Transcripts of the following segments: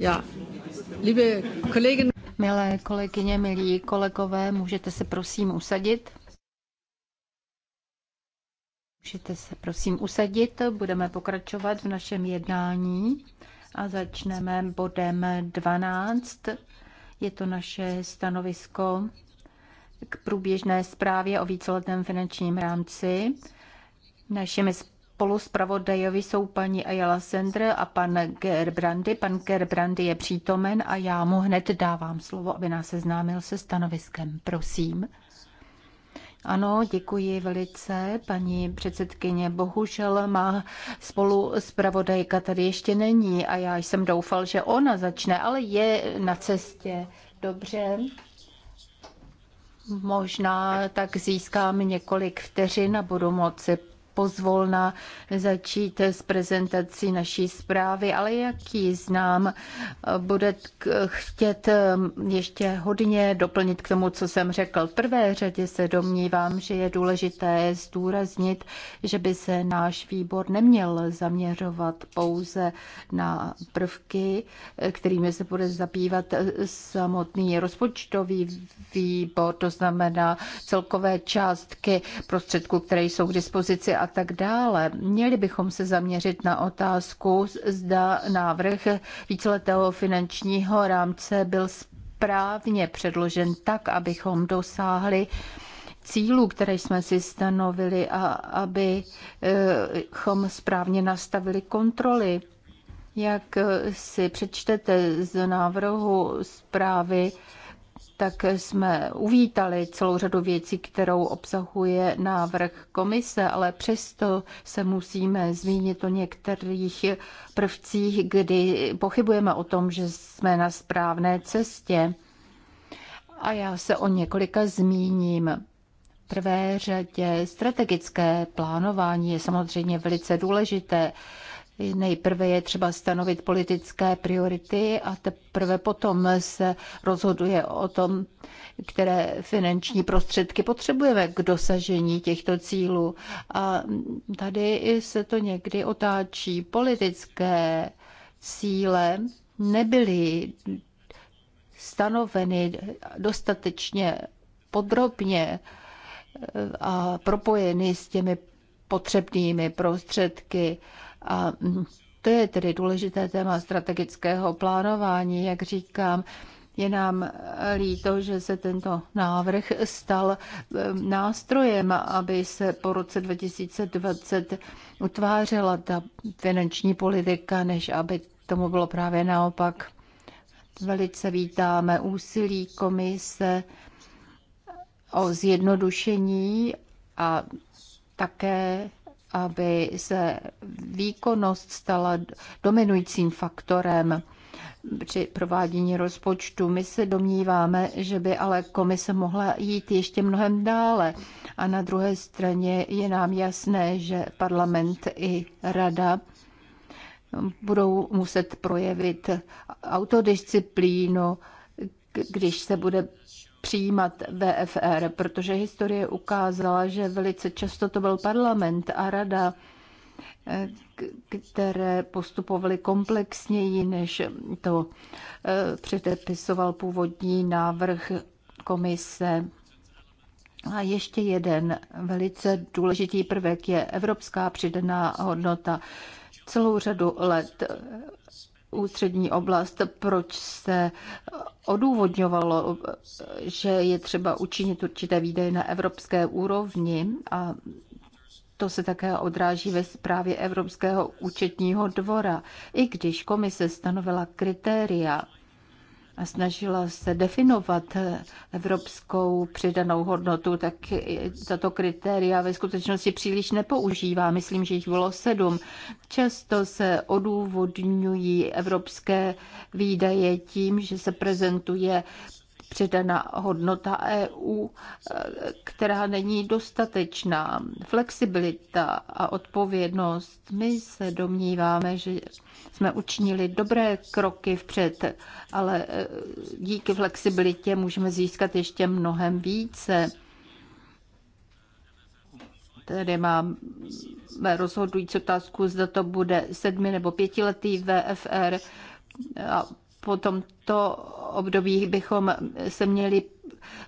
Já. Liebe Kollegin... Milé kolegyně, milí kolegové, můžete se prosím usadit? Můžete se prosím usadit, budeme pokračovat v našem jednání a začneme bodem 12. Je to naše stanovisko k průběžné zprávě o víceletém finančním rámci. Našimi spolu jsou paní Ayala Sender a pan Gerbrandy. Pan Gerbrandy je přítomen a já mu hned dávám slovo, aby nás seznámil se stanoviskem. Prosím. Ano, děkuji velice, paní předsedkyně. Bohužel má spolu zpravodajka tady ještě není a já jsem doufal, že ona začne, ale je na cestě. Dobře. Možná tak získám několik vteřin a budu moci pozvolna začít s prezentací naší zprávy, ale jak ji znám, bude chtět um, ještě hodně doplnit k tomu, co jsem řekl. V prvé řadě se domnívám, že je důležité zdůraznit, že by se náš výbor neměl zaměřovat pouze na prvky, kterými se bude zabývat samotný rozpočtový výbor, to znamená celkové částky prostředků, které jsou k dispozici a a tak dále. Měli bychom se zaměřit na otázku, zda návrh víceletého finančního rámce byl správně předložen tak, abychom dosáhli cílů, které jsme si stanovili a abychom správně nastavili kontroly. Jak si přečtete z návrhu zprávy, tak jsme uvítali celou řadu věcí, kterou obsahuje návrh komise, ale přesto se musíme zmínit o některých prvcích, kdy pochybujeme o tom, že jsme na správné cestě. A já se o několika zmíním. V prvé řadě strategické plánování je samozřejmě velice důležité Nejprve je třeba stanovit politické priority a teprve potom se rozhoduje o tom, které finanční prostředky potřebujeme k dosažení těchto cílů. A tady se to někdy otáčí. Politické cíle nebyly stanoveny dostatečně podrobně eh, a propojeny s těmi potřebnými prostředky a mm, to je tedy důležité téma strategického plánování, jak říkám. Je nám líto, že se tento návrh stal e, nástrojem, aby se po roce 2020 utvářela ta finanční politika, než aby tomu bylo právě naopak. Velice vítáme úsilí komise o zjednodušení a také aby se výkonnost stala dominujícím faktorem při provádění rozpočtu. My se domníváme, že by ale komise mohla jít ještě mnohem dále. A na druhé straně je nám jasné, že parlament i rada budou muset projevit autodisciplínu, když se bude přijímat VFR, protože historie ukázala, že velice často to byl parlament a rada, které postupovaly komplexněji, než to eh, předepisoval původní návrh komise. A ještě jeden velice důležitý prvek je evropská přidaná hodnota. Celou řadu let ústřední oblast, proč se odůvodňovalo, že je třeba učinit určité výdaje na evropské úrovni a to se také odráží ve zprávě Evropského účetního dvora. I když komise stanovila kritéria a snažila se definovat evropskou přidanou hodnotu, tak tato kritéria ve skutečnosti příliš nepoužívá. Myslím, že jich bylo sedm. Často se odůvodňují evropské výdaje tím, že se prezentuje přidaná hodnota EU, která není dostatečná. Flexibilita a odpovědnost. My se domníváme, že jsme učinili dobré kroky vpřed, ale eh, díky flexibilitě můžeme získat ještě mnohem více. Tady máme eh, rozhodující otázku, zda to bude sedmi nebo pětiletý VFR. A po tomto období bychom se měli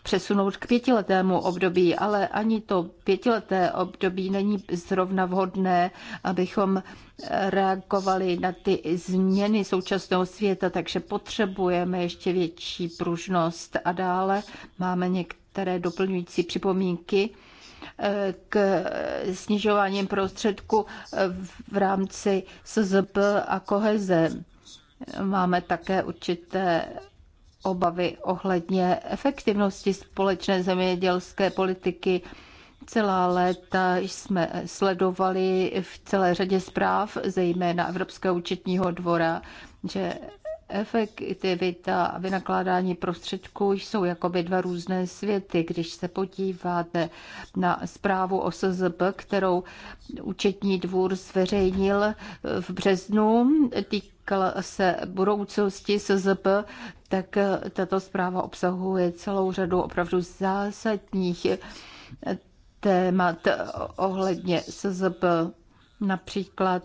přesunout k pětiletému období, ale ani to pětileté období není zrovna vhodné, abychom reagovali na ty změny současného světa, takže potřebujeme ještě větší pružnost. A dále máme některé doplňující připomínky eh, k snižováním prostředku eh, v rámci SZP a koheze Máme také určité obavy ohledně efektivnosti společné zemědělské politiky. Celá léta jsme sledovali v celé řadě zpráv, zejména Evropského účetního dvora, že efektivita a vynakládání prostředků jsou jakoby dva různé světy. Když se podíváte na zprávu o SZB, kterou účetní dvůr zveřejnil v březnu, týkala se budoucnosti SZB, tak tato zpráva obsahuje celou řadu opravdu zásadních témat ohledně SZB, například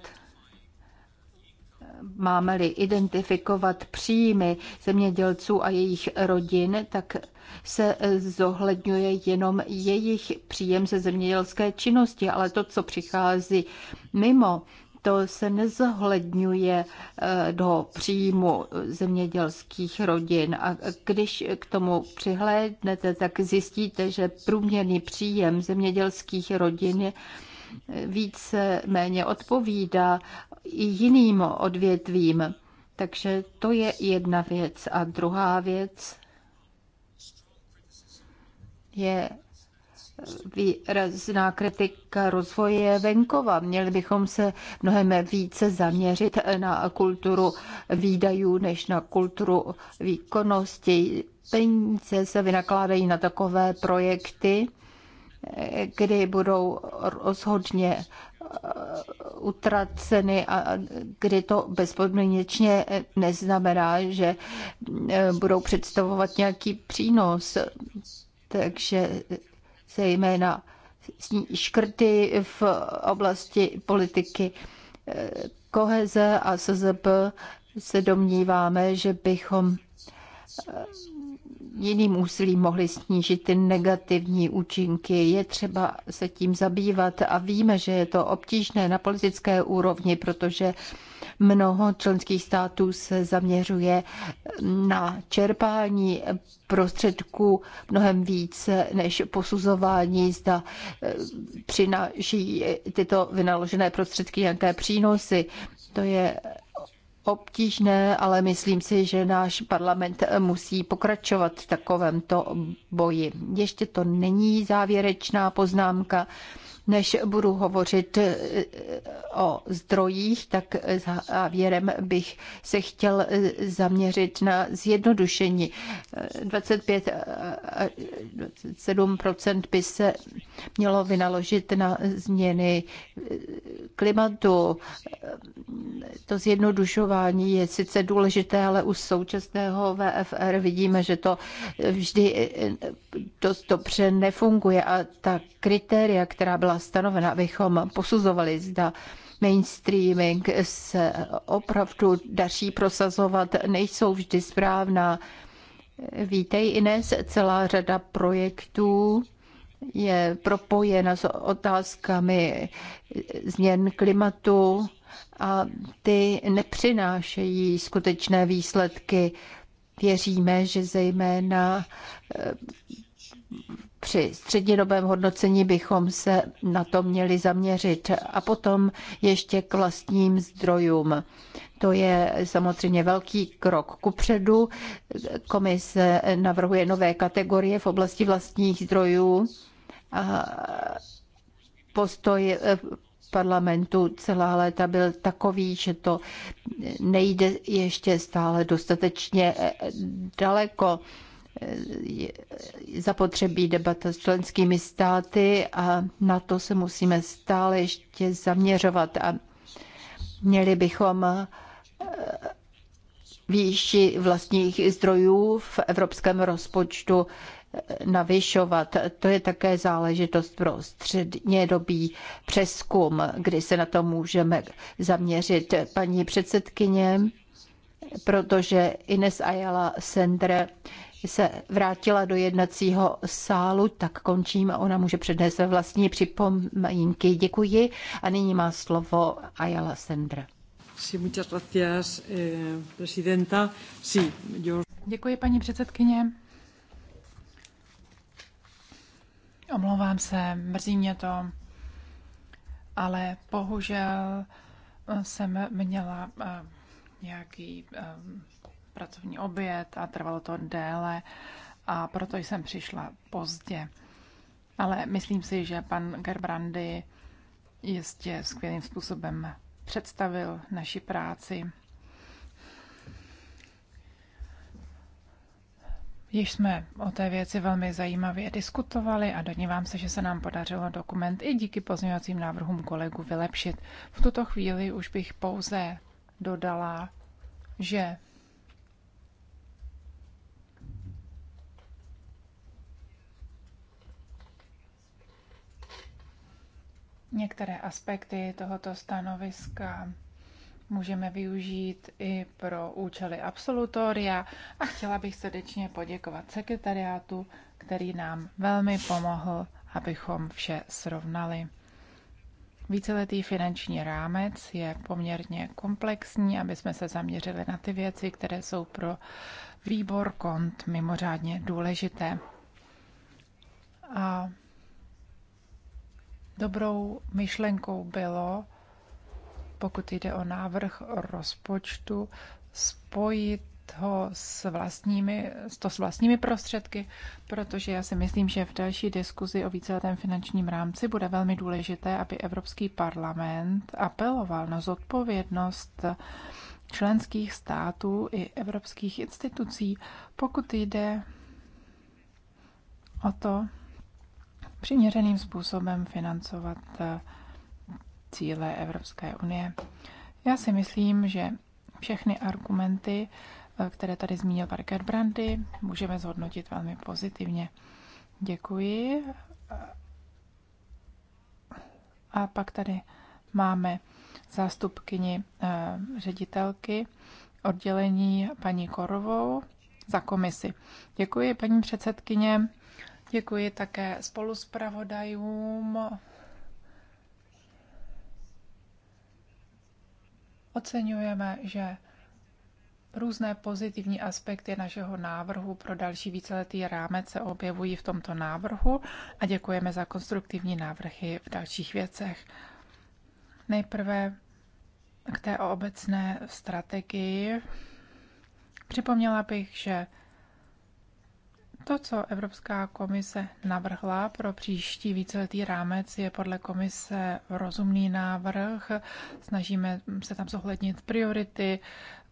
máme-li identifikovat příjmy zemědělců a jejich rodin, tak se zohledňuje jenom jejich příjem ze zemědělské činnosti, ale to, co přichází mimo, to se nezohledňuje eh, do příjmu zemědělských rodin. A když k tomu přihlédnete, tak zjistíte, že průměrný příjem zemědělských rodin je více méně odpovídá i jiným odvětvím. Takže to je jedna věc. A druhá věc je výrazná kritika rozvoje venkova. Měli bychom se mnohem více zaměřit na kulturu výdajů než na kulturu výkonnosti. Peníze se vynakládají na takové projekty, kdy budou rozhodně eh, utraceny a kdy to bezpodmínečně neznamená, že eh, budou představovat nějaký přínos. Takže zejména škrty v oblasti politiky eh, koheze a SZB se domníváme, že bychom jiným úsilím mohli snížit ty negativní účinky. Je třeba se tím zabývat a víme, že je to obtížné na politické úrovni, protože mnoho členských států se zaměřuje na čerpání prostředků mnohem více než posuzování, zda eh, přináší tyto vynaložené prostředky nějaké přínosy. To je obtížné, ale myslím si, že náš parlament musí pokračovat v takovémto boji. Ještě to není závěrečná poznámka. Než budu hovořit eh, o zdrojích, tak závěrem bych se chtěl eh, zaměřit na zjednodušení. 25 eh, 27 by se mělo vynaložit na změny klimatu. To zjednodušování je sice důležité, ale u současného VFR vidíme, že to vždy dost dobře nefunguje a ta kritéria, která byla stanovena, abychom posuzovali, zda mainstreaming se opravdu daří prosazovat, nejsou vždy správná. Vítej, Ines, celá řada projektů je propojena s otázkami změn klimatu a ty nepřinášejí skutečné výsledky. Věříme, že zejména při střednědobém hodnocení bychom se na to měli zaměřit a potom ještě k vlastním zdrojům. To je samozřejmě velký krok kupředu. Komise navrhuje nové kategorie v oblasti vlastních zdrojů. A postoj eh, parlamentu celá léta byl takový, že to nejde ještě stále dostatečně eh, daleko zapotřebí debata s členskými státy a na to se musíme stále ještě zaměřovat a měli bychom eh, výši vlastních zdrojů v evropském rozpočtu eh, navyšovat. To je také záležitost pro střednědobý přeskum, kdy se na to můžeme zaměřit. Paní předsedkyně, protože Ines Ayala Sender se vrátila do jednacího sálu, tak končím a ona může přednést své vlastní připomínky. Děkuji a nyní má slovo Ayala Sendra. Eh, Děkuji, paní předsedkyně. Omlouvám se, mrzí mě to, ale bohužel jsem měla eh, nějaký eh, pracovní oběd a trvalo to déle a proto jsem přišla pozdě. Ale myslím si, že pan Gerbrandy jistě skvělým způsobem představil naši práci. Již jsme o té věci velmi zajímavě diskutovali a donívám se, že se nám podařilo dokument i díky pozměňovacím návrhům kolegů vylepšit. V tuto chvíli už bych pouze dodala, že Některé aspekty tohoto stanoviska můžeme využít i pro účely absolutoria a chtěla bych srdečně poděkovat sekretariátu, který nám velmi pomohl, abychom vše srovnali. Víceletý finanční rámec je poměrně komplexní, aby jsme se zaměřili na ty věci, které jsou pro výbor kont mimořádně důležité. A Dobrou myšlenkou bylo, pokud jde o návrh rozpočtu, spojit ho s vlastními, to s vlastními prostředky, protože já si myslím, že v další diskuzi o víceletém finančním rámci bude velmi důležité, aby Evropský parlament apeloval na zodpovědnost členských států i evropských institucí, pokud jde o to, přiměřeným způsobem financovat eh, cíle Evropské unie. Já si myslím, že všechny argumenty, eh, které tady zmínil Parker Brandy, můžeme zhodnotit velmi pozitivně. Děkuji. A pak tady máme zástupkyni eh, ředitelky oddělení paní Korovou za komisi. Děkuji, paní předsedkyně. Děkuji také spolu s pravodajům. Oceňujeme, že různé pozitivní aspekty našeho návrhu pro další víceletý rámec se objevují v tomto návrhu a děkujeme za konstruktivní návrhy v dalších věcech. Nejprve k té obecné strategii. Připomněla bych, že to, co Evropská komise navrhla pro příští víceletý rámec, je podle komise rozumný návrh. Snažíme se tam zohlednit priority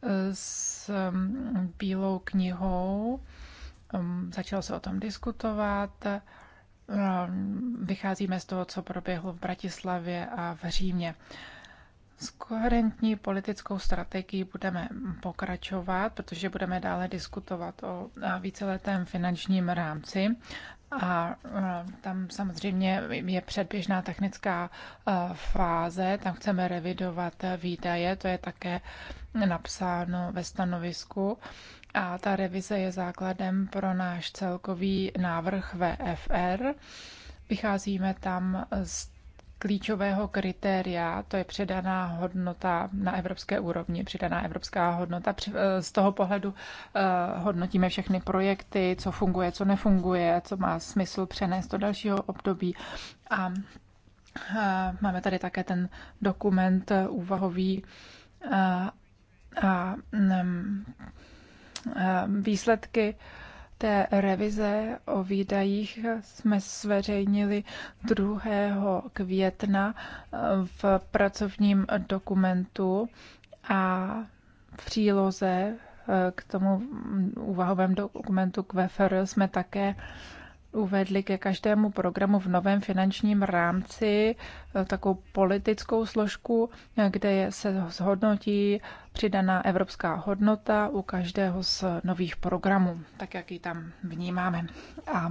eh, s mm, bílou knihou. Mm, začalo se o tom diskutovat. Eh, vycházíme z toho, co proběhlo v Bratislavě a v Římě. S koherentní politickou strategií budeme pokračovat, protože budeme dále diskutovat o víceletém finančním rámci. A tam samozřejmě je předběžná technická fáze, tam chceme revidovat výdaje, to je také napsáno ve stanovisku. A ta revize je základem pro náš celkový návrh VFR. Vycházíme tam z klíčového kritéria, to je přidaná hodnota na evropské úrovni, přidaná evropská hodnota. Eh, z toho pohledu eh, hodnotíme všechny projekty, co funguje, co nefunguje, co má smysl přenést do dalšího období. A eh, máme tady také ten dokument úvahový a, a mm, výsledky té revize o výdajích jsme zveřejnili 2. května eh, v pracovním dokumentu a v příloze eh, k tomu mm, úvahovém dokumentu k VFR jsme také uvedli ke každému programu v novém finančním rámci eh, takovou politickou složku, eh, kde se zhodnotí přidaná evropská hodnota u každého z nových programů, tak jak ji tam vnímáme. A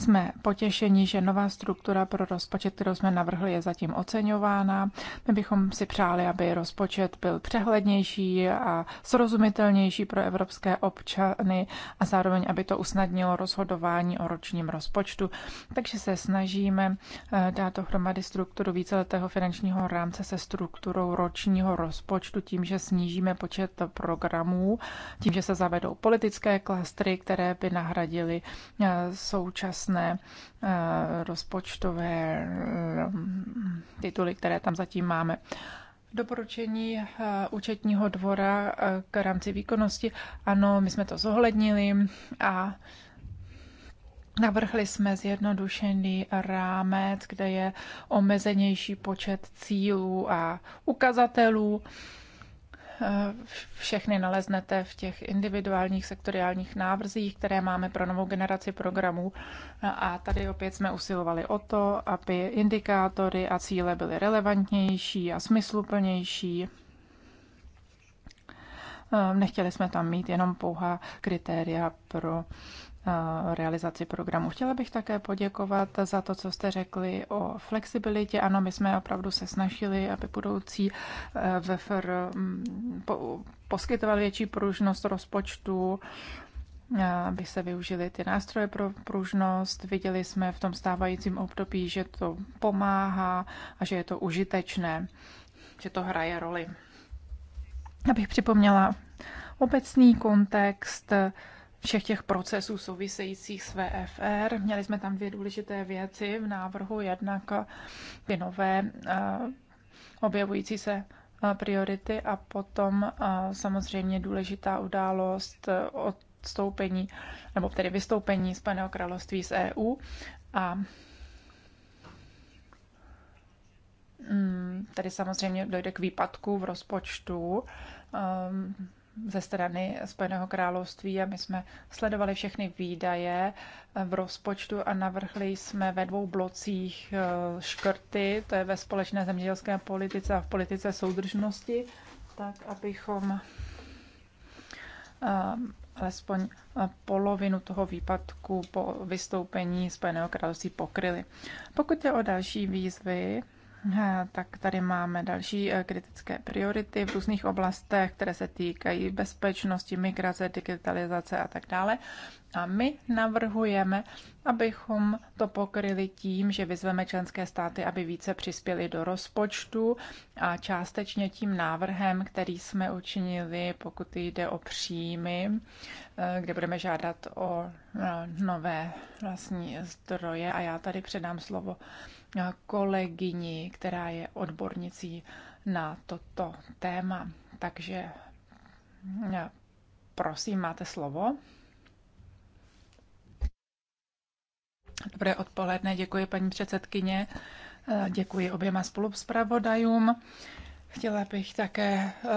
jsme potěšeni, že nová struktura pro rozpočet, kterou jsme navrhli, je zatím oceňována. My bychom si přáli, aby rozpočet byl přehlednější a srozumitelnější pro evropské občany a zároveň, aby to usnadnilo rozhodování o ročním rozpočtu. Takže se snažíme eh, dát dohromady strukturu víceletého finančního rámce se strukturou ročního rozpočtu tím, že snížíme počet programů, tím, že se zavedou politické klastry, které by nahradily eh, současné různé eh, rozpočtové eh, tituly, které tam zatím máme. Doporučení eh, účetního dvora k rámci výkonnosti. Ano, my jsme to zohlednili a Navrhli jsme zjednodušený rámec, kde je omezenější počet cílů a ukazatelů Eh, všechny naleznete v těch individuálních sektoriálních návrzích, které máme pro novou generaci programů. A tady opět jsme usilovali o to, aby indikátory a cíle byly relevantnější a smysluplnější. Eh, nechtěli jsme tam mít jenom pouhá kritéria pro Eh, realizaci programu. Chtěla bych také poděkovat za to, co jste řekli o flexibilitě. Ano, my jsme opravdu se snažili, aby budoucí eh, VFR mm, poskytoval větší pružnost rozpočtu, eh, aby se využili ty nástroje pro pružnost. Viděli jsme v tom stávajícím období, že to pomáhá a že je to užitečné, že to hraje roli. Abych připomněla obecný kontext, všech těch procesů souvisejících s VFR. Měli jsme tam dvě důležité věci v návrhu, jednak eh, ty nové eh, objevující se eh, priority a potom samozřejmě důležitá událost odstoupení, nebo tedy vystoupení Paného království z EU a mm, tady samozřejmě dojde k výpadku v rozpočtu ehm, ze strany Spojeného království a my jsme sledovali všechny výdaje v rozpočtu a navrhli jsme ve dvou blocích eh, škrty, to je ve společné zemědělské politice a v politice soudržnosti, tak abychom ehm, alespoň eh, polovinu toho výpadku po vystoupení Spojeného království pokryli. Pokud je o další výzvy, Eh, tak tady máme další eh, kritické priority v různých oblastech, které se týkají bezpečnosti, migrace, digitalizace a tak dále. A my navrhujeme, abychom to pokryli tím, že vyzveme členské státy, aby více přispěli do rozpočtu a částečně tím návrhem, který jsme učinili, pokud jde o příjmy, eh, kde budeme žádat o nové vlastní zdroje. A já tady předám slovo kolegyni, která je odbornicí na toto téma. Takže mm, prosím, máte slovo. Dobré odpoledne, děkuji paní předsedkyně, děkuji oběma spoluzpravodajům. Chtěla bych také eh,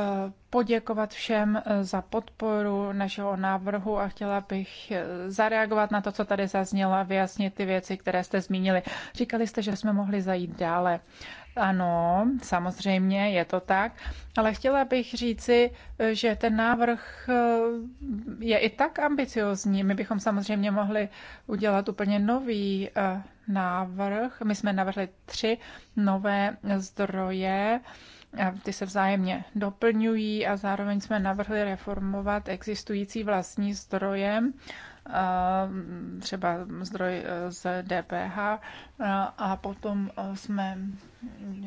poděkovat všem eh, za podporu našeho návrhu a chtěla bych eh, zareagovat na to, co tady zaznělo a vyjasnit ty věci, které jste zmínili. Říkali jste, že jsme mohli zajít dále. Ano, samozřejmě je to tak, ale chtěla bych říci, že ten návrh je i tak ambiciozní. My bychom samozřejmě mohli udělat úplně nový návrh. My jsme navrhli tři nové zdroje ty se vzájemně doplňují a zároveň jsme navrhli reformovat existující vlastní zdroje, třeba zdroj e, z DPH a potom e, jsme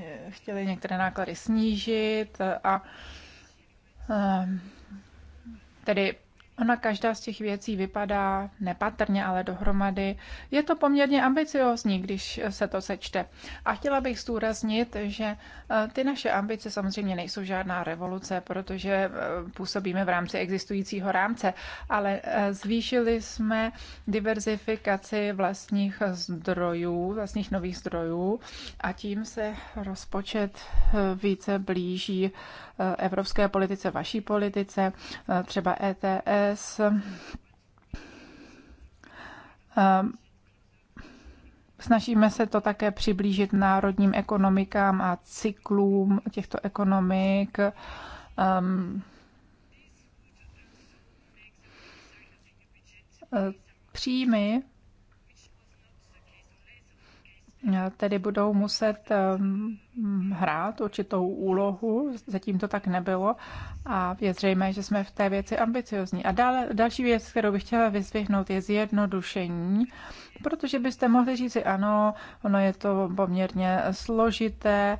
e, chtěli některé náklady snížit a tedy Ona každá z těch věcí vypadá nepatrně, ale dohromady. Je to poměrně ambiciozní, když se to sečte. A chtěla bych zdůraznit, že eh, ty naše ambice samozřejmě nejsou žádná revoluce, protože eh, působíme v rámci existujícího rámce, ale eh, zvýšili jsme diverzifikaci vlastních zdrojů, vlastních nových zdrojů a tím se rozpočet více blíží evropské politice, vaší politice, třeba ETS, e, ETS eh, Snažíme se to také přiblížit národním ekonomikám a cyklům těchto ekonomik. Ehm, eh, příjmy tedy budou muset ehm, hrát určitou úlohu, zatím to tak nebylo a je zřejmé, že jsme v té věci ambiciozní. A dále, další věc, kterou bych chtěla vyzvihnout, je zjednodušení Protože byste mohli říci, ano, ono je to poměrně složité,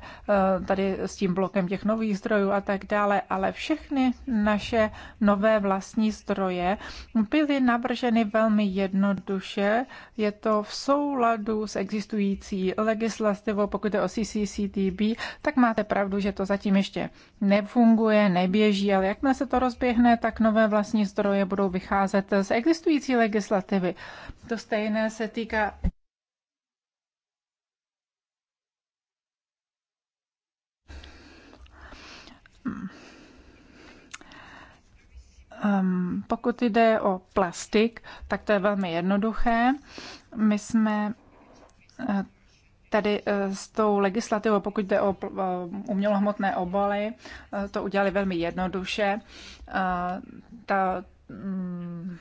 eh, tady s tím blokem těch nových zdrojů a tak dále, ale všechny naše nové vlastní zdroje byly navrženy velmi jednoduše. Je to v souladu s existující legislativou, pokud je o CCCTB, tak máte pravdu, že to zatím ještě nefunguje, neběží, ale jakmile se to rozběhne, tak nové vlastní zdroje budou vycházet z existující legislativy. To stejné se týká Um, pokud jde o plastik, tak to je velmi jednoduché. My jsme eh, tady eh, s tou legislativou, pokud jde o eh, umělohmotné obaly, to udělali velmi jednoduše. Ta, um,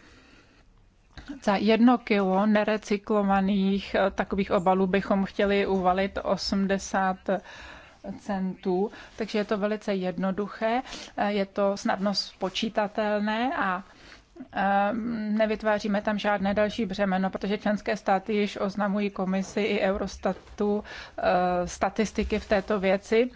za jedno kilo nerecyklovaných eh, takových obalů bychom chtěli uvalit 80 centů, takže je to velice jednoduché, eh, je to snadno spočítatelné a eh, nevytváříme tam žádné další břemeno, protože členské státy již oznamují komisi i Eurostatu statistiky v této věci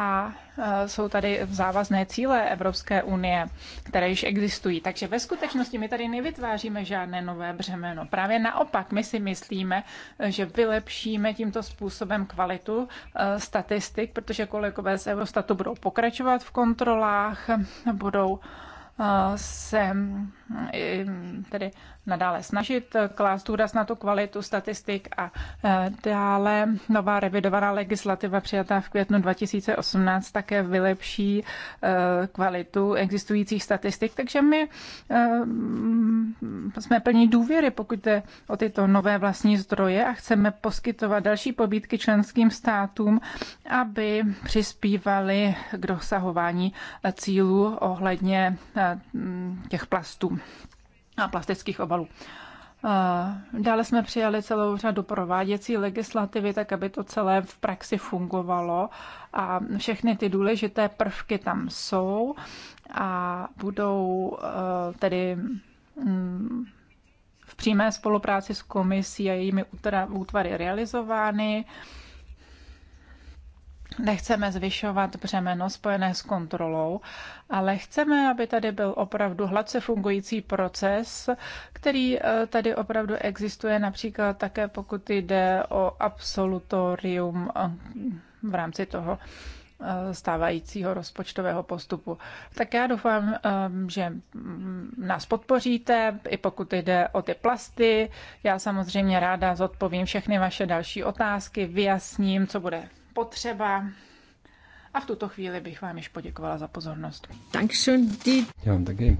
a e, jsou tady závazné cíle Evropské unie, které již existují. Takže ve skutečnosti my tady nevytváříme žádné nové břemeno. Právě naopak, my si myslíme, že vylepšíme tímto způsobem kvalitu e, statistik, protože kolegové z Eurostatu budou pokračovat v kontrolách, budou uh, se mm, tedy nadále snažit eh, klást důraz na tu kvalitu statistik a eh, dále nová revidovaná legislativa přijatá v květnu 2018 také vylepší eh, kvalitu existujících statistik, takže my mm, jsme plní důvěry, pokud jde o tyto nové vlastní zdroje a chceme poskytovat další pobídky členským státům, aby přispívali k dosahování cílů ohledně Mm, těch plastů a plastických obalů. Eh, dále jsme přijali celou řadu prováděcí legislativy, tak aby to celé v praxi fungovalo a všechny ty důležité prvky tam jsou a budou eh, tedy mm, v přímé spolupráci s komisí a jejími útvary realizovány. Nechceme zvyšovat břemeno spojené s kontrolou, ale chceme, aby tady byl opravdu hladce fungující proces, který eh, tady opravdu existuje, například také pokud jde o absolutorium eh, v rámci toho eh, stávajícího rozpočtového postupu. Tak já doufám, že mm, nás podpoříte, i pokud jde o ty plasty. Já samozřejmě ráda zodpovím všechny vaše další otázky, vyjasním, co bude potřeba. A v tuto chvíli bych vám již poděkovala za pozornost. Já vám taky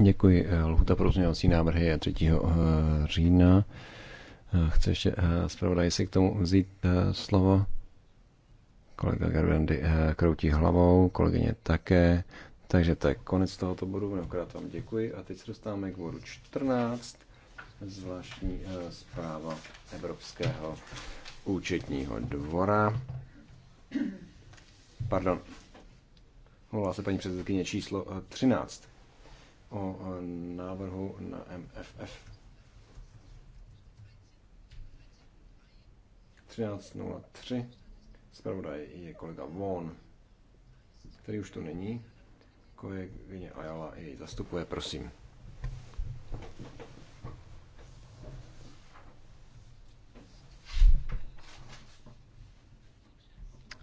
děkuji. Eh, Lhuta pro návrhy je 3. Eh, října. Eh, chce ještě zpravodaj si k tomu vzít slovo? Kolega Garbandy kroutí hlavou, kolegyně také. Takže to je konec tohoto bodu, mnohokrát vám děkuji a teď se dostáváme k bodu 14, zvláštní zpráva Evropského účetního dvora. Pardon. Volá se paní předsedkyně číslo 13 eh, o eh, návrhu na MFF. 13.03. Zpravodaj je kolega Von, který už tu není. Kolegyně Ayala jej zastupuje, prosím.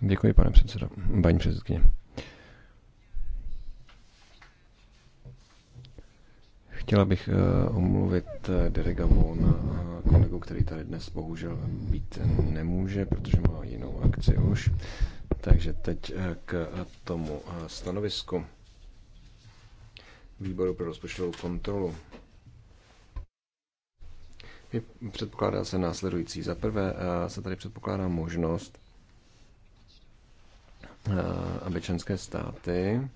Děkuji, pane předsedo, paní předsedkyně. Chtěla bych eh, omluvit eh, Derega na kolegu, který tady dnes bohužel být nemůže, protože má jinou akci už. Takže teď eh, k tomu stanovisku výboru pro rozpočtovou kontrolu. Předpokládá se následující. Za prvé se tady předpokládá možnost Eh, aby členské státy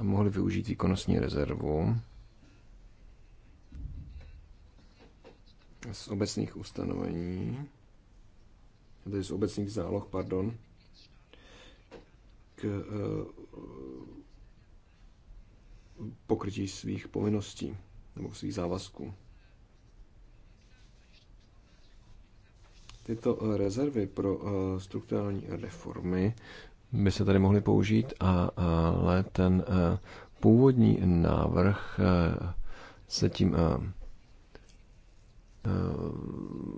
mohli využít výkonnostní rezervu z obecných ustanovení, tedy z obecných záloh, pardon, k eh, pokrytí svých povinností nebo svých závazků. Tyto eh, rezervy pro eh, strukturální reformy by se tady mohly použít, ale ten eh, původní návrh se tím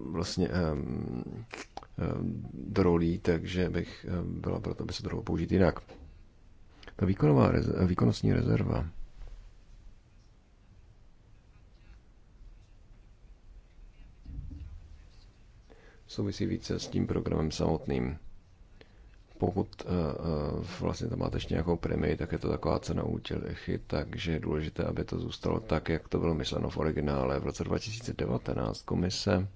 vlastně drolí, takže bych byla proto, aby se to použít jinak. Ta výkonová rezerva, výkonnostní rezerva souvisí více s tím programem samotným. Pokud eh, eh, vlastně tam máte ještě nějakou premii, tak je to taková cena útělechy, takže je důležité, aby to zůstalo tak, jak to bylo mysleno v originále. V roce 2019 komise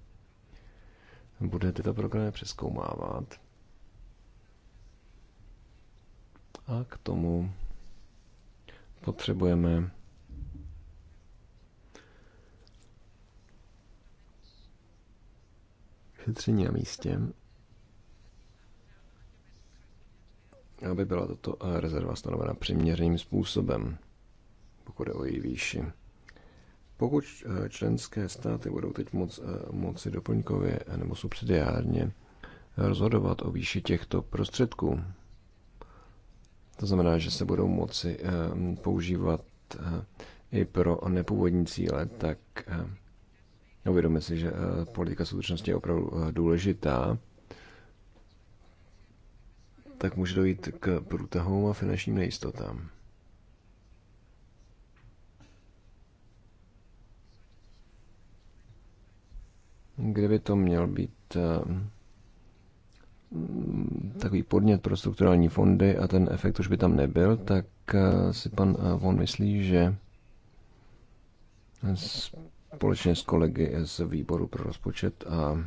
bude tyto programy přeskoumávat. A k tomu potřebujeme šetření na místě, aby byla tato eh, rezerva stanovena přiměřeným způsobem, pokud je o její výši. Pokud eh, členské státy budou teď moc, eh, moci doplňkově nebo subsidiárně rozhodovat o výši těchto prostředků, to znamená, že se budou moci používat i pro nepůvodní cíle, tak Uvědomíme si, že eh, politika soudržnosti je opravdu eh, důležitá, tak může dojít k průtahům a finančním nejistotám. Kde by to měl být eh, mm, takový podnět pro strukturální fondy a ten efekt už by tam nebyl, tak si pan Von myslí, že společně s kolegy z výboru pro rozpočet a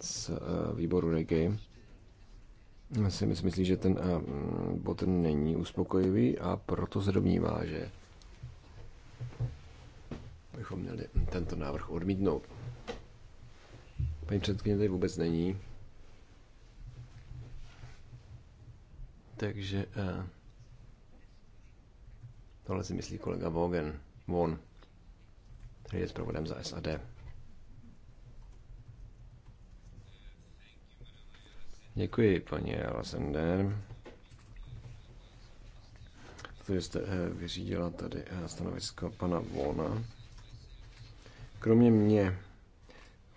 z eh, výboru Regi si myslím, že ten eh, bod není uspokojivý a proto se domnívá, že bychom měli tento návrh odmítnout. Paní předsedkyně tady vůbec není. Takže eh, tohle si myslí kolega Vogen. Von který je zpravodem za SAD. Děkuji, paní Alasender. Protože jste eh, vyřídila tady eh, stanovisko pana Vona. Kromě mě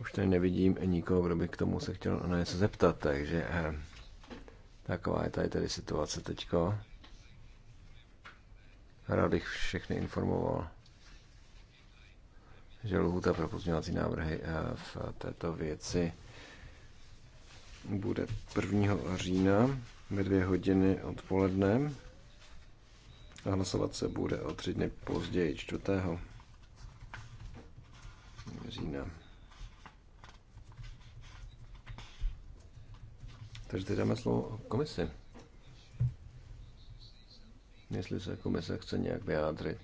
už tady nevidím nikoho, kdo by k tomu se chtěl na něco zeptat, takže eh, taková je tady tedy situace teďko. Rád bych všechny informoval že lhůta pro pozměňovací návrhy eh, v této věci bude 1. října ve dvě hodiny odpoledne a hlasovat se bude o tři dny později, 4. října. Takže teď dáme slovo komisi. Jestli se komise chce nějak vyjádřit,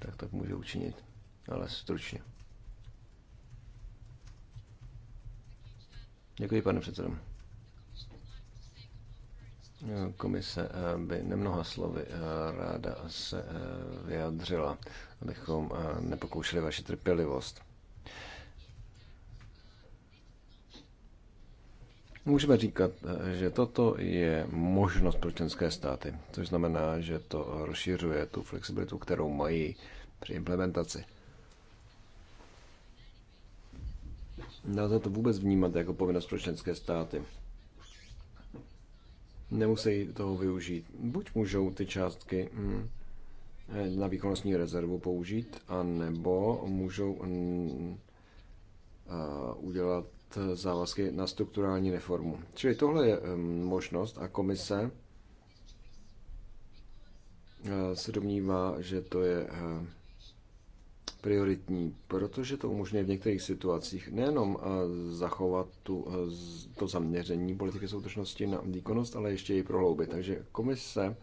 tak tak může učinit ale stručně. Děkuji, pane předsedo. Komise eh, by nemnoha slovy eh, ráda se eh, vyjadřila, abychom nepokoušeli vaši trpělivost. Můžeme říkat, že toto je možnost pro členské státy, což znamená, že to rozšiřuje tu flexibilitu, kterou mají při implementaci. Nelze to vůbec vnímat jako povinnost pro členské státy. Nemusí toho využít. Buď můžou ty částky mm, eh, na výkonnostní rezervu použít, anebo můžou mm, eh, udělat závazky na strukturální reformu. Čili tohle je mm, možnost a komise eh, se domnívá, že to je prioritní, protože to umožňuje v některých situacích nejenom eh, zachovat tu, eh, to zaměření politiky soudržnosti na výkonnost, ale ještě i prohloubit. Takže komise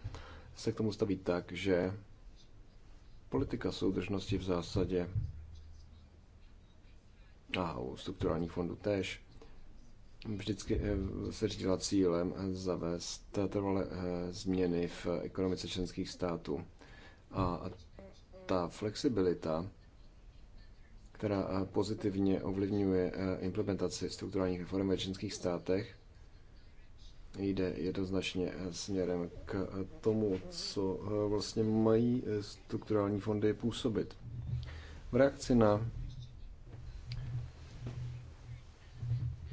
se k tomu staví tak, že politika soudržnosti v zásadě a u strukturálních fondů též vždycky eh, se řídila cílem zavést trvalé změny v ekonomice členských států. A ta flexibilita která eh, pozitivně ovlivňuje eh, implementaci strukturálních reform ve členských státech. Jde jednoznačně eh, směrem k tomu, co vlastně mají strukturální fondy působit. V reakci na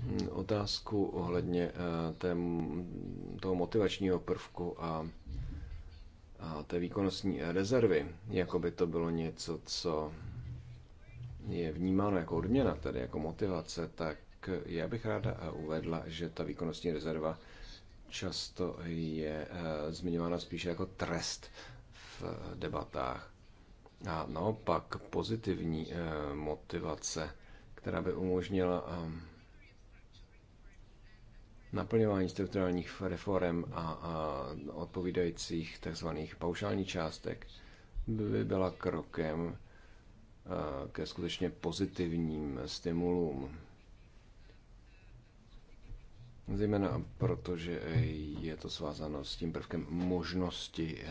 mm, otázku ohledně té, toho motivačního prvku a, a té výkonnostní rezervy, jako by to bylo něco, co je vnímáno jako odměna, tedy jako motivace, tak já bych ráda eh, uvedla, že ta výkonnostní rezerva často je eh, zmiňována spíše jako trest v eh, debatách. A naopak pozitivní motivace, která by umožnila ehm, naplňování strukturálních reform a, odpovídajících tzv. paušálních částek by byla krokem ke skutečně pozitivním stimulům. Zejména protože je to svázáno s tím prvkem možnosti.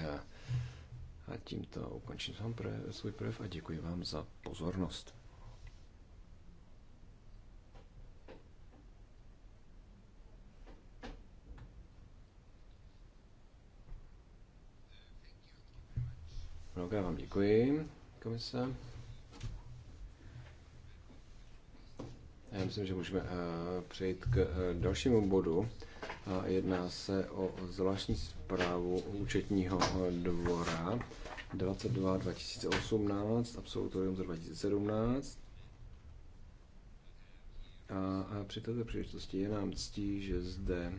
A tímto ukončím vám svůj projev a děkuji vám za pozornost. Mnohokrát vám děkuji, komise. myslím, že můžeme eh, přejít k eh, dalšímu bodu. Jedná se o zvláštní zprávu účetního eh, dvora 22 2018, absolutorium za 2017. A při této příležitosti je nám ctí, že zde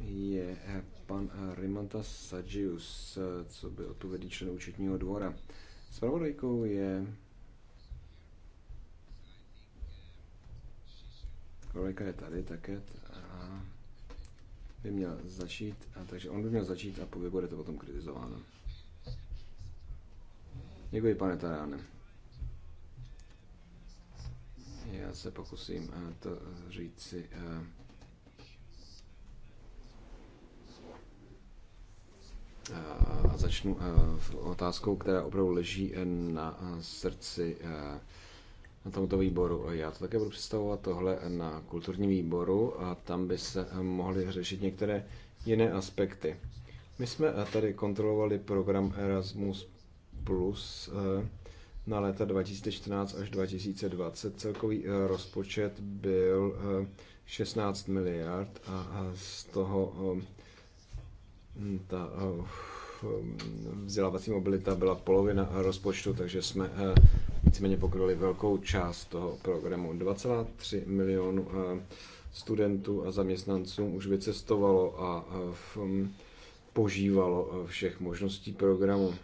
je pan Rimanta Sagius, co by odpovědný člen účetního dvora. Spravodajkou je Kolika je tady také a by měl začít, a takže on by měl začít a bude to potom kritizováno. Děkuji, pane Tarane. Já se pokusím eh, to říci. Eh, a začnu eh, otázkou, která opravdu leží na srdci na tomto výboru. Já to také budu představovat tohle na kulturním výboru a tam by se mohly řešit některé jiné aspekty. My jsme tady kontrolovali program Erasmus Plus eh, na léta 2014 až 2020. Celkový eh, rozpočet byl 16 eh, miliard a z toho hm, ta vzdělávací mobilita byla polovina rozpočtu, takže jsme víceméně pokryly velkou část toho programu. 2,3 milionu eh, studentů a zaměstnanců už vycestovalo a eh, mm, požívalo eh, všech možností programu.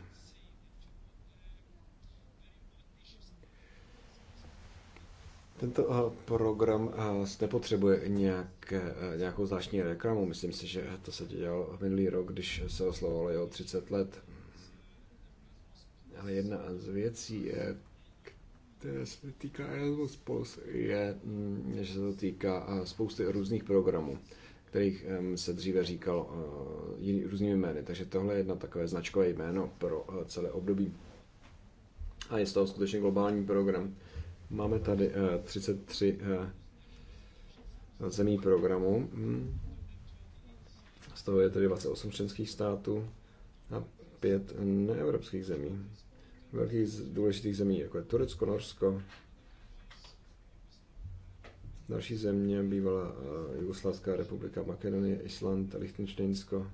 Tento program nepotřebuje nějak, nějakou zvláštní reklamu. Myslím si, že to se dělalo minulý rok, když se oslovovalo jeho 30 let. Ale jedna z věcí, které se týká Erasmus Plus, je, mm, že se to týká spousty různých programů, kterých se dříve říkalo eh, různými jmény. Takže tohle je jedno takové značkové jméno pro eh, celé období. A je z toho skutečně globální program. Máme tady 33 eh, zemí programu. Hm. Z toho je tedy 28 členských států a 5 neevropských zemí velkých důležitých zemí, jako je Turecko, Norsko, další země, bývalá eh, Jugoslávská republika Makedonie, Island, Lichtensteinsko.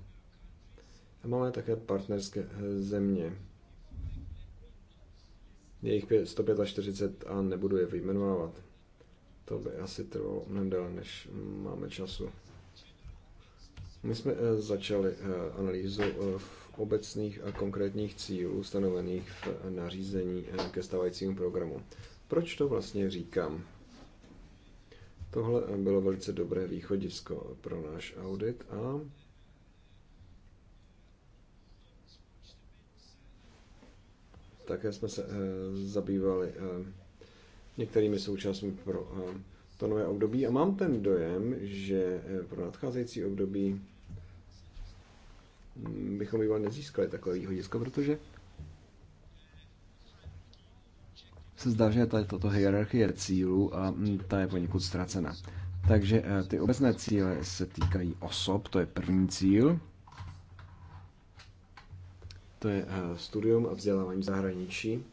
A máme také partnerské eh, země. Je jich 145 a nebudu je vyjmenovávat. To by asi trvalo mnohem déle, než máme času. My jsme eh, začali analýzu v obecných a konkrétních cílů stanovených v nařízení eh, ke stávajícímu programu. Proč to vlastně říkám? Tohle eh, bylo velice dobré východisko pro náš audit a také jsme se eh, zabývali některými součástmi pro to nové období a mám ten dojem, že pro nadcházející období bychom bývali nezískali takové výhodisko, protože se zdá, že tady toto hierarchie cílů a mm, ta je poněkud ztracena. Takže eh, ty obecné cíle se týkají osob, to je první cíl. To je eh, studium a vzdělávání v zahraničí.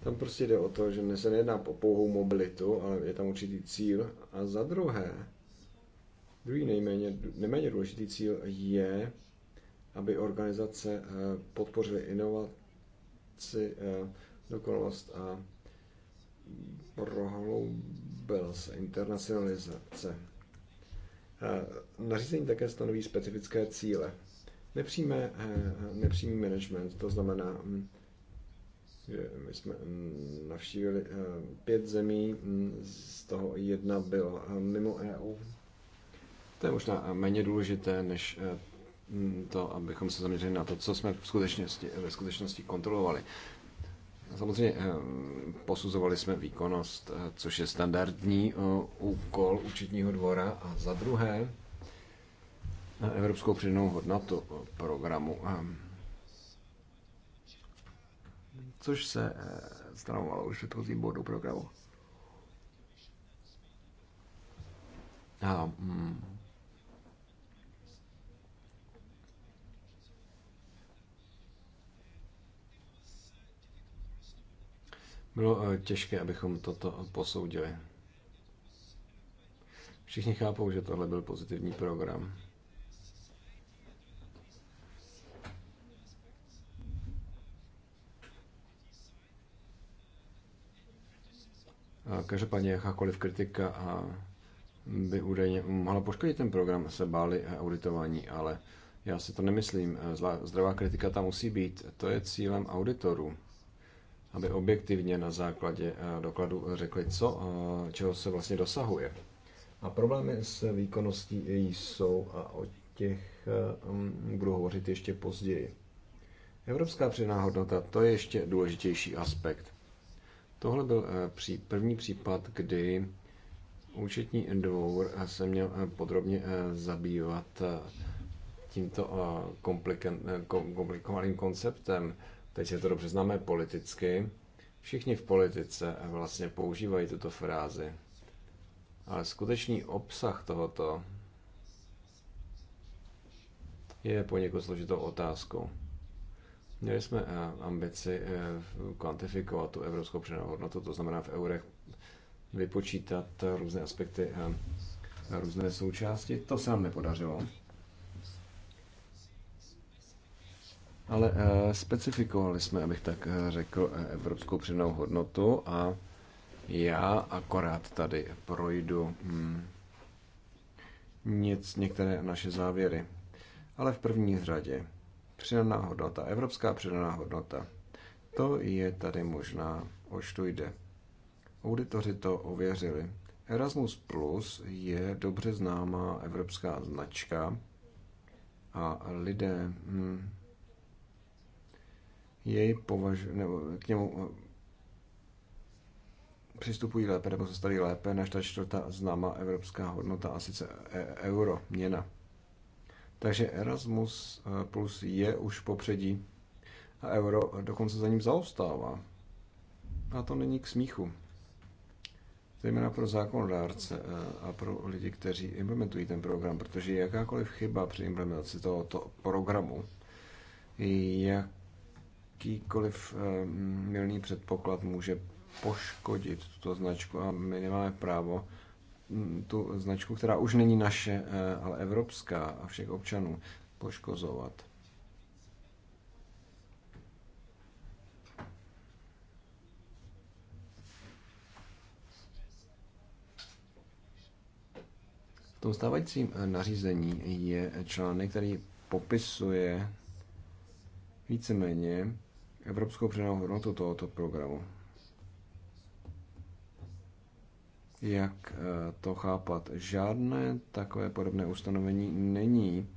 Tam prostě jde o to, že se nejedná po pouhou mobilitu, ale je tam určitý cíl. A za druhé, Druhý nejméně, nejméně důležitý cíl je, aby organizace eh, podpořily inovaci, eh, dokonalost a prohloubila se internacionalizace. Eh, nařízení také stanoví specifické cíle. Nepřímé, nepřímý management, to znamená, hm, že my jsme hm, navštívili pět zemí, hm, z toho jedna byla mimo EU to je možná méně důležité, než eh, mm, to, abychom se zaměřili na to, co jsme v skutečnosti, ve skutečnosti kontrolovali. Samozřejmě eh, posuzovali jsme výkonnost, eh, což je standardní úkol účetního dvora a za druhé evropskou přidanou hodnotu programu, což se stanovalo už v předchozím bodu programu. A, mm, Bylo eh, těžké, abychom toto posoudili. Všichni chápou, že tohle byl pozitivní program. Každopádně jakákoliv kritika a by údajně mohla poškodit ten program, se báli auditování, ale já si to nemyslím. Zdravá kritika tam musí být. To je cílem auditorů aby objektivně na základě eh, dokladu řekli, co, eh, čeho se vlastně dosahuje. A problémy s výkonností jsou a o těch eh, mm, budu hovořit ještě později. Evropská přidaná hodnota, to je ještě důležitější aspekt. Tohle byl první případ, kdy účetní dvůr se měl podrobně zabývat tímto komplikovaným konceptem teď je to dobře známe politicky, všichni v politice vlastně používají tuto frázi. Ale skutečný obsah tohoto je poněkud složitou otázkou. Měli jsme eh, ambici eh, kvantifikovat tu evropskou přidanou hodnotu, to znamená v eurech vypočítat různé aspekty, různé součásti. To se nám nepodařilo. ale eh, specifikovali jsme, abych tak eh, řekl, eh, evropskou přidanou hodnotu a já akorát tady projdu hmm, nic, některé naše závěry. Ale v první řadě přidaná hodnota, evropská přidaná hodnota, to je tady možná, oč tu jde. Auditoři to ověřili. Erasmus Plus je dobře známá evropská značka a lidé hmm, jej považ, nebo k němu eh, přistupují lépe nebo se staví lépe než ta čtvrtá známá evropská hodnota, a sice eh, euro, měna. Takže Erasmus eh, plus je už v popředí a euro dokonce za ním zaostává. A to není k smíchu. Zejména pro zákonodárce a pro lidi, kteří implementují ten program, protože jakákoliv chyba při implementaci tohoto programu, jak jakýkoliv eh, milný předpoklad může poškodit tuto značku a my nemáme právo mm, tu značku, která už není naše, eh, ale evropská a všech občanů, poškozovat. V tom stávajícím eh, nařízení je článek, který popisuje víceméně evropskou přidanou hodnotu tohoto programu. Jak eh, to chápat? Žádné takové podobné ustanovení není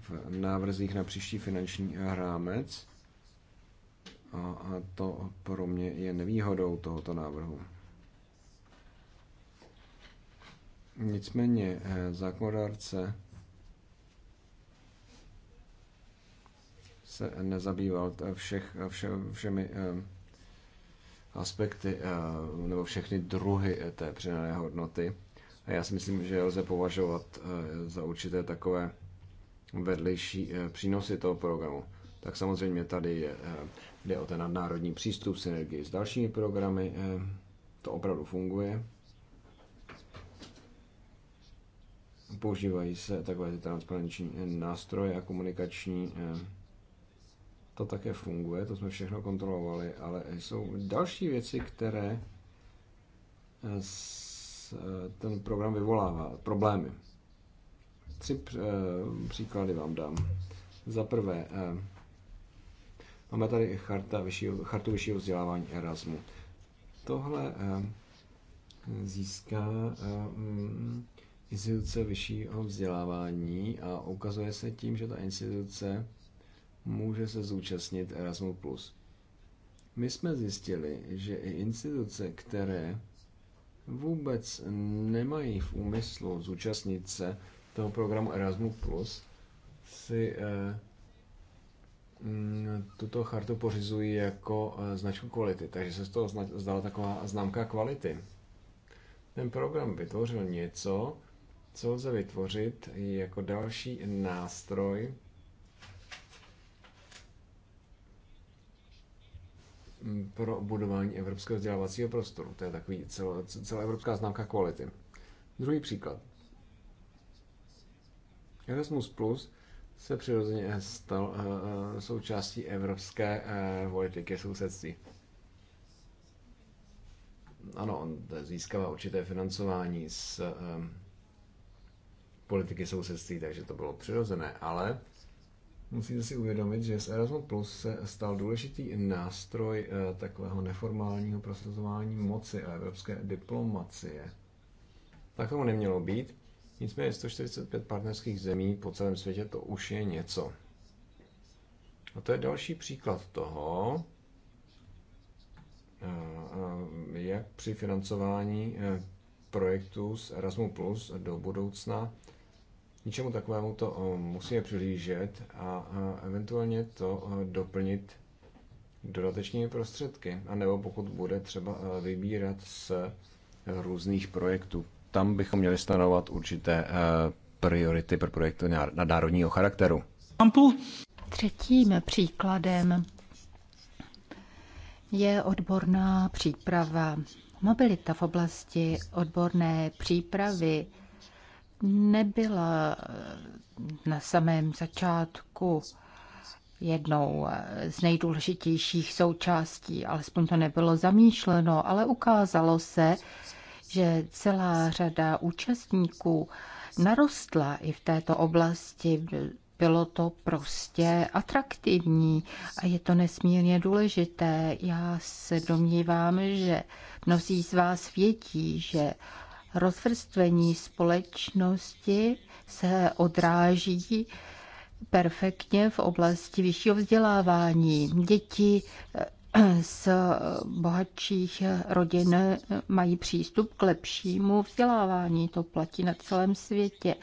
v návrzích na příští finanční rámec a to pro mě je nevýhodou tohoto návrhu. Nicméně eh, zákonodárce se nezabýval všech, vše, všemi eh, aspekty eh, nebo všechny druhy eh, té přidané hodnoty. A já si myslím, že lze považovat za určité takové vedlejší přínosy toho programu. Tak samozřejmě tady je, jde o ten nadnárodní přístup, synergii s dalšími programy. To opravdu funguje. Používají se takové ty transparenční nástroje a komunikační to také funguje, to jsme všechno kontrolovali, ale jsou další věci, které eh, eh, ten program vyvolává, problémy. Tři eh, příklady vám dám. Za prvé, máme tady charta vyššího, chartu vyššího vzdělávání Erasmu. Tohle získá instituce vyššího vzdělávání a ukazuje se tím, že ta instituce může se zúčastnit Erasmus+. My jsme zjistili, že i instituce, které vůbec nemají v úmyslu zúčastnit se toho programu Erasmus+, si eh, mm, tuto chartu pořizují jako eh, značku kvality, takže se z toho zdala taková známka kvality. Ten program vytvořil něco, co lze vytvořit jako další nástroj Mm, pro budování evropského vzdělávacího prostoru. To je takový celo, celoevropská známka kvality. Druhý příklad. Erasmus Plus se přirozeně stal eh, eh, součástí evropské eh, politiky sousedství. Ano, on získává určité financování z politiky sousedství, takže to bylo přirozené, ale Musíte si uvědomit, že z Erasmus Plus se stal důležitý nástroj eh, takového neformálního prosazování moci a evropské diplomacie. Tak tomu nemělo být. Nicméně 145 partnerských zemí po celém světě to už je něco. A to je další příklad toho, eh, eh, jak při financování projektů z Erasmus Plus do budoucna Ničemu takovému to eh, musíme přihlížet a eventuálně to eh, doplnit dodatečnými prostředky, anebo pokud bude třeba eh, vybírat z různých projektů. Tam bychom měli stanovat určité priority pro projekty nadárodního charakteru. Třetím příkladem je odborná příprava. Mobilita v oblasti odborné přípravy nebyla eh, na samém začátku jednou eh, z nejdůležitějších součástí, alespoň to nebylo zamýšleno, ale ukázalo se, že celá řada účastníků narostla i v této oblasti. Bylo to prostě atraktivní a je to nesmírně důležité. Já se domnívám, že mnozí z vás vědí, že rozvrstvení společnosti se odráží perfektně v oblasti vyššího vzdělávání. Děti eh, z bohatších rodin mají přístup k lepšímu vzdělávání. To platí na celém světě.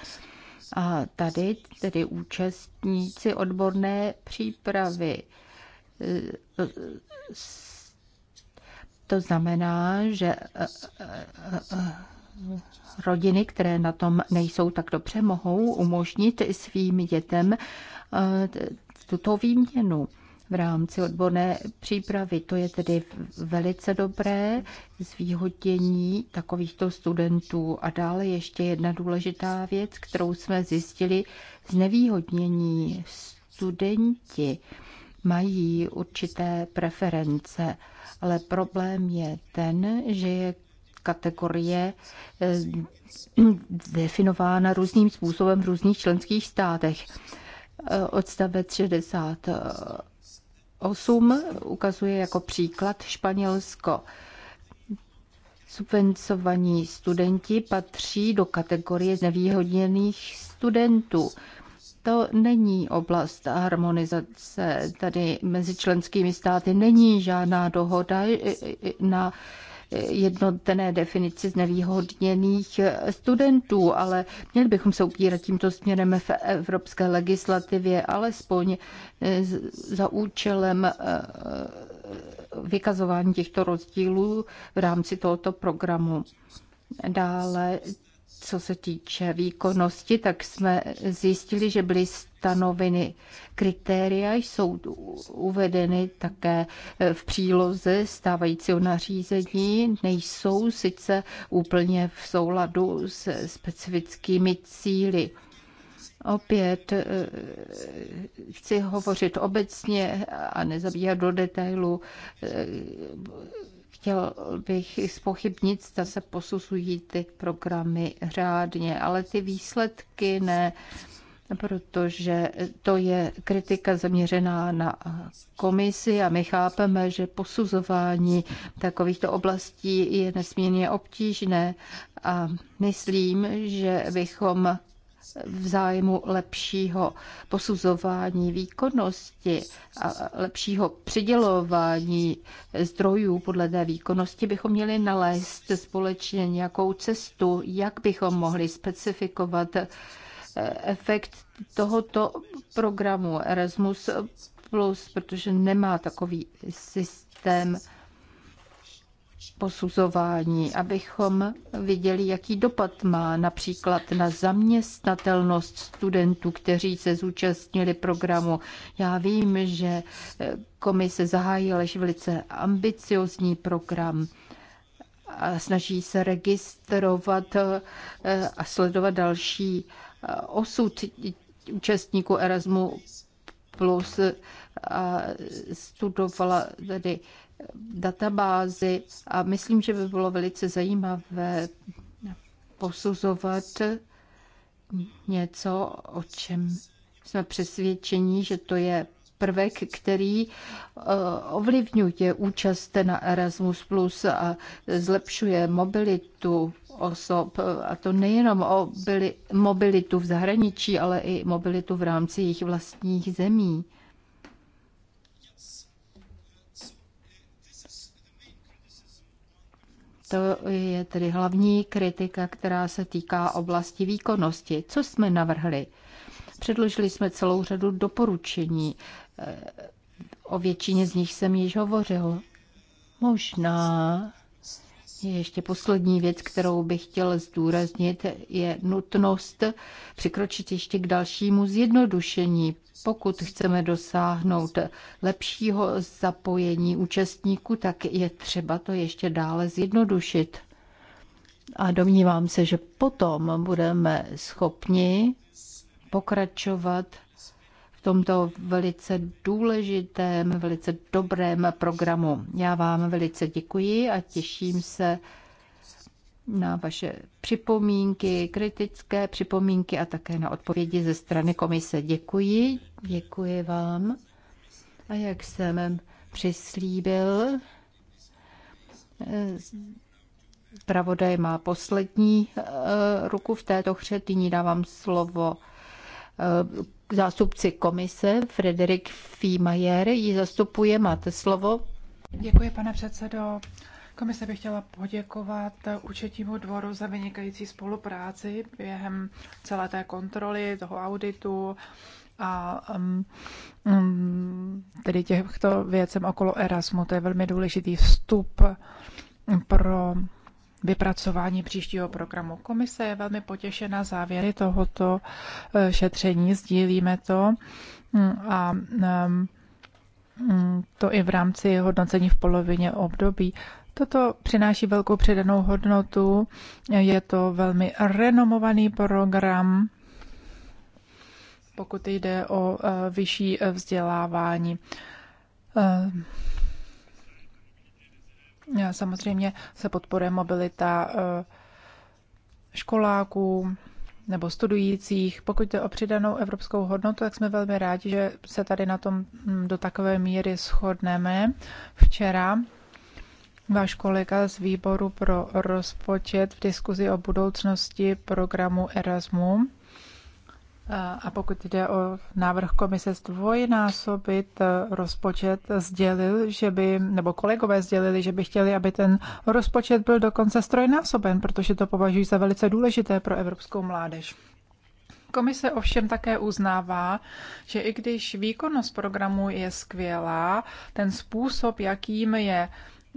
A tady tedy účastníci odborné přípravy. Eh, to znamená, že eh, rodiny, které na tom nejsou tak dobře, mohou umožnit svým dětem eh, tuto výměnu v rámci odborné přípravy. To je tedy velice dobré zvýhodnění takovýchto studentů. A dále ještě jedna důležitá věc, kterou jsme zjistili, znevýhodnění studenti mají určité preference, ale problém je ten, že je kategorie eh, definována různým způsobem v různých členských státech. Eh, odstavec 68 ukazuje jako příklad Španělsko. Subvencovaní studenti patří do kategorie znevýhodněných studentů to není oblast harmonizace. Tady mezi členskými státy není žádná dohoda eh, na jednotné definici znevýhodněných studentů, ale měli bychom se upírat tímto směrem v evropské legislativě, alespoň eh, za účelem eh, vykazování těchto rozdílů v rámci tohoto programu. Dále co se týče výkonnosti, tak jsme zjistili, že byly stanoveny kritéria, jsou uvedeny také v příloze stávajícího nařízení, nejsou sice úplně v souladu s specifickými cíly. Opět eh, chci hovořit obecně a nezabíhat do detailu. Eh, Chtěl bych spochybnit, zda se posuzují ty programy řádně, ale ty výsledky ne, protože to je kritika zaměřená na komisi a my chápeme, že posuzování takovýchto oblastí je nesmírně obtížné a myslím, že bychom v zájmu lepšího posuzování výkonnosti a lepšího přidělování zdrojů podle té výkonnosti bychom měli nalézt společně nějakou cestu, jak bychom mohli specifikovat eh, efekt tohoto programu Erasmus+, protože nemá takový systém posuzování, abychom viděli, jaký dopad má například na zaměstnatelnost studentů, kteří se zúčastnili programu. Já vím, že eh, komise zahájila již velice ambiciozní program a snaží se registrovat eh, a sledovat další eh, osud účastníků Erasmu plus a studovala tedy databázy a myslím, že by bylo velice zajímavé posuzovat něco, o čem jsme přesvědčeni, že to je prvek, který eh, ovlivňuje účast na Erasmus Plus a zlepšuje mobilitu osob, a to nejenom o mobilitu v zahraničí, ale i mobilitu v rámci jejich vlastních zemí. To je tedy hlavní kritika, která se týká oblasti výkonnosti. Co jsme navrhli? Předložili jsme celou řadu doporučení. Eh, o většině z nich jsem již hovořil. Možná Vlastně ještě poslední věc, kterou bych chtěl zdůraznit, je nutnost přikročit ještě k dalšímu zjednodušení, pokud chceme dosáhnout lepšího zapojení účastníků, tak je třeba to ještě dále zjednodušit. A domnívám se, že potom budeme schopni pokračovat tomto velice důležitém, velice dobrém programu. Já vám velice děkuji a těším se na vaše připomínky, kritické připomínky a také na odpovědi ze strany komise. Děkuji, děkuji vám. A jak jsem přislíbil, pravodaj má poslední eh, ruku v této chřetyní. Dávám slovo eh, zástupci komise Frederik Fiemajer ji zastupuje. Máte slovo. Děkuji, pane předsedo. Komise bych chtěla poděkovat účetnímu dvoru za vynikající spolupráci během celé té kontroly, toho auditu a um, um, tedy těchto věcem okolo Erasmu. To je velmi důležitý vstup pro vypracování příštího programu. Komise je velmi potěšena závěry tohoto e, šetření, sdílíme to mm, a mm, to i v rámci hodnocení v polovině období. Toto přináší velkou přidanou hodnotu, je to velmi renomovaný program, pokud jde o e, vyšší vzdělávání. E, samozřejmě se podporuje mobilita e, školáků nebo studujících. Pokud jde o přidanou evropskou hodnotu, tak jsme velmi rádi, že se tady na tom do takové míry shodneme. Včera váš kolega z výboru pro rozpočet v diskuzi o budoucnosti programu Erasmus. A pokud jde o návrh komise zdvojnásobit eh, rozpočet, sdělil, že by, nebo kolegové sdělili, že by chtěli, aby ten rozpočet byl dokonce strojnásoben, protože to považují za velice důležité pro evropskou mládež. Komise ovšem také uznává, že i když výkonnost programu je skvělá, ten způsob, jakým je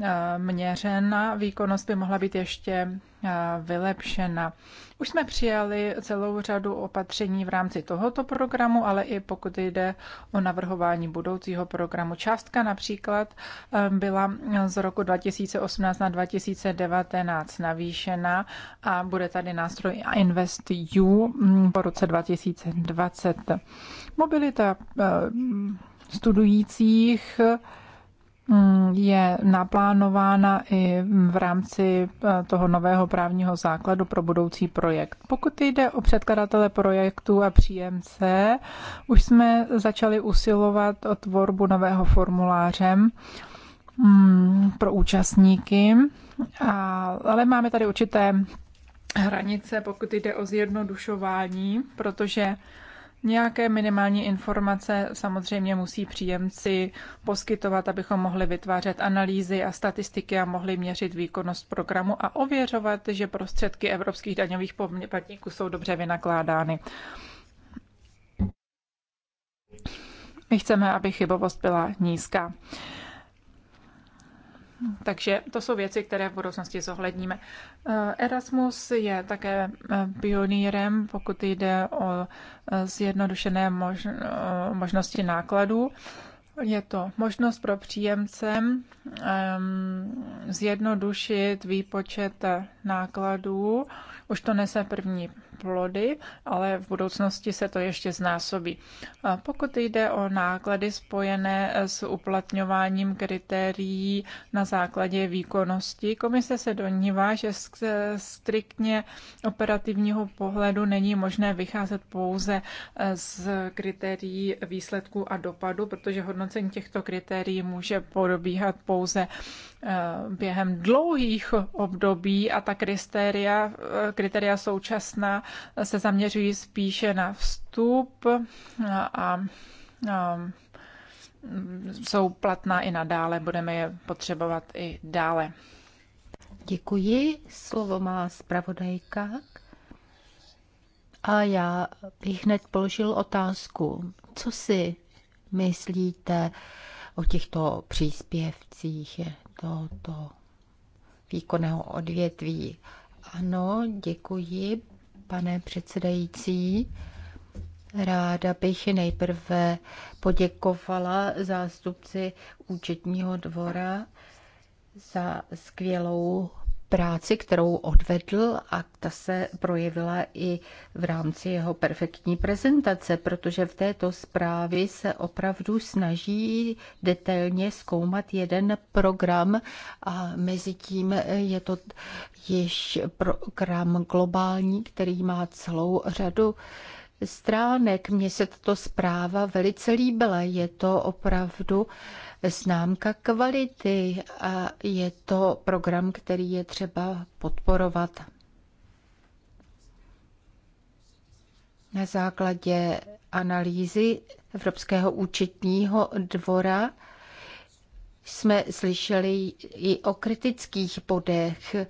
eh, měřena výkonnost, by mohla být ještě Eh, vylepšena. Už jsme přijali celou řadu opatření v rámci tohoto programu, ale i pokud jde o navrhování budoucího programu. Částka například eh, byla z roku 2018 na 2019 navýšena a bude tady nástroj InvestU mm, po roce 2020. Mobilita eh, studujících Mm, je naplánována i v rámci eh, toho nového právního základu pro budoucí projekt. Pokud jde o předkladatele projektu a příjemce, už jsme začali usilovat o tvorbu nového formuláře mm, pro účastníky, ale máme tady určité hranice, pokud jde o zjednodušování, protože Nějaké minimální informace samozřejmě musí příjemci poskytovat, abychom mohli vytvářet analýzy a statistiky a mohli měřit výkonnost programu a ověřovat, že prostředky evropských daňových poplatníků jsou dobře vynakládány. My chceme, aby chybovost byla nízká. Takže to jsou věci, které v budoucnosti zohledníme. Eh, Erasmus je také eh, pionýrem, pokud jde o eh, zjednodušené možnosti nákladů. Je to možnost pro příjemce ehm, zjednodušit výpočet nákladů. Už to nese první plody, ale v budoucnosti se to ještě znásobí. Pokud jde o náklady spojené s uplatňováním kritérií na základě výkonnosti, komise se donívá, že z striktně operativního pohledu není možné vycházet pouze e, z kritérií výsledků a dopadu, protože hodnocení těchto kritérií může probíhat pouze e, během dlouhých období a ta kritéria, e, kritéria současná se zaměřují spíše na vstup a, a, a jsou platná i nadále, budeme je potřebovat i dále. Děkuji, slovo má zpravodajka. A já bych hned položil otázku, co si myslíte o těchto příspěvcích tohoto výkonného odvětví? Ano, děkuji pane předsedající. Ráda bych nejprve poděkovala zástupci účetního dvora za skvělou práci, kterou odvedl a ta se projevila i v rámci jeho perfektní prezentace, protože v této zprávě se opravdu snaží detailně zkoumat jeden program a mezi tím je to již program globální, který má celou řadu stránek. Mně se tato zpráva velice líbila. Je to opravdu známka kvality a je to program, který je třeba podporovat. Na základě analýzy Evropského účetního dvora jsme slyšeli i o kritických bodech. Eh,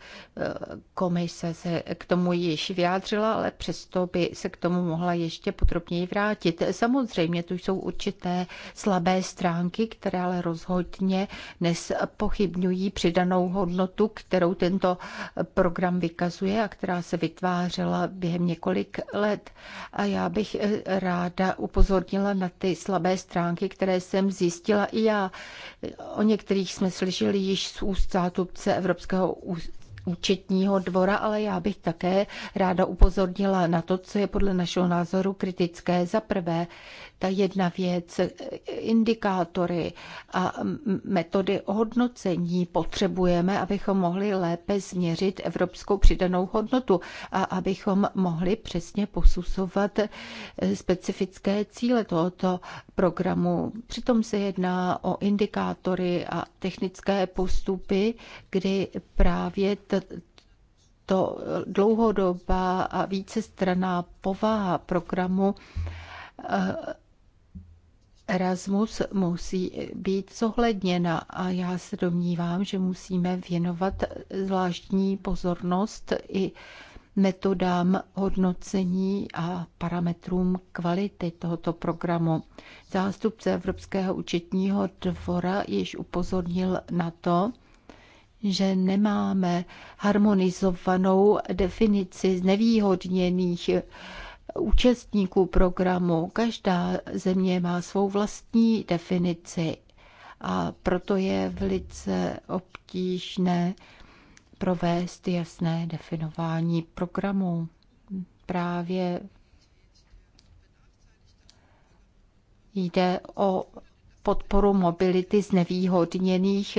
komise se k tomu již vyjádřila, ale přesto by se k tomu mohla ještě podrobněji vrátit. Samozřejmě tu jsou určité slabé stránky, které ale rozhodně nespochybňují přidanou hodnotu, kterou tento program vykazuje a která se vytvářela během několik let. A já bych eh, ráda upozornila na ty slabé stránky, které jsem zjistila i já O některých jsme slyšeli již z úst zátupce Evropského účetního dvora, ale já bych také ráda upozornila na to, co je podle našeho názoru kritické. Za prvé, ta jedna věc, indikátory a metody hodnocení potřebujeme, abychom mohli lépe změřit evropskou přidanou hodnotu a abychom mohli přesně posuzovat specifické cíle tohoto programu. Přitom se jedná o indikátory a technické postupy, kdy právě to dlouhodobá a vícestraná povaha programu eh, Erasmus musí být zohledněna a já se domnívám, že musíme věnovat zvláštní pozornost i metodám hodnocení a parametrům kvality tohoto programu. Zástupce Evropského účetního dvora již upozornil na to, že nemáme harmonizovanou definici znevýhodněných účastníků programu. Každá země má svou vlastní definici a proto je velice obtížné provést jasné definování programu. Právě jde o podporu mobility znevýhodněných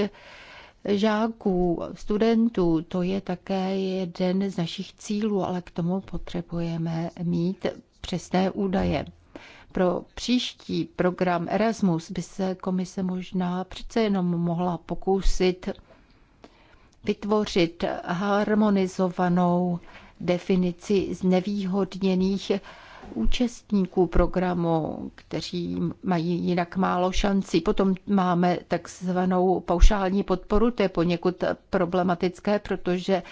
žáků, studentů. To je také jeden z našich cílů, ale k tomu potřebujeme mít přesné údaje. Pro příští program Erasmus by se komise možná přece jenom mohla pokusit vytvořit harmonizovanou definici znevýhodněných účastníků programu, kteří mají jinak málo šancí. Potom máme takzvanou paušální podporu, to je poněkud problematické, protože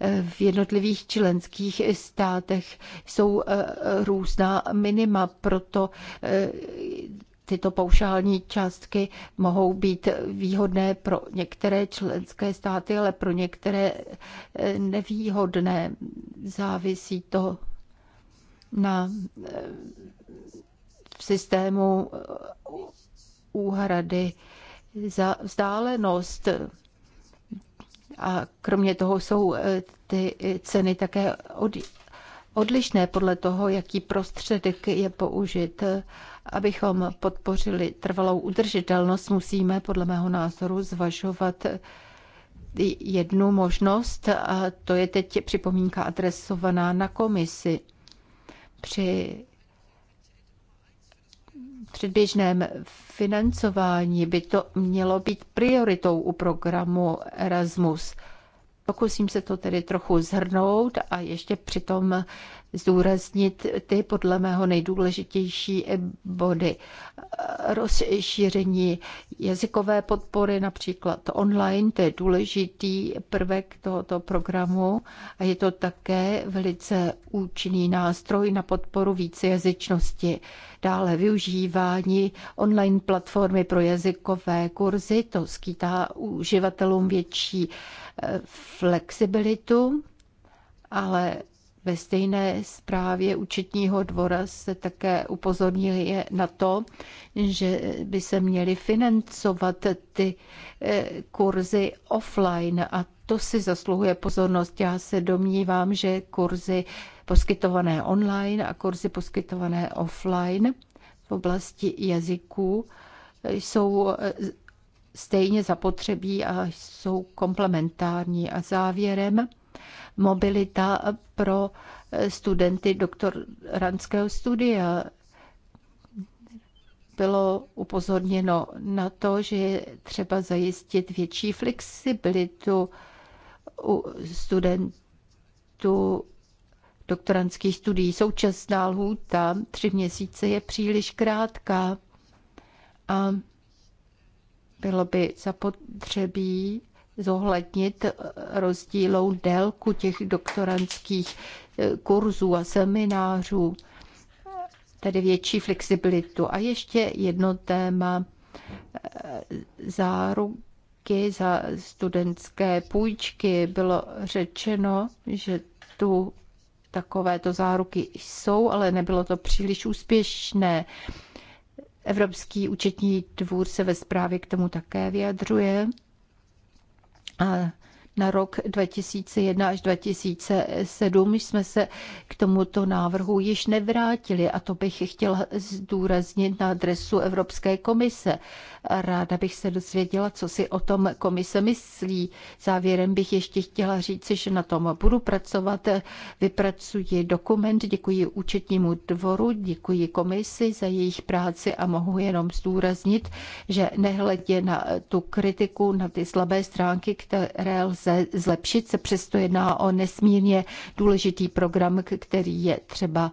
eh, v jednotlivých členských státech jsou eh, různá minima, proto eh, tyto paušální částky mohou být výhodné pro některé členské státy, ale pro některé nevýhodné. Závisí to na eh, v systému eh, úhrady za vzdálenost. A kromě toho jsou eh, ty ceny také od, odlišné podle toho, jaký prostředek je použit. Abychom podpořili trvalou udržitelnost, musíme podle mého názoru zvažovat jednu možnost, a to je teď připomínka adresovaná na komisi. Při předběžném financování by to mělo být prioritou u programu Erasmus. Pokusím se to tedy trochu zhrnout a ještě přitom zdůraznit ty podle mého nejdůležitější body. Rozšíření jazykové podpory, například online, to je důležitý prvek tohoto programu a je to také velice účinný nástroj na podporu vícejazyčnosti. Dále využívání online platformy pro jazykové kurzy, to skýtá uživatelům větší eh, flexibilitu ale ve stejné zprávě účetního dvora se také upozornili na to, že by se měly financovat ty eh, kurzy offline a to si zasluhuje pozornost. Já se domnívám, že kurzy poskytované online a kurzy poskytované offline v oblasti jazyků eh, jsou eh, stejně zapotřebí a jsou komplementární. A závěrem mobilita pro studenty doktorantského studia. Bylo upozorněno na to, že je třeba zajistit větší flexibilitu u studentů doktorantských studií. Současná lhůta tři měsíce je příliš krátká a bylo by zapotřebí zohlednit rozdílou délku těch doktorantských eh, kurzů a seminářů, tedy větší flexibilitu. A ještě jedno téma eh, záruky za studentské půjčky. Bylo řečeno, že tu takovéto záruky jsou, ale nebylo to příliš úspěšné. Evropský účetní dvůr se ve zprávě k tomu také vyjadřuje. A na rok 2001 až 2007 jsme se k tomuto návrhu již nevrátili a to bych chtěla zdůraznit na adresu Evropské komise. Ráda bych se dozvěděla, co si o tom komise myslí. Závěrem bych ještě chtěla říci, že na tom budu pracovat, vypracuji dokument, děkuji účetnímu dvoru, děkuji komisi za jejich práci a mohu jenom zdůraznit, že nehledě na tu kritiku, na ty slabé stránky, které lze lze zlepšit, se přesto jedná o nesmírně důležitý program, který je třeba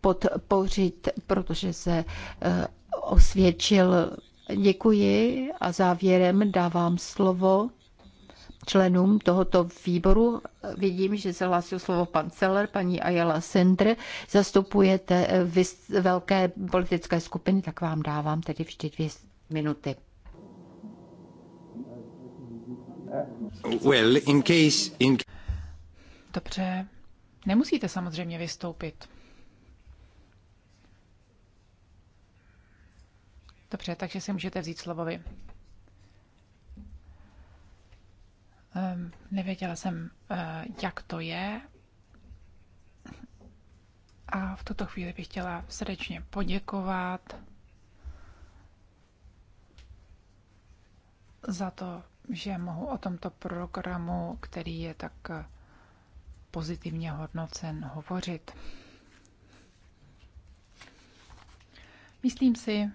podpořit, protože se eh, osvědčil. Děkuji a závěrem dávám slovo členům tohoto výboru. Vidím, že se hlásil slovo pan Celer, paní Ayala Sender. Zastupujete eh, velké politické skupiny, tak vám dávám tedy vždy dvě minuty. Well, in case, in... Dobře, nemusíte samozřejmě vystoupit. Dobře, takže si můžete vzít slovo vy. Um, nevěděla jsem, uh, jak to je. A v tuto chvíli bych chtěla srdečně poděkovat za to, že mohu o tomto programu, který je tak pozitivně hodnocen, hovořit. Myslím si,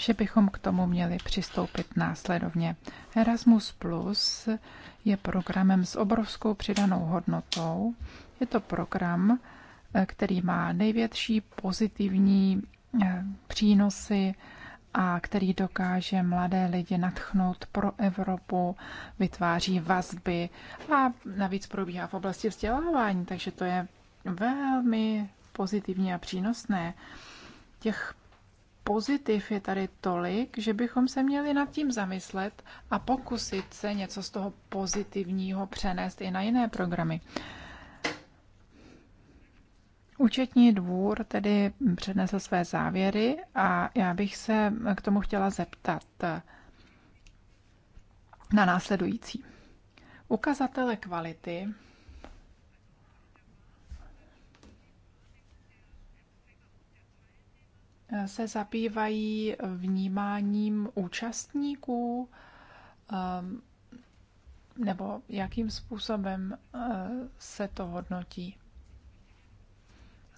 že bychom k tomu měli přistoupit následovně. Erasmus Plus je programem s obrovskou přidanou hodnotou. Je to program, eh, který má největší pozitivní eh, přínosy a který dokáže mladé lidi natchnout pro Evropu, vytváří vazby a navíc probíhá v oblasti vzdělávání, takže to je velmi pozitivní a přínosné. Těch pozitiv je tady tolik, že bychom se měli nad tím zamyslet a pokusit se něco z toho pozitivního přenést i na jiné programy. Účetní dvůr tedy přednesl své závěry a já bych se k tomu chtěla zeptat na následující. Ukazatele kvality se zabývají vnímáním účastníků ehm, nebo jakým způsobem eh, se to hodnotí.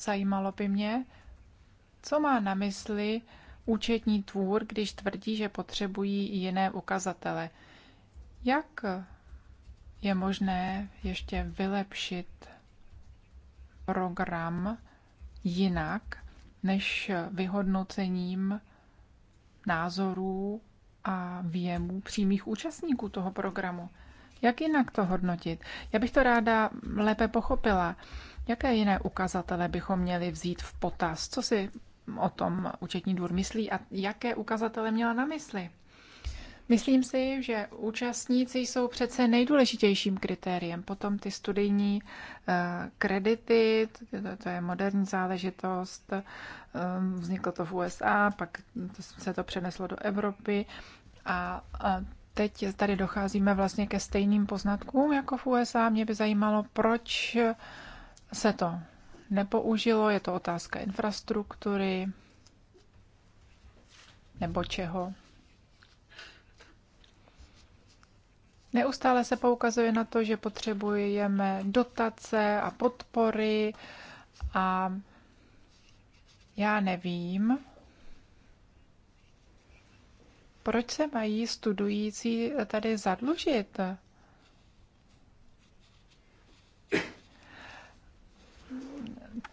Zajímalo by mě, co má na mysli účetní tvůr, když tvrdí, že potřebují jiné ukazatele. Jak je možné ještě vylepšit program jinak než vyhodnocením názorů a věmů přímých účastníků toho programu? Jak jinak to hodnotit? Já bych to ráda lépe pochopila. Jaké jiné ukazatele bychom měli vzít v potaz? Co si o tom účetní dvůr myslí a jaké ukazatele měla na mysli? Myslím si, že účastníci jsou přece nejdůležitějším kritériem. Potom ty studijní eh, kredity, to je moderní záležitost, eh, vzniklo to v USA, pak se to přeneslo do Evropy a teď tady docházíme vlastně ke stejným poznatkům jako v USA. Mě by zajímalo, proč se to nepoužilo, je to otázka infrastruktury nebo čeho. Neustále se poukazuje na to, že potřebujeme dotace a podpory a já nevím, proč se mají studující tady zadlužit.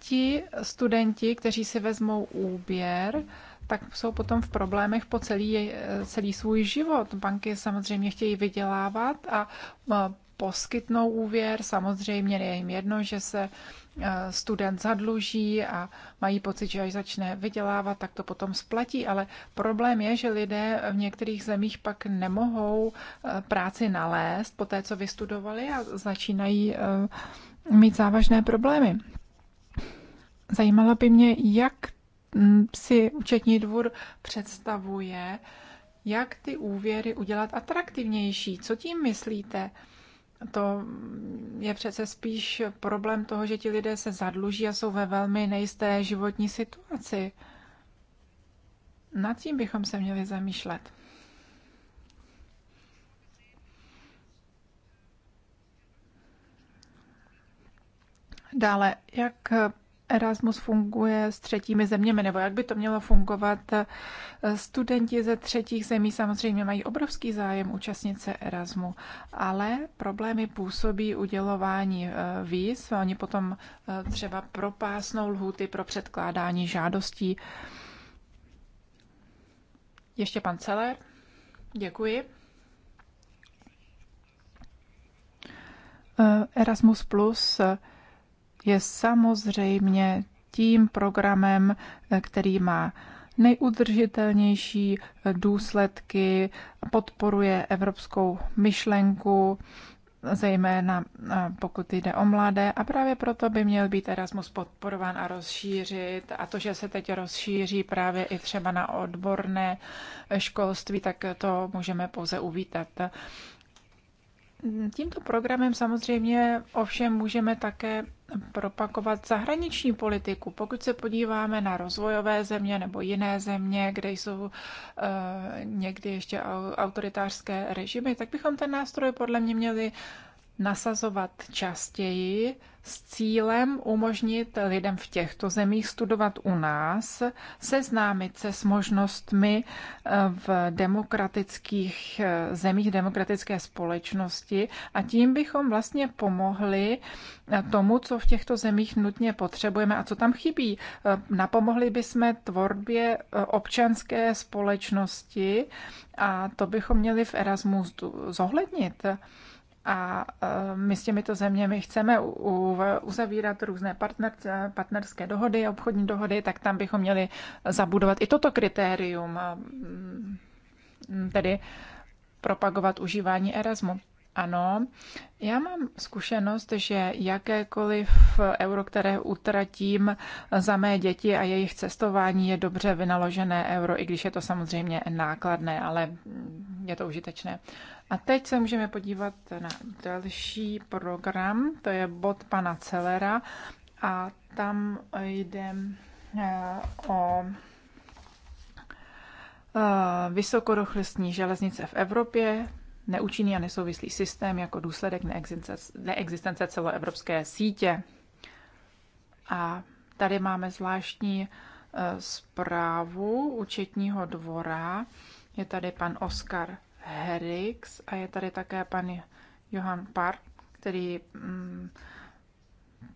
ti studenti, kteří si vezmou úběr, tak jsou potom v problémech po celý, celý svůj život. Banky samozřejmě chtějí vydělávat a poskytnou úvěr. Samozřejmě je jim jedno, že se student zadluží a mají pocit, že až začne vydělávat, tak to potom splatí. Ale problém je, že lidé v některých zemích pak nemohou práci nalézt po té, co vystudovali a začínají mít závažné problémy. Zajímalo by mě, jak mm, si účetní dvůr představuje, jak ty úvěry udělat atraktivnější. Co tím myslíte? To je přece spíš problém toho, že ti lidé se zadluží a jsou ve velmi nejisté životní situaci. Nad tím bychom se měli zamýšlet. Dále, jak Erasmus funguje s třetími zeměmi, nebo jak by to mělo fungovat? Studenti ze třetích zemí samozřejmě mají obrovský zájem účastnit se Erasmu, ale problémy působí udělování eh, víz. Oni potom eh, třeba propásnou lhuty pro předkládání žádostí. Ještě pan Celer. Děkuji. Eh, Erasmus Plus je samozřejmě tím programem, který má nejudržitelnější důsledky, podporuje evropskou myšlenku, zejména pokud jde o mladé. A právě proto by měl být Erasmus podporován a rozšířit. A to, že se teď rozšíří právě i třeba na odborné školství, tak to můžeme pouze uvítat. Tímto programem samozřejmě ovšem můžeme také propakovat zahraniční politiku. Pokud se podíváme na rozvojové země nebo jiné země, kde jsou uh, někdy ještě autoritářské režimy, tak bychom ten nástroj podle mě měli nasazovat častěji s cílem umožnit lidem v těchto zemích studovat u nás, seznámit se s možnostmi eh, v demokratických eh, zemích demokratické společnosti a tím bychom vlastně pomohli eh, tomu, co v těchto zemích nutně potřebujeme a co tam chybí. Napomohli bychom tvorbě občanské společnosti a to bychom měli v Erasmus zohlednit a eh, my s těmito zeměmi chceme uzavírat různé partnerské dohody, obchodní dohody, tak tam bychom měli zabudovat i toto kritérium, eh, mm, tedy propagovat užívání Erasmu. Ano, já mám zkušenost, že jakékoliv euro, které utratím za mé děti a jejich cestování, je dobře vynaložené euro, i když je to samozřejmě nákladné, ale je to užitečné. A teď se můžeme podívat na další program, to je bod pana Celera a tam jde eh, o eh, vysokorychlostní železnice v Evropě, neúčinný a nesouvislý systém jako důsledek neexistence, neexistence celoevropské sítě. A tady máme zvláštní eh, zprávu účetního dvora. Je tady pan Oskar Herix a je tady také pan Johan Par, který mm,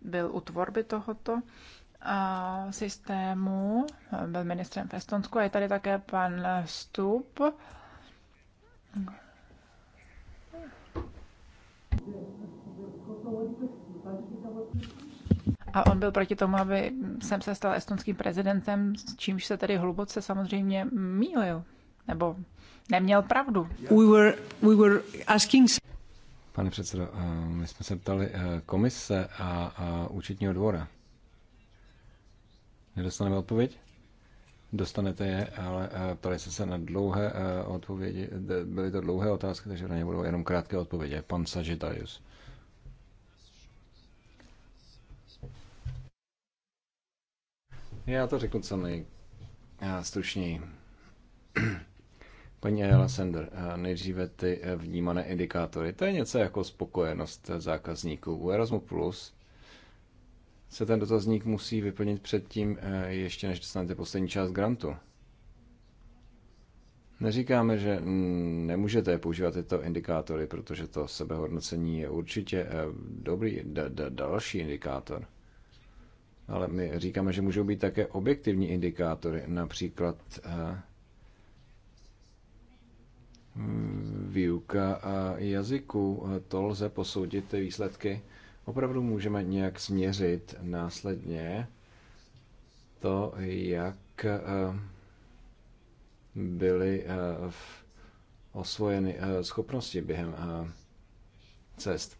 byl u tvorby tohoto systému, byl ministrem v Estonsku a je tady také pan Stup. A on byl proti tomu, aby jsem se stal estonským prezidentem, s čímž se tedy hluboce samozřejmě mýlil. Nebo neměl pravdu. We were, we were asking... Pane předsedo, eh, my jsme se ptali eh, komise a, a účetního dvora. Nedostaneme odpověď? Dostanete je, ale eh, ptali jste se na dlouhé odpovědi. Byly to dlouhé otázky, takže na ně budou jenom krátké odpovědi. Pan Sagittarius. Já to řeknu co nejstručněji. Paní Ayala Sender, eh, nejdříve ty eh, vnímané indikátory. To je něco jako spokojenost zákazníků. U Erasmu Plus se ten dotazník musí vyplnit předtím, eh, ještě než dostanete poslední část grantu. Neříkáme, že nemůžete používat tyto indikátory, protože to sebehodnocení je určitě dobrý další indikátor. Ale my říkáme, že můžou být také objektivní indikátory, například výuka jazyku. To lze posoudit ty výsledky. Opravdu můžeme nějak směřit následně to, jak eh, byly eh, osvojeny eh, schopnosti během cest.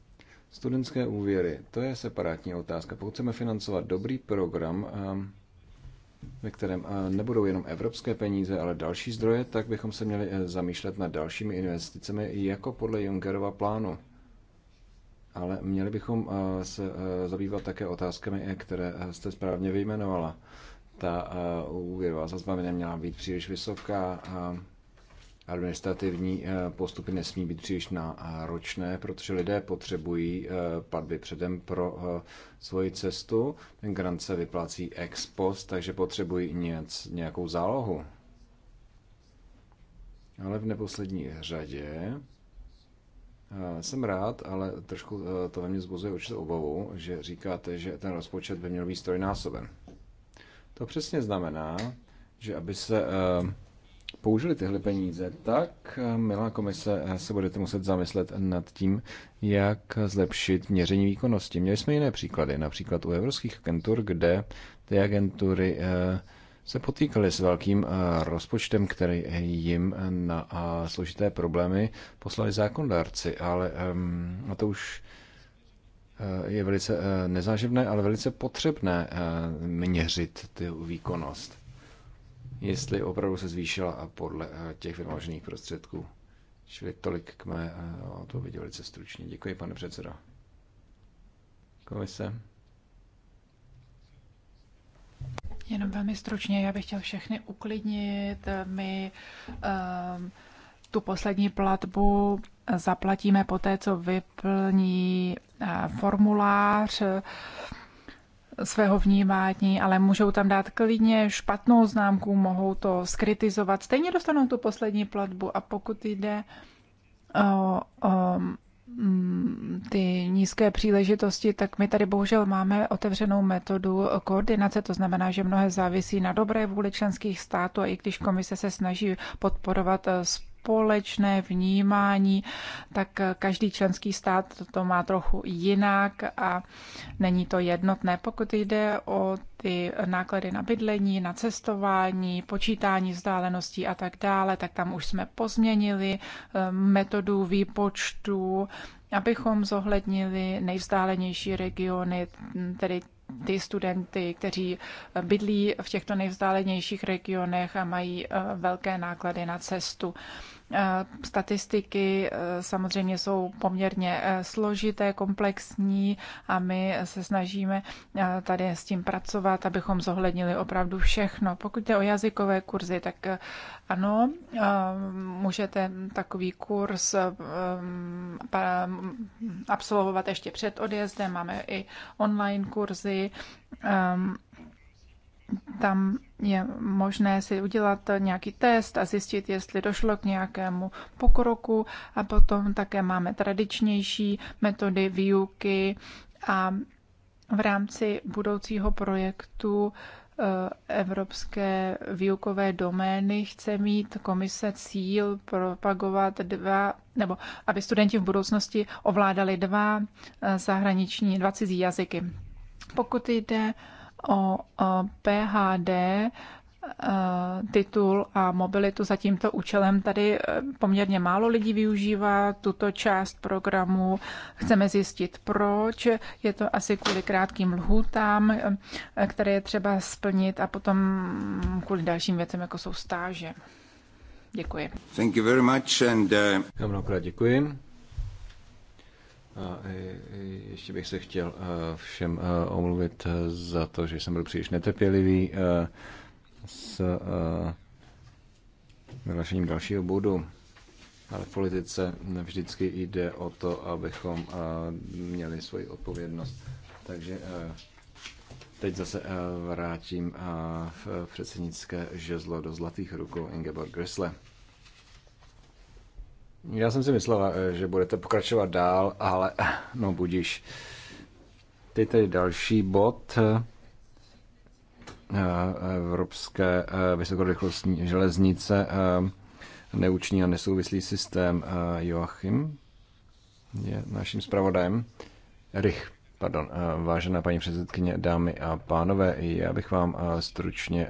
Studentské úvěry, to je separátní otázka. Pokud chceme financovat dobrý program, ve kterém eh, nebudou jenom evropské peníze, ale další zdroje, tak bychom se měli eh, zamýšlet nad dalšími investicemi jako podle Junckerova plánu. Ale měli bychom eh, se zabývat také otázkami, které jste správně vyjmenovala. Ta úvěrová sazba by neměla být příliš vysoká. A Administrativní eh, postupy nesmí být příliš náročné, protože lidé potřebují eh, platby předem pro eh, svoji cestu. Ten grant se vyplácí ex post, takže potřebují něc, nějakou zálohu. Ale v neposlední řadě jsem rád, ale trošku to ve mně zbuzuje určitou obavu, že říkáte, že ten rozpočet by měl být strojnásoben. To přesně znamená, že aby se použili tyhle peníze, tak, eh, milá komise, eh, se budete muset zamyslet nad tím, jak zlepšit měření výkonnosti. Měli jsme jiné příklady, například u evropských agentur, kde ty agentury eh, se potýkaly s velkým rozpočtem, který jim na složité problémy poslali zákondárci, ale ehm, a to už je velice nezáživné, ale velice potřebné měřit tu výkonnost jestli opravdu se zvýšila a podle eh, těch vynaložených prostředků. Čili tolik k mé eh, odpovědi velice stručně. Děkuji, pane předsedo. Komise. Jenom velmi stručně, já bych chtěl všechny uklidnit. My um, tu poslední platbu zaplatíme po té, co vyplní uh, formulář. Uh, svého vnímání, ale můžou tam dát klidně špatnou známku, mohou to skritizovat. Stejně dostanou tu poslední platbu a pokud jde o, o mm, ty nízké příležitosti, tak my tady bohužel máme otevřenou metodu koordinace, to znamená, že mnohé závisí na dobré vůli členských států a i když komise se snaží podporovat společnost, eh, společné vnímání, tak každý členský stát to má trochu jinak a není to jednotné. Pokud jde o ty náklady na bydlení, na cestování, počítání vzdáleností a tak dále, tak tam už jsme pozměnili eh, metodu výpočtu, abychom zohlednili nejvzdálenější regiony, tedy ty studenty, kteří bydlí v těchto nejvzdálenějších regionech a mají eh, velké náklady na cestu. Eh, statistiky eh, samozřejmě jsou poměrně eh, složité, komplexní a my se snažíme tady s tím pracovat, abychom zohlednili opravdu všechno. Pokud jde o jazykové kurzy, tak ano, můžete takový kurz absolvovat ještě před odjezdem. Máme i online kurzy tam je možné si udělat nějaký test a zjistit, jestli došlo k nějakému pokroku. A potom také máme tradičnější metody výuky a v rámci budoucího projektu eh, Evropské výukové domény chce mít komise cíl propagovat dva, nebo aby studenti v budoucnosti ovládali dva eh, zahraniční, dva cizí jazyky. Pokud jde o PHD e, titul a mobilitu za tímto účelem. Tady e, poměrně málo lidí využívá tuto část programu. Chceme zjistit, proč. Je to asi kvůli krátkým lhůtám, e, které je třeba splnit a potom kvůli dalším věcem, jako jsou stáže. Děkuji. Thank you very much and, uh... Já mnohokrát děkuji. Ještě bych se chtěl eh, všem eh, omluvit eh, za to, že jsem byl příliš netrpělivý s vyhlášením dalšího bodu. Ale v politice vždycky jde o to, abychom měli svoji odpovědnost. Takže teď zase vrátím v předsednické žezlo do zlatých rukou Ingeborg Gressle. Já jsem si myslel, eh, že budete pokračovat dál, ale eh, no budíš. Teď tady další bod eh, evropské vysokorychlostní železnice, neúčinný a nesouvislý systém Joachim je naším zpravodajem. Rych, pardon, vážená paní předsedkyně, dámy a pánové, já bych vám stručně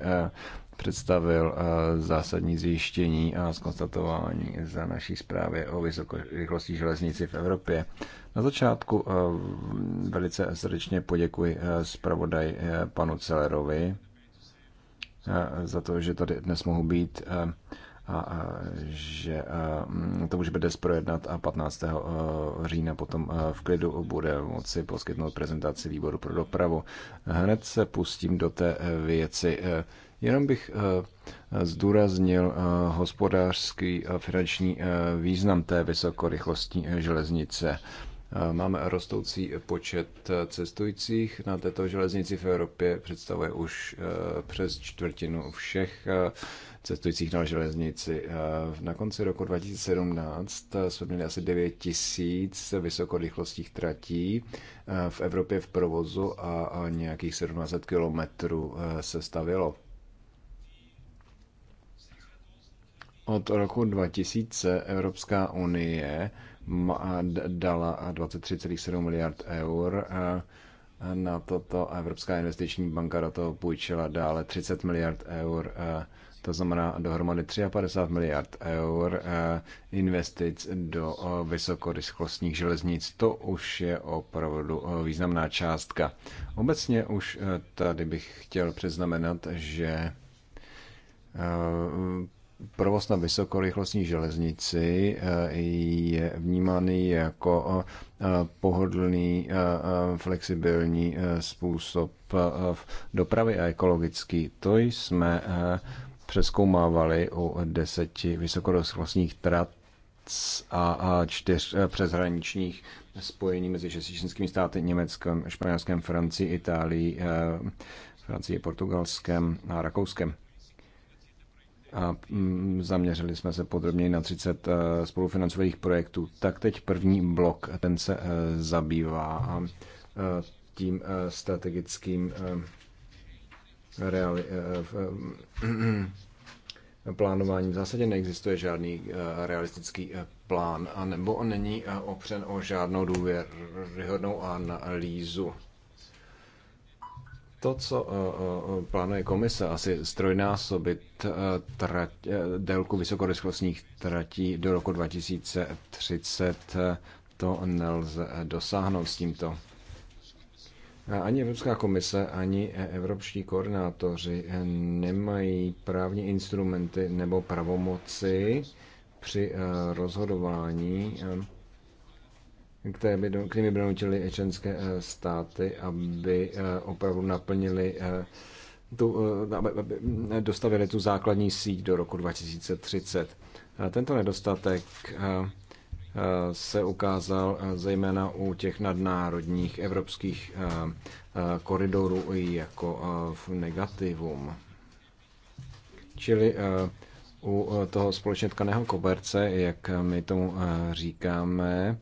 představil eh, zásadní zjištění a zkonstatování za naší zprávy o vysokorychlostní železnici v Evropě. Na začátku eh, velice srdečně poděkuji eh, zpravodaj panu Celerovi za to, že tady dnes mohu být a že to už bude zprojednat a 15. října potom v klidu bude moci poskytnout prezentaci výboru pro dopravu. Hned se pustím do té věci Jenom bych eh, eh, zdůraznil eh, hospodářský a finanční význam té vysokorychlostní železnice. Máme rostoucí počet cestujících na této železnici v Evropě, představuje už přes čtvrtinu všech cestujících na železnici. Na konci roku 2017 jsme měli asi 9 tisíc vysokorychlostních tratí v Evropě v provozu a nějakých 17 kilometrů se stavilo. Od roku 2000 Evropská unie dala 23,7 miliard eur na toto Evropská investiční banka do toho půjčila dále 30 miliard eur, to znamená dohromady 53 miliard eur investic do vysokorychlostních železnic. To už je opravdu významná částka. Obecně už e, tady bych chtěl přeznamenat, že e, provoz na vysokorychlostní železnici eh, je vnímaný jako eh, pohodlný, eh, flexibilní způsob dopravy a ekologický. To jsme přeskoumávali u deseti vysokorychlostních trat a čtyř přeshraničních spojení mezi českými státy, Německem, Španělskem, Francií, Itálií, Francií, Portugalskem a Rakouskem a mm, zaměřili jsme se podrobněji na 30 eh, spolufinancovaných projektů. Tak teď první blok, ten se eh, zabývá eh, tím strategickým reali- plánování. V zásadě neexistuje žádný realistický plán, anebo není opřen o žádnou důvěryhodnou analýzu to, co eh, eh, eh, plánuje komise, asi strojnásobit trať, délku vysokorychlostních tratí do roku 2030, to nelze dosáhnout s tímto. Ani Evropská komise, ani evropští koordinátoři nemají právní instrumenty nebo pravomoci při rozhodování které by, kterými by donutili členské eh, státy, aby eh, opravdu naplnili eh, tu, aby dostavili tu základní síť do roku 2030. Tento nedostatek se ukázal zejména u těch nadnárodních evropských koridorů jako v negativum. Čili u toho společně tkaného koberce, jak my tomu říkáme,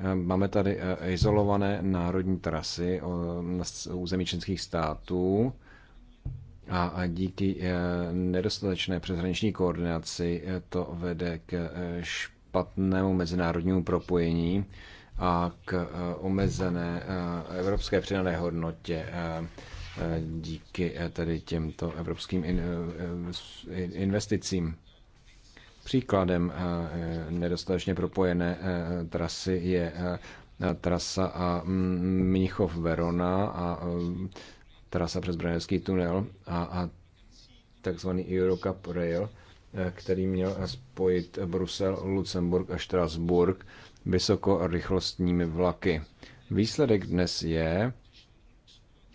Eh, máme tady eh, izolované národní trasy na území členských států a díky eh, nedostatečné přeshraniční koordinaci to vede k špatnému mezinárodnímu propojení a k omezené evropské přidané hodnotě díky tedy těmto evropským investicím. Příkladem eh, eh, nedostatečně propojené eh, trasy je trasa a mm, Mnichov Verona a trasa přes Brněnský tunel a, a takzvaný Eurocup Rail, který měl spojit Brusel, Lucemburg a Strasburg vysokorychlostními vlaky. Výsledek dnes je,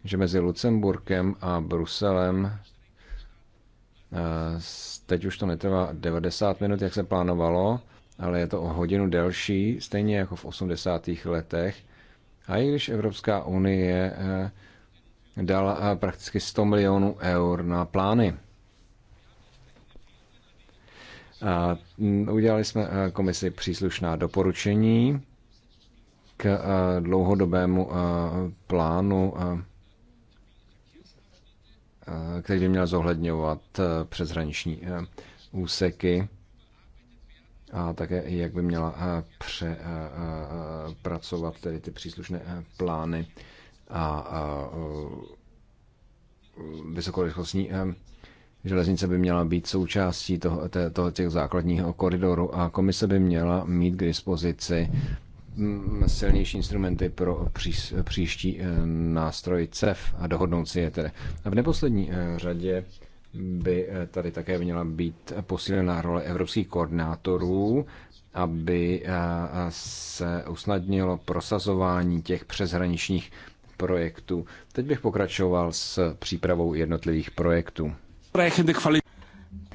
že mezi Lucemburkem a Bruselem Eh, teď už to netrvá 90 minut, jak se plánovalo, ale je to o hodinu delší, stejně jako v 80. letech. A i když Evropská unie eh, dala eh, prakticky 100 milionů eur na plány, a mm, udělali jsme komisi příslušná doporučení k dlouhodobému plánu Eh, který by měl zohledňovat eh, přeshraniční eh, úseky a také jak by měla přepracovat tedy ty příslušné plány a vysokorychlostní železnice by měla být součástí toho, toho těch základního koridoru a komise by měla mít k dispozici silnější instrumenty pro příš, příští eh, nástroj CEF a dohodnout si je tedy. A v neposlední eh, řadě by eh, tady také měla být posílená role evropských koordinátorů, aby se usnadnilo prosazování těch přeshraničních projektů. Teď bych pokračoval s přípravou jednotlivých projektů.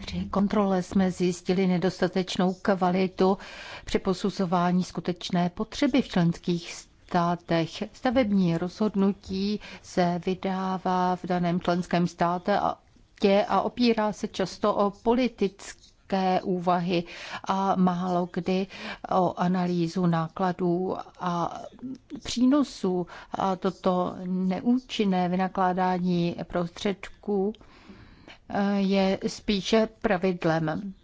Při kontrole jsme zjistili nedostatečnou kvalitu při posuzování skutečné potřeby v členských státech. Stavební rozhodnutí se vydává v daném členském státě a, tě a opírá se často o politické úvahy a málo kdy o analýzu nákladů a přínosů. A toto neúčinné vynakládání prostředků je spíše pravidlem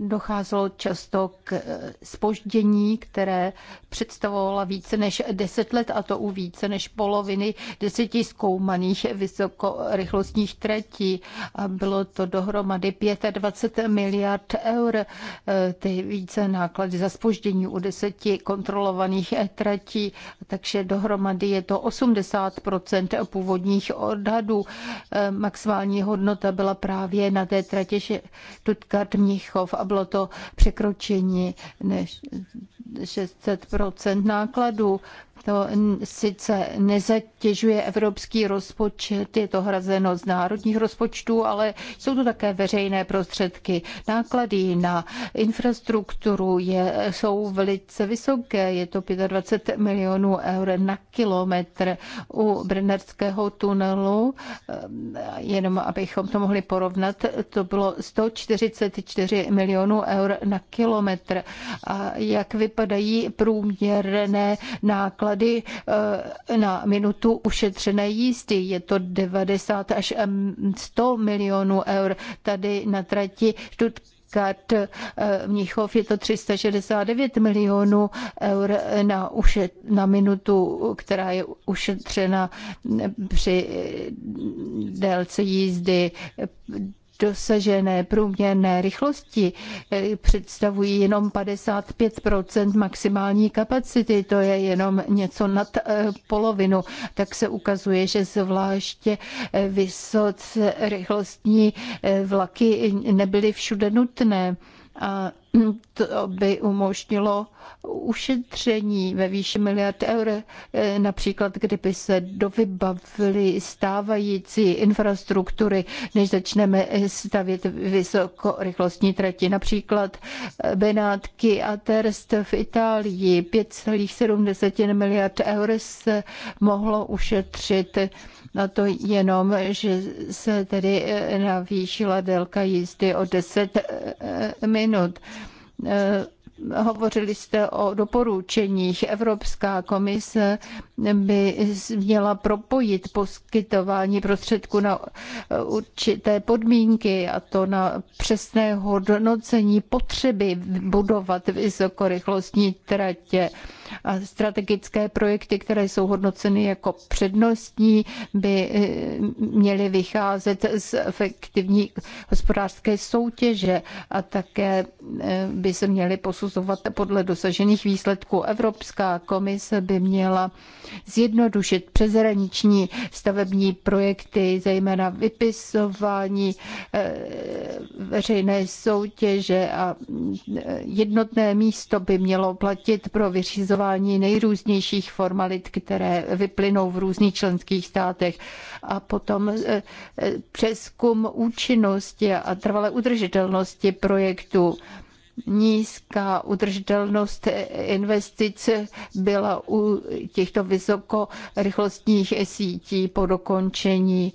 docházelo často k spoždění, eh, které představovalo více než 10 let a to u více než poloviny deseti zkoumaných vysokorychlostních tretí. A bylo to dohromady 25 miliard eur, eh, ty více náklady za spoždění u deseti kontrolovaných tretí, takže dohromady je to 80 původních odhadů. Eh, maximální hodnota byla právě na té tratě tutkart mnichov a bylo to překročení než 600 nákladů. To sice nezatěžuje evropský rozpočet, je to hrazeno z národních rozpočtů, ale jsou to také veřejné prostředky. Náklady na infrastrukturu je, jsou velice vysoké, je to 25 milionů eur na kilometr u Brnerského tunelu. Ehm, jenom abychom to mohli porovnat, to bylo 144 milionů eur na kilometr. A jak vypadají průměrné náklady náklady eh, na minutu ušetřené jízdy. Je to 90 až 100 milionů eur tady na trati Stuttgart Stuttgart eh, Mnichov je to 369 milionů eur na, ušet, na minutu, která je ušetřena eh, při délce jízdy dosažené průměrné rychlosti eh, představují jenom 55 maximální kapacity, to je jenom něco nad eh, polovinu, tak se ukazuje, že zvláště eh, vysoce rychlostní vlaky nebyly všude nutné. A to by umožnilo ušetření ve výši miliard eur, eh, například kdyby se dovybavily stávající infrastruktury, než začneme eh, stavět vysokorychlostní trati, například eh, Benátky a Terst v Itálii. 5,7 miliard eur se mohlo ušetřit na to jenom, že se tedy navýšila délka jízdy o 10 minut. Eh, hovořili jste o doporučeních. Evropská komise by měla propojit poskytování prostředků na eh, určité podmínky a to na přesné hodnocení potřeby budovat vysokorychlostní tratě strategické projekty, které jsou hodnoceny jako přednostní, by eh, měly vycházet z efektivní hospodářské soutěže a také eh, by se měly posuzovat podle dosažených výsledků. Evropská komise by měla zjednodušit přezraniční stavební projekty, zejména vypisování eh, veřejné soutěže a jednotné místo by mělo platit pro vyřízení dodržování nejrůznějších formalit, které vyplynou v různých členských státech a potom e, e, přeskum účinnosti a trvalé udržitelnosti projektu nízká udržitelnost investic byla u těchto vysokorychlostních sítí po dokončení.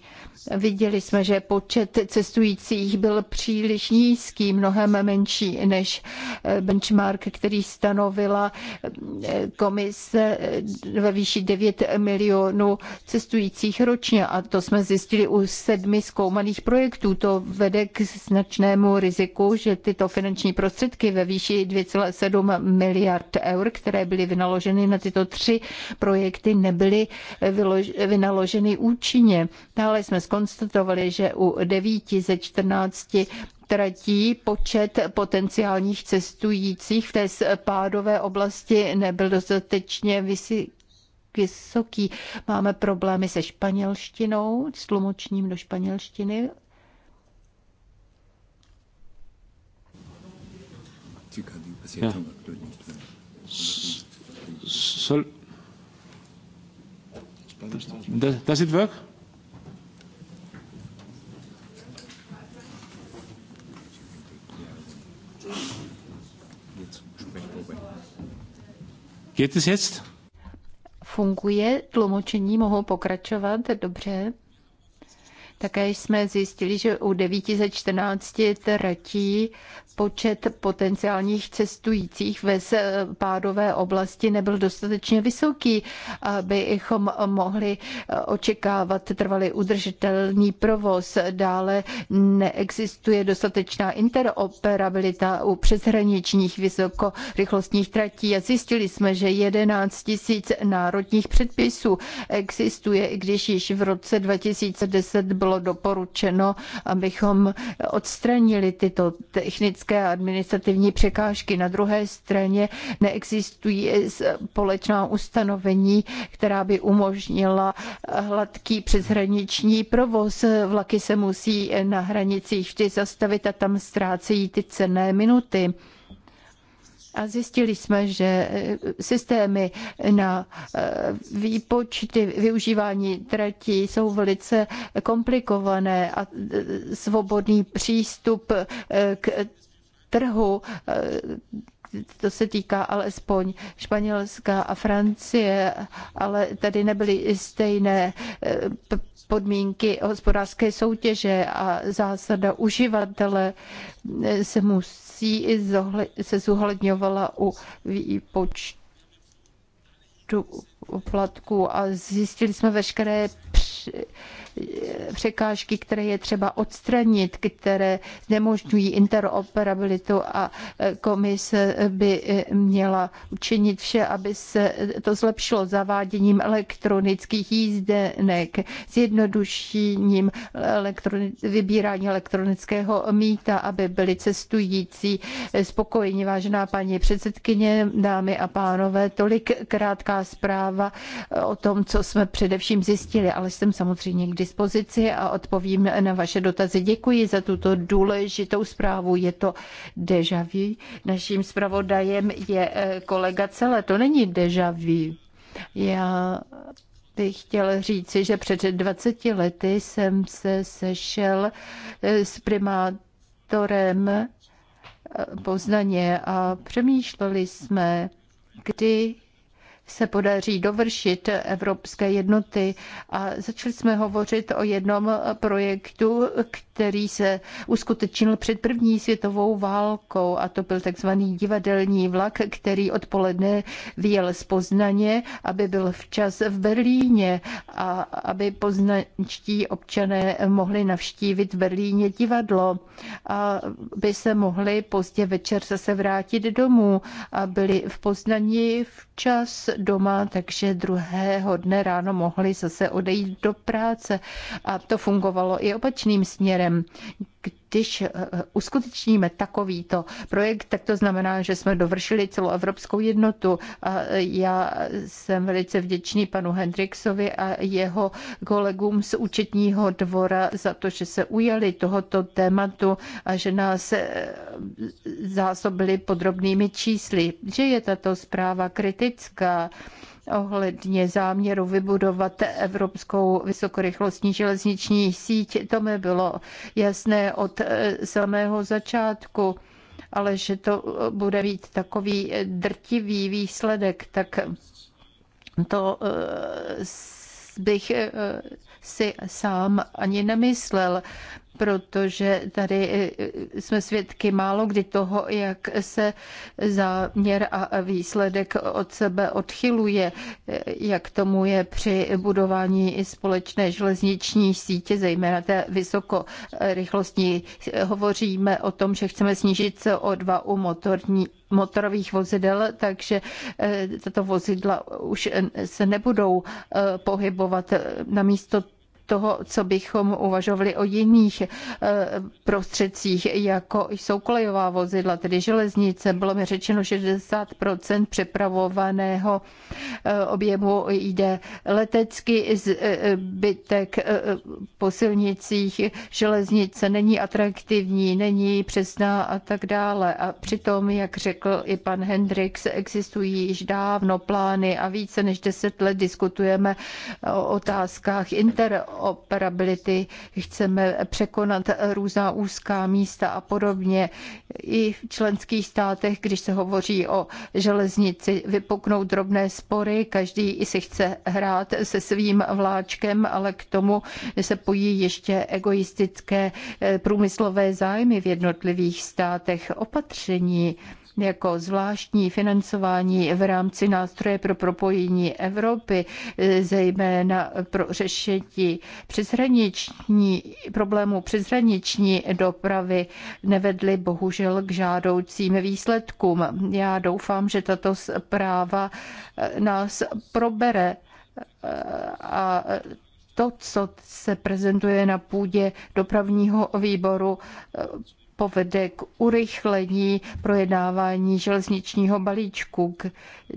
Viděli jsme, že počet cestujících byl příliš nízký, mnohem menší než benchmark, který stanovila komise ve výši 9 milionů cestujících ročně. A to jsme zjistili u sedmi zkoumaných projektů. To vede k značnému riziku, že tyto finanční prostředky prostředky ve výši 2,7 miliard eur, které byly vynaloženy na tyto tři projekty, nebyly vynaloženy účinně. Dále jsme skonstatovali, že u devíti ze 14 tratí počet potenciálních cestujících v té spádové oblasti nebyl dostatečně vysoký vysoký. Máme problémy se španělštinou, s tlumočním do španělštiny significativi ja. Does, does it work? Geht es jetzt? Funguje tlumočení, mohou pokračovat, dobře. Také jsme zjistili, že u 9 ze 14 tratí počet potenciálních cestujících ve pádové oblasti nebyl dostatečně vysoký, abychom mohli eh, očekávat trvalý udržitelný provoz. Dále neexistuje dostatečná interoperabilita u přeshraničních vysokorychlostních tratí a zjistili jsme, že 11 000 národních předpisů existuje, i když již v roce 2010 bylo bylo doporučeno, abychom odstranili tyto technické a administrativní překážky. Na druhé straně neexistují společná ustanovení, která by umožnila hladký přeshraniční provoz. Vlaky se musí na hranicích vždy zastavit a tam ztrácejí ty cenné minuty. A zjistili jsme, že eh, systémy na eh, výpočty využívání tratí jsou velice komplikované a eh, svobodný přístup k trhu to se týká alespoň Španělska a Francie, ale tady nebyly stejné podmínky hospodářské soutěže a zásada uživatele se musí prací se zohledňovala u výpočtu platků a zjistili jsme veškeré překážky, které je třeba odstranit, které znemožňují interoperabilitu a e, komise by e, měla učinit vše, aby se to zlepšilo zaváděním elektronických jízdenek, zjednodušením elektroni- vybírání elektronického mýta, aby byli cestující spokojeni. Vážená paní předsedkyně, dámy a pánové, tolik krátká zpráva o tom, co jsme především zjistili, ale jsem samozřejmě k dispozici a odpovím na vaše dotazy. Děkuji za tuto důležitou zprávu. Je to deja vu. Naším zpravodajem je eh, kolega Celé. To není deja vu. Já bych chtěl říci, že před 20 lety jsem se sešel eh, s primátorem eh, Poznaně a přemýšleli jsme, kdy se podaří dovršit Evropské jednoty. A začali jsme hovořit o jednom projektu, který se uskutečnil před první světovou válkou a to byl takzvaný divadelní vlak, který odpoledne vyjel z Poznaně, aby byl včas v Berlíně a aby poznačtí občané mohli navštívit v Berlíně divadlo a by se mohli pozdě večer zase vrátit domů a byli v Poznaní včas doma, takže druhého dne ráno mohli zase odejít do práce. A to fungovalo i opačným směrem. Když eh, eh, uskutečníme takovýto projekt, tak to znamená, že jsme dovršili celou evropskou jednotu. A já jsem velice vděčný panu Hendriksovi a jeho kolegům z účetního dvora za to, že se ujali tohoto tématu a že nás eh, zásobili podrobnými čísly. Že je tato zpráva kritická, ohledně záměru vybudovat evropskou vysokorychlostní železniční síť. To mi bylo jasné od eh, samého začátku, ale že to eh, bude mít takový drtivý výsledek, tak to eh, bych si sám ani nemyslel protože tady e, e, jsme svědky málo kdy toho, jak se záměr a výsledek od sebe odchyluje, e, jak tomu je při budování společné železniční sítě, zejména té vysokorychlostní. Hovoříme o tom, že chceme snížit o dva u motorní, motorových vozidel, takže tato vozidla už se nebudou pohybovat. Namísto toho, co bychom uvažovali o jiných eh, prostředcích, jako jsou kolejová vozidla, tedy železnice. Bylo mi řečeno, že 60 přepravovaného eh, objemu jde letecky, zbytek eh, po silnicích, železnice není atraktivní, není přesná a tak dále. A přitom, jak řekl i pan Hendrix, existují již dávno plány a více než deset let diskutujeme o otázkách inter interoperability, chceme překonat různá úzká místa a podobně. I v členských státech, když se hovoří o železnici, vypuknou drobné spory, každý si chce hrát se svým vláčkem, ale k tomu se pojí ještě egoistické eh, průmyslové zájmy v jednotlivých státech. Opatření jako zvláštní financování v rámci nástroje pro propojení Evropy, zejména pro řešení přeshraniční, problémů přeshraniční dopravy, nevedly bohužel k žádoucím výsledkům. Já doufám, že tato zpráva eh, nás probere eh, a to, co se prezentuje na půdě dopravního výboru, eh, povede k urychlení projednávání železničního balíčku,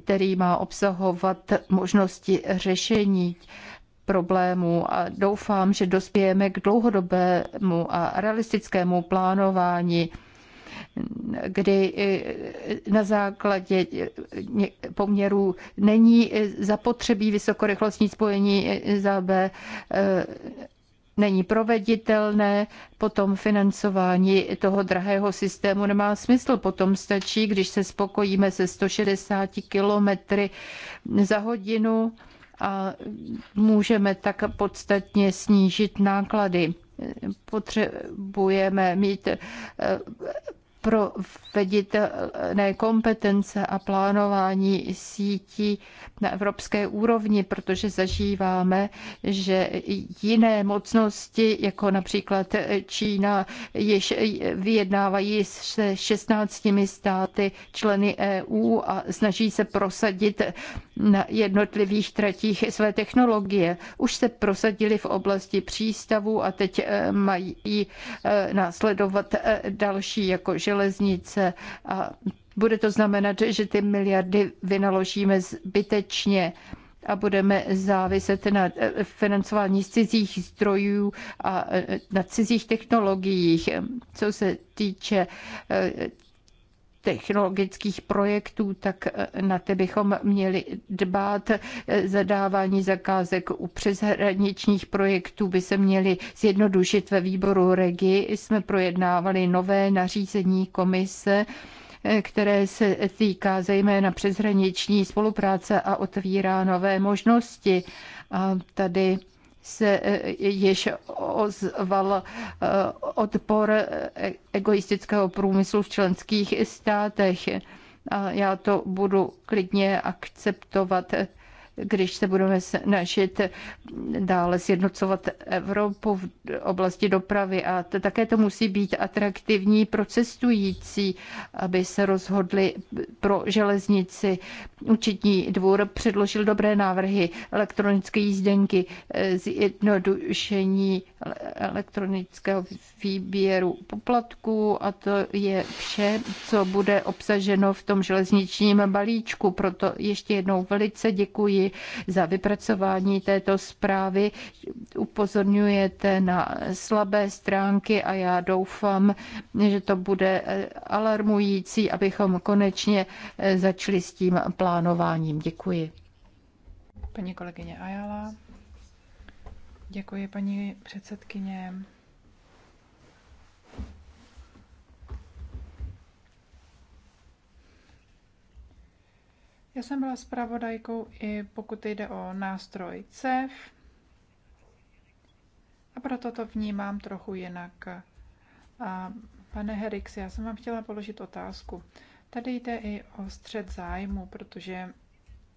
který má obsahovat možnosti řešení problémů a doufám, že dospějeme k dlouhodobému a realistickému plánování kdy e, na základě e, poměrů není e, zapotřebí vysokorychlostní spojení za B není proveditelné, potom financování toho drahého systému nemá smysl. Potom stačí, když se spokojíme se 160 km za hodinu a můžeme tak podstatně snížit náklady. Potřebujeme mít eh, veditelné kompetence a plánování sítí na evropské úrovni, protože zažíváme, že jiné mocnosti, jako například Čína, již vyjednávají se 16 státy členy EU a snaží se prosadit na jednotlivých tratích své technologie. Už se prosadili v oblasti přístavů a teď eh, mají eh, následovat eh, další, jako že železnice a bude to znamenat, že ty miliardy vynaložíme zbytečně a budeme záviset na eh, financování z cizích zdrojů a eh, na cizích technologiích. Co se týče eh, technologických projektů, tak eh, na ty bychom měli dbát. Zadávání zakázek u přeshraničních projektů by se měly zjednodušit ve výboru REGI. Jsme projednávali nové nařízení komise, eh, které se týká zejména přeshraniční spolupráce a otvírá nové možnosti. A tady se eh, již ozval eh, odpor eh, egoistického průmyslu v členských státech. A já to budu klidně akceptovat když se budeme snažit dále sjednocovat Evropu v oblasti dopravy. A to, také to musí být atraktivní pro cestující, aby se rozhodli pro železnici. Učitní dvůr předložil dobré návrhy, elektronické jízdenky, eh, zjednodušení elektronického výběru poplatků a to je vše, co bude obsaženo v tom železničním balíčku. Proto ještě jednou velice děkuji za vypracování této zprávy. Upozorňujete na slabé stránky a já doufám, že to bude eh, alarmující, abychom konečně eh, začali s tím plánováním. Děkuji. Paní kolegyně Ajala. Děkuji, paní předsedkyně. Já jsem byla zpravodajkou i pokud jde o nástroj CEF a proto to vnímám trochu jinak. A pane Herix, já jsem vám chtěla položit otázku. Tady jde i o střed zájmu, protože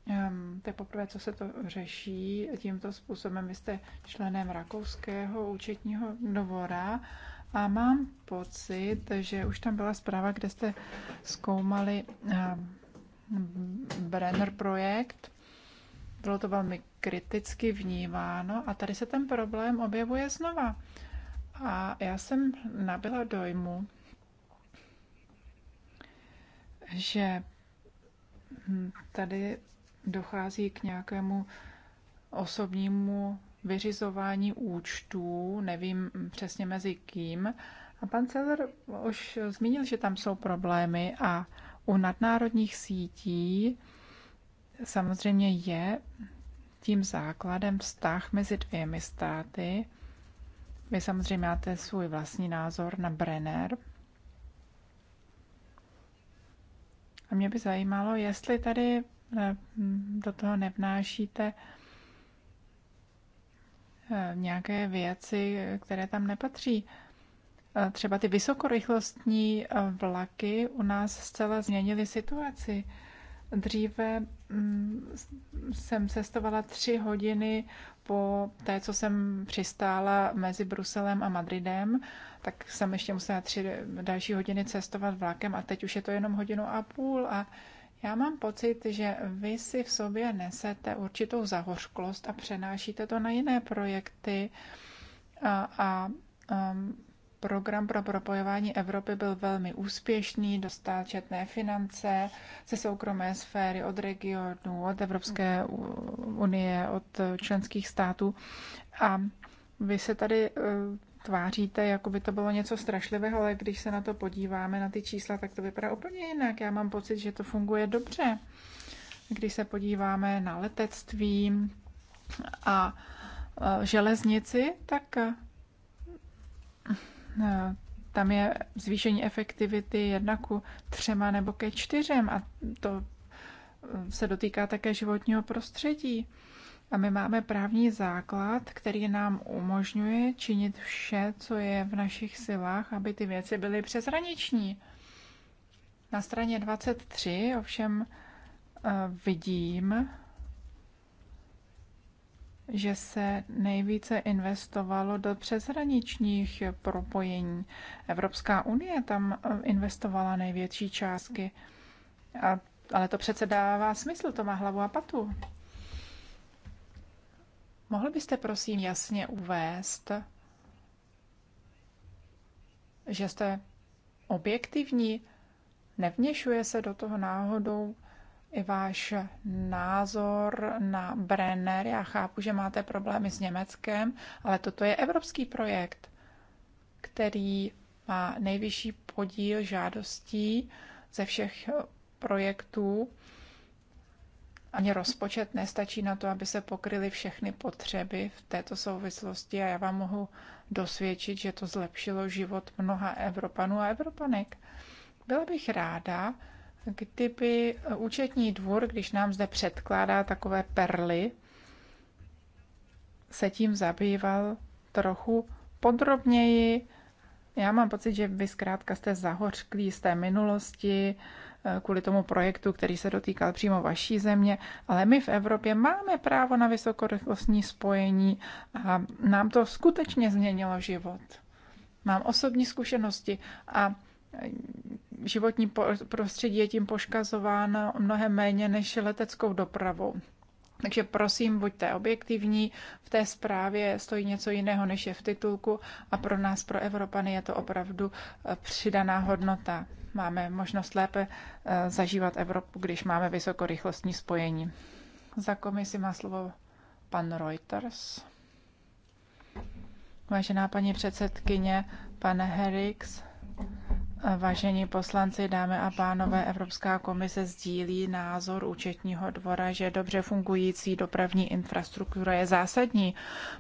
Um, to je poprvé, co se to řeší tímto způsobem. Vy jste členem Rakouského účetního dvora a mám pocit, že už tam byla zpráva, kde jste zkoumali um, Brenner projekt. Bylo to velmi kriticky vnímáno a tady se ten problém objevuje znova. A já jsem nabyla dojmu, že hm, tady dochází k nějakému osobnímu vyřizování účtů, nevím přesně mezi kým. A pan Cezar už zmínil, že tam jsou problémy a u nadnárodních sítí samozřejmě je tím základem vztah mezi dvěmi státy. Vy samozřejmě máte svůj vlastní názor na Brenner. A mě by zajímalo, jestli tady Eh, hm, do toho nevnášíte eh, nějaké věci, které tam nepatří. Eh, třeba ty vysokorychlostní vlaky u nás zcela změnily situaci. Dříve hm, jsem cestovala tři hodiny po té, co jsem přistála mezi Bruselem a Madridem, tak jsem ještě musela tři další hodiny cestovat vlakem a teď už je to jenom hodinu a půl a já mám pocit, že vy si v sobě nesete určitou zahořklost a přenášíte to na jiné projekty a, a um, program pro propojování Evropy byl velmi úspěšný, dostal četné finance ze soukromé sféry, od regionů, od Evropské unie, od členských států. A vy se tady eh, tváříte, jako by to bylo něco strašlivého, ale když se na to podíváme, na ty čísla, tak to vypadá úplně jinak. Já mám pocit, že to funguje dobře. Když se podíváme na letectví a železnici, tak tam je zvýšení efektivity jedna ku třema nebo ke čtyřem a to e, se dotýká také životního prostředí. A my máme právní základ, který nám umožňuje činit vše, co je v našich silách, aby ty věci byly přeshraniční. Na straně 23 ovšem eh, vidím, že se nejvíce investovalo do přeshraničních propojení. Evropská unie tam eh, investovala největší částky. A, ale to přece dává smysl, to má hlavu a patu. Mohl byste prosím jasně uvést, že jste objektivní? Nevněšuje se do toho náhodou i váš názor na Brenner? Já chápu, že máte problémy s Německem, ale toto je evropský projekt, který má nejvyšší podíl žádostí ze všech projektů ani rozpočet nestačí na to, aby se pokryly všechny potřeby v této souvislosti a já vám mohu dosvědčit, že to zlepšilo život mnoha Evropanů a Evropanek. Byla bych ráda, kdyby účetní dvůr, když nám zde předkládá takové perly, se tím zabýval trochu podrobněji. Já mám pocit, že vy zkrátka jste zahořklí z té minulosti, Eh, kvůli tomu projektu, který se dotýkal přímo vaší země, ale my v Evropě máme právo na vysokorychlostní spojení a nám to skutečně změnilo život. Mám osobní zkušenosti a eh, životní prostředí je tím poškazováno mnohem méně než leteckou dopravou. Takže prosím, buďte objektivní. V té zprávě stojí něco jiného, než je v titulku a pro nás, pro Evropany, je to opravdu eh, přidaná hodnota. Máme možnost lépe eh, zažívat Evropu, když máme vysokorychlostní spojení. Za komisi má slovo pan Reuters. Vážená paní předsedkyně, pane Herix, Vážení poslanci, dámy a pánové, Evropská komise sdílí názor účetního dvora, že dobře fungující dopravní infrastruktura je zásadní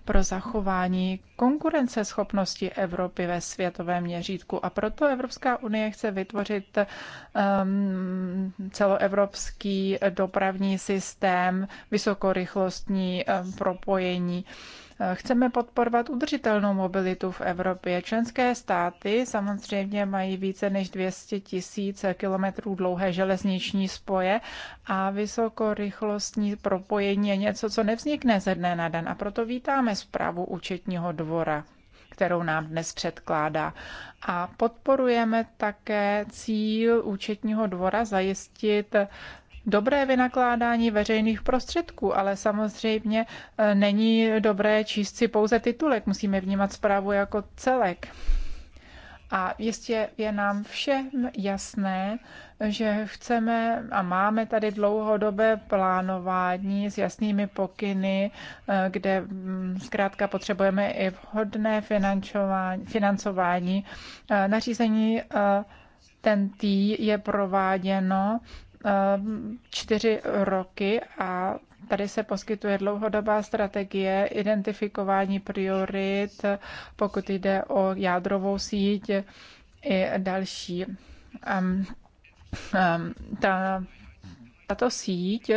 pro zachování konkurenceschopnosti Evropy ve světovém měřítku. A proto Evropská unie chce vytvořit um, celoevropský dopravní systém, vysokorychlostní um, propojení. Um, Chceme podporovat udržitelnou mobilitu v Evropě. Členské státy samozřejmě mají více než 200 tisíc kilometrů dlouhé železniční spoje a vysokorychlostní propojení je něco, co nevznikne ze dne na den a proto vítáme zprávu účetního dvora kterou nám dnes předkládá. A podporujeme také cíl účetního dvora zajistit dobré vynakládání veřejných prostředků, ale samozřejmě eh, není dobré číst si pouze titulek, musíme vnímat zprávu jako celek. A jistě je nám všem jasné, že chceme a máme tady dlouhodobé plánování s jasnými pokyny, eh, kde mm, zkrátka potřebujeme i vhodné financování. Eh, nařízení ten tý je prováděno čtyři roky a Tady se poskytuje dlouhodobá strategie identifikování priorit, pokud jde o jádrovou síť i další. Um, um, ta, tato síť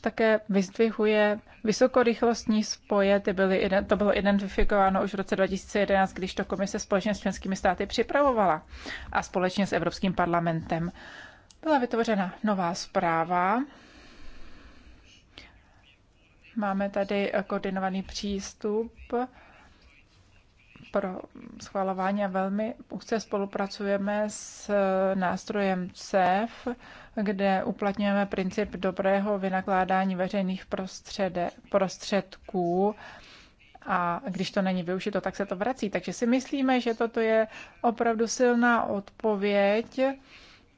také vyzdvihuje vysokorychlostní spoje, ty byly, to bylo identifikováno už v roce 2011, když to komise společně s členskými státy připravovala a společně s Evropským parlamentem. Uh, byla vytvořena nová zpráva. Máme tady koordinovaný přístup pro schvalování a velmi úzce spolupracujeme s nástrojem CEF, kde uplatňujeme princip dobrého vynakládání veřejných prostředků a když to není využito, tak se to vrací. Takže si myslíme, že toto je opravdu silná odpověď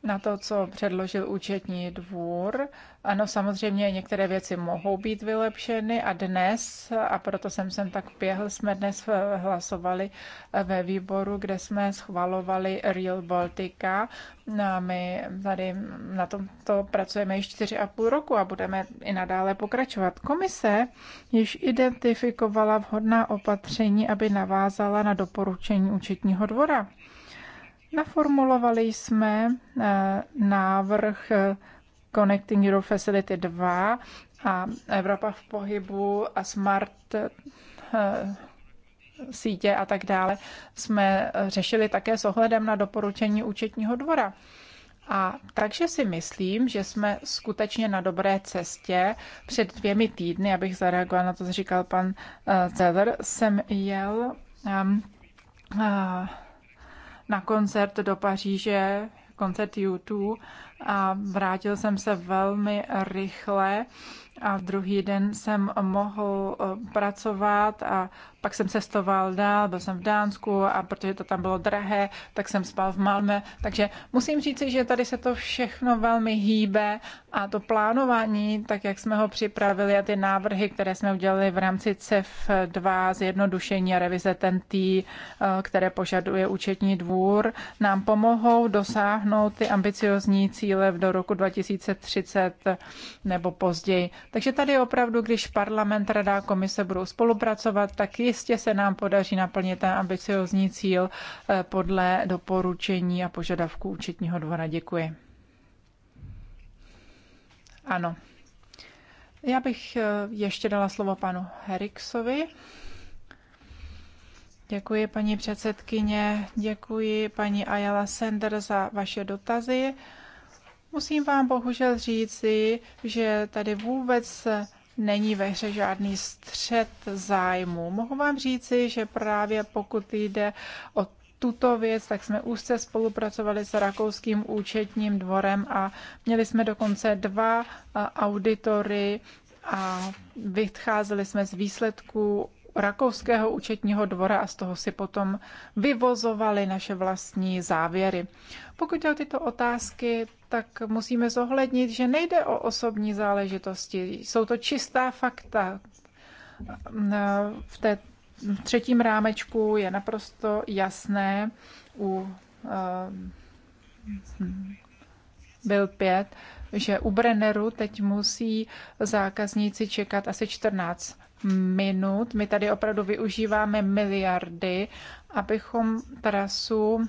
na to, co předložil účetní dvůr. Ano, samozřejmě některé věci mohou být vylepšeny a dnes, a proto jsem sem tak běhl, jsme dnes hlasovali ve výboru, kde jsme schvalovali Real Baltica. No a my tady na tomto pracujeme již 4,5 roku a budeme i nadále pokračovat. Komise již identifikovala vhodná opatření, aby navázala na doporučení účetního dvora. Naformulovali jsme eh, návrh eh, Connecting Euro Facility 2 a Evropa v pohybu a smart eh, sítě a tak dále jsme řešili také s ohledem na doporučení účetního dvora. A takže si myslím, že jsme skutečně na dobré cestě. Před dvěmi týdny, abych zareagoval na to, co říkal pan Zeller, jsem jel um, uh, na koncert do Paříže, koncert U2 a vrátil jsem se velmi rychle a druhý den jsem mohl eh, pracovat a pak jsem cestoval dál, byl jsem v Dánsku a protože to tam bylo drahé, tak jsem spal v Malme. Takže musím říci, že tady se to všechno velmi hýbe a to plánování, tak jak jsme ho připravili a ty návrhy, které jsme udělali v rámci CEF 2, zjednodušení a revize ten tý, eh, které požaduje účetní dvůr, nám pomohou dosáhnout ty ambiciozní cíle cíle do roku 2030 nebo později. Takže tady opravdu, když parlament, rada, komise budou spolupracovat, tak jistě se nám podaří naplnit ten ambiciozní cíl eh, podle doporučení a požadavků účetního dvora. Děkuji. Ano. Já bych eh, ještě dala slovo panu Heriksovi. Děkuji, paní předsedkyně, děkuji, paní Ayala Sender, za vaše dotazy. Musím vám bohužel říci, že tady vůbec není ve hře žádný střed zájmu. Mohu vám říci, že právě pokud jde o tuto věc, tak jsme úzce spolupracovali s rakouským účetním dvorem a měli jsme dokonce dva auditory a vycházeli jsme z výsledků rakouského účetního dvora a z toho si potom vyvozovali naše vlastní závěry. Pokud jde o tyto otázky, tak musíme zohlednit, že nejde o osobní záležitosti. Jsou to čistá fakta. V té třetím rámečku je naprosto jasné u eh, byl pět, že u Brenneru teď musí zákazníci čekat asi 14 minut. My tady opravdu využíváme miliardy, abychom trasu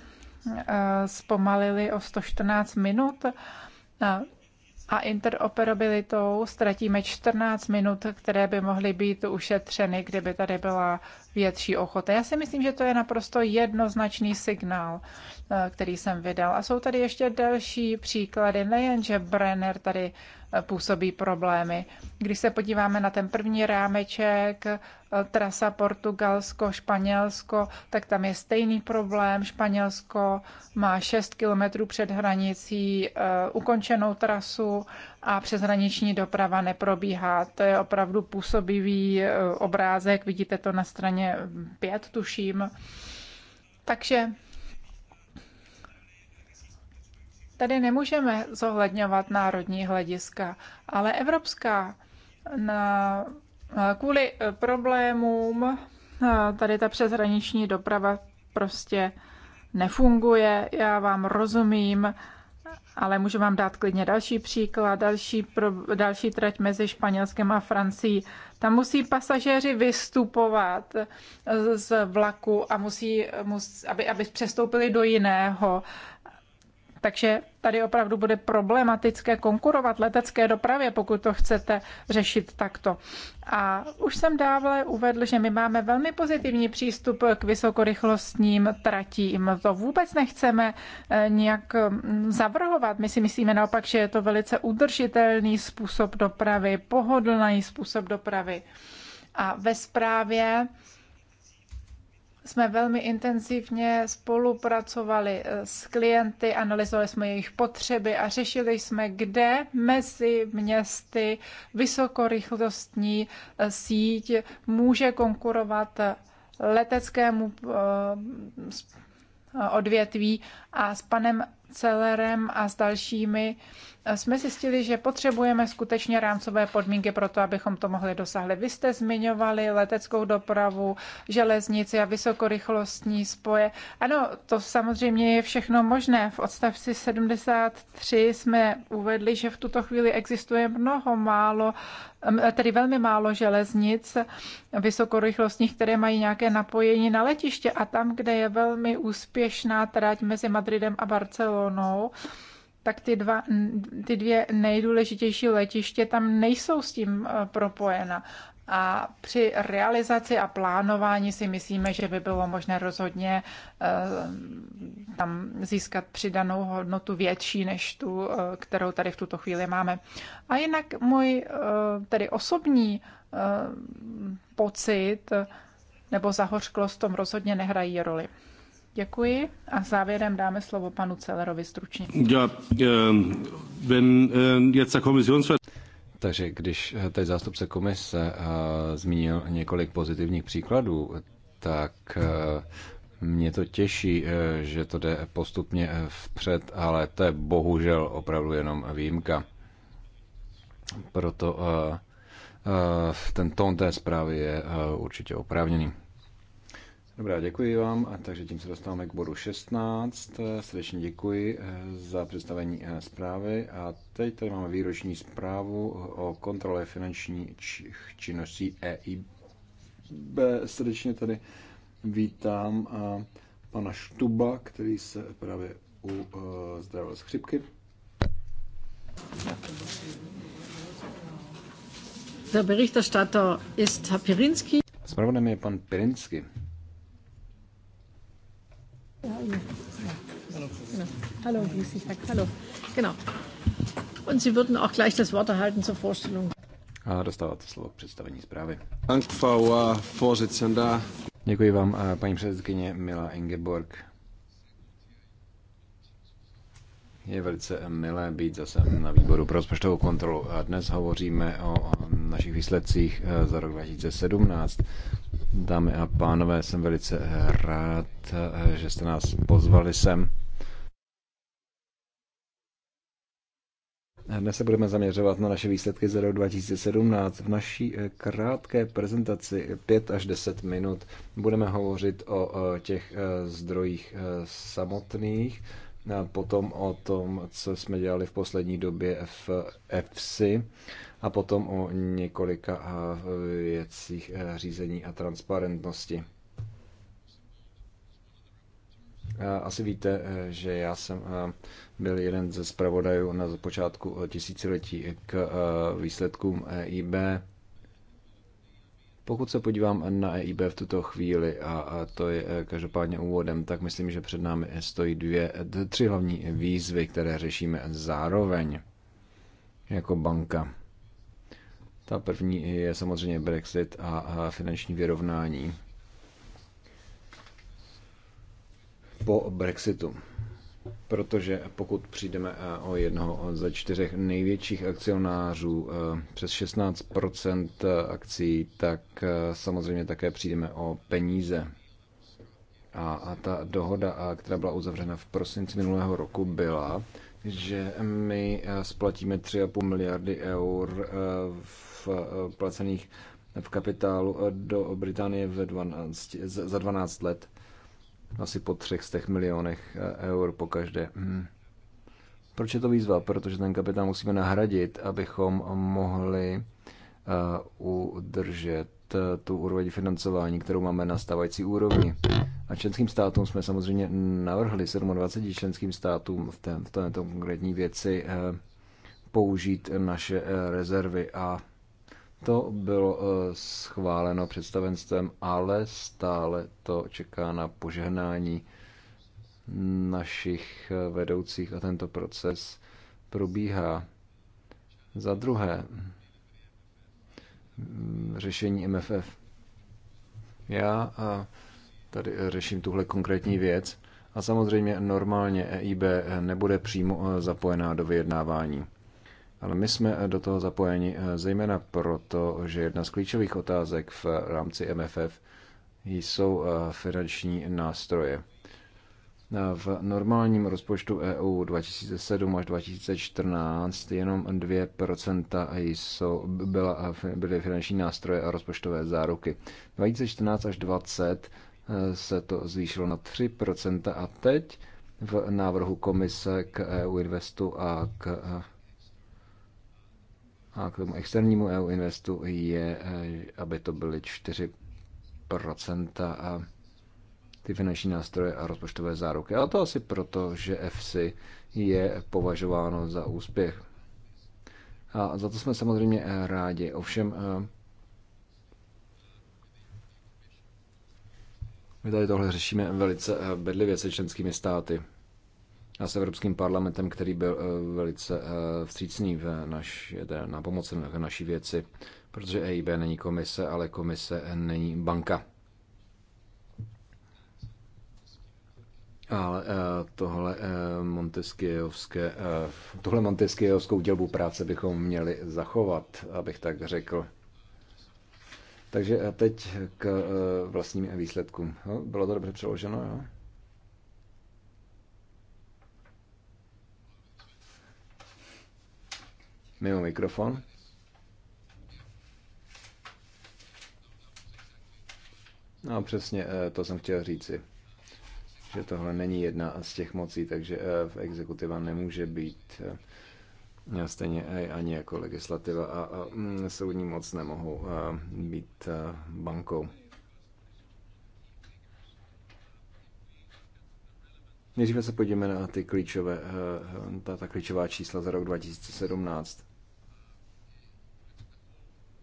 eh, zpomalili o 114 minut eh, a interoperabilitou ztratíme 14 minut, které by mohly být ušetřeny, kdyby tady byla větší ochota. Já si myslím, že to je naprosto jednoznačný signál, eh, který jsem vydal. A jsou tady ještě další příklady, nejenže Brenner tady působí problémy. Když se podíváme na ten první rámeček, eh, trasa Portugalsko, Španělsko, tak tam je stejný problém. Španělsko má 6 kilometrů před hranicí eh, ukončenou trasu a přeshraniční doprava neprobíhá. To je opravdu působivý eh, obrázek, vidíte to na straně 5, tuším. Takže Tady nemůžeme zohledňovat národní hlediska, ale evropská na, kvůli eh, problémům eh, tady ta přeshraniční doprava prostě nefunguje. Já vám rozumím, ale můžu vám dát klidně další příklad, další, pro, další trať mezi Španělskem a Francií. Tam musí pasažéři vystupovat z vlaku a musí, mus, aby, aby přestoupili do jiného. Takže tady opravdu bude problematické konkurovat letecké dopravě, pokud to chcete řešit takto. A už jsem dávle uvedl, že my máme velmi pozitivní přístup k vysokorychlostním tratím. To vůbec nechceme eh, nějak mm, zavrhovat. My si myslíme naopak, že je to velice udržitelný způsob dopravy, pohodlný způsob dopravy. A ve zprávě jsme velmi intenzivně spolupracovali eh, s klienty, analyzovali jsme jejich potřeby a řešili jsme, kde mezi městy vysokorychlostní eh, síť může konkurovat eh, leteckému odvětví a s panem Celerem a s dalšími jsme zjistili, že potřebujeme skutečně rámcové podmínky pro to, abychom to mohli dosáhli. Vy jste zmiňovali leteckou dopravu, železnici a vysokorychlostní spoje. Ano, to samozřejmě je všechno možné. V odstavci 73 jsme uvedli, že v tuto chvíli existuje mnoho málo, tedy velmi málo železnic vysokorychlostních, které mají nějaké napojení na letiště a tam, kde je velmi úspěšná trať mezi Madridem a Barcelonou, tak ty, dva, ty dvě nejdůležitější letiště tam nejsou s tím eh, propojena. A při realizaci a plánování si myslíme, že by bylo možné rozhodně eh, tam získat přidanou hodnotu větší než tu, eh, kterou tady v tuto chvíli máme. A jinak můj tedy osobní pocit nebo zahořklost tom rozhodně nehrají roli. Děkuji a závěrem dáme slovo panu Celerovi stručně. Ja, ehm, wenn, ehm, jetzt der takže když teď zástupce komise eh, zmínil několik pozitivních příkladů, tak eh, mě to těší, eh, že to jde postupně vpřed, ale to je bohužel opravdu jenom výjimka. Proto ten tón té zprávy je určitě oprávněný. Dobrá, děkuji vám. A takže tím se dostáváme k bodu 16. Srdečně děkuji eh, za představení eh, zprávy. A teď tady máme výroční zprávu o kontrole finančních činností EIB. Srdečně tady vítám eh, pana Štuba, který se právě zdravil z chřipky. Der Berichterstatter ist Herr Pirinski. Spravodajem je pan Pirinsky. Hallo, grüß dich. Hallo. Genau. Und Sie würden auch gleich das Wort erhalten zur Vorstellung. A dostáváte slovo k představení zprávy. Äh, Děkuji vám, paní předsedkyně Mila Ingeborg. Je velice milé být zase na výboru pro rozpočtovou kontrolu. A dnes hovoříme o našich výsledcích e, za rok 2017. Dámy a pánové, jsem velice rád, že jste nás pozvali sem. Dnes se budeme zaměřovat na naše výsledky za rok 2017. V naší eh, krátké prezentaci 5 eh, až 10 minut budeme hovořit o eh, těch zdrojích samotných, potom o tom, co jsme dělali v poslední době v FC a potom o několika věcích e, řízení a transparentnosti. Asi víte, e, že já jsem e, byl jeden ze zpravodajů na začátku tisíciletí k výsledkům EIB pokud se podívám na EIB v tuto chvíli, a to je e, každopádně úvodem, tak myslím, že před námi stojí dvě, tři hlavní výzvy, které řešíme zároveň jako banka. Ta první je samozřejmě Brexit a finanční vyrovnání po Brexitu protože pokud přijdeme eh, o jednoho ze čtyřech největších akcionářů eh, přes 16 eh, akcí, tak samozřejmě také přijdeme o peníze. A, ta dohoda, která byla uzavřena v prosinci minulého roku, byla, že my splatíme 3,5 miliardy eur v placených v kapitálu do Británie ve 12, za 12 let asi po třech z těch milionech eh, eur po každé. Hmm. Proč je to výzva? Protože ten kapitál musíme nahradit, abychom mohli eh, udržet eh, tu úroveň financování, kterou máme na stávající úrovni. A členským státům jsme samozřejmě navrhli 27 členským státům v, té, v této konkrétní věci použít naše rezervy a to bylo eh, schváleno představenstvem, ale stále to čeká na požehnání našich eh, vedoucích a tento proces probíhá. Za druhé, mm, řešení MFF. Já a eh, tady řeším tuhle konkrétní věc a samozřejmě normálně EIB nebude přímo zapojená do vyjednávání. Ale my jsme eh, do toho zapojeni eh, zejména proto, že jedna z klíčových otázek v eh, rámci MFF jsou finanční nástroje. V normálním rozpočtu EU 2007 až 2014 jenom 2% jsou, byla, byly finanční nástroje a rozpočtové záruky. 2014 až 20 se to zvýšilo na 3% a teď v návrhu komise k EU Investu a k a k tomu externímu EU investu je, eh, aby to byly 4 a ty finanční nástroje a rozpočtové záruky. A to asi proto, že EFSI je považováno za úspěch. A za to jsme samozřejmě eh, rádi. Ovšem, eh, my tady tohle řešíme velice bedlivě se členskými státy a s Evropským parlamentem, který byl eh, velice eh, vstřícný v naš, na pomoc v naší věci, protože EIB není komise, ale komise není banka. Ale eh, tohle Montesquieuovské, tohle Montesquieuovskou dělbu práce bychom měli zachovat, abych tak řekl. Takže teď k vlastním výsledkům. No, bylo to dobře přeloženo, jo? mimo mikrofon. No přesně, eh, to jsem chtěl říci, že tohle není jedna z těch mocí, takže eh, v exekutiva nemůže být eh, stejně ani jako legislativa a, mm, soudní moc nemohou být bankou. Nejdříve se podíváme na ty klíčové, ta, ta klíčová čísla za rok 2017.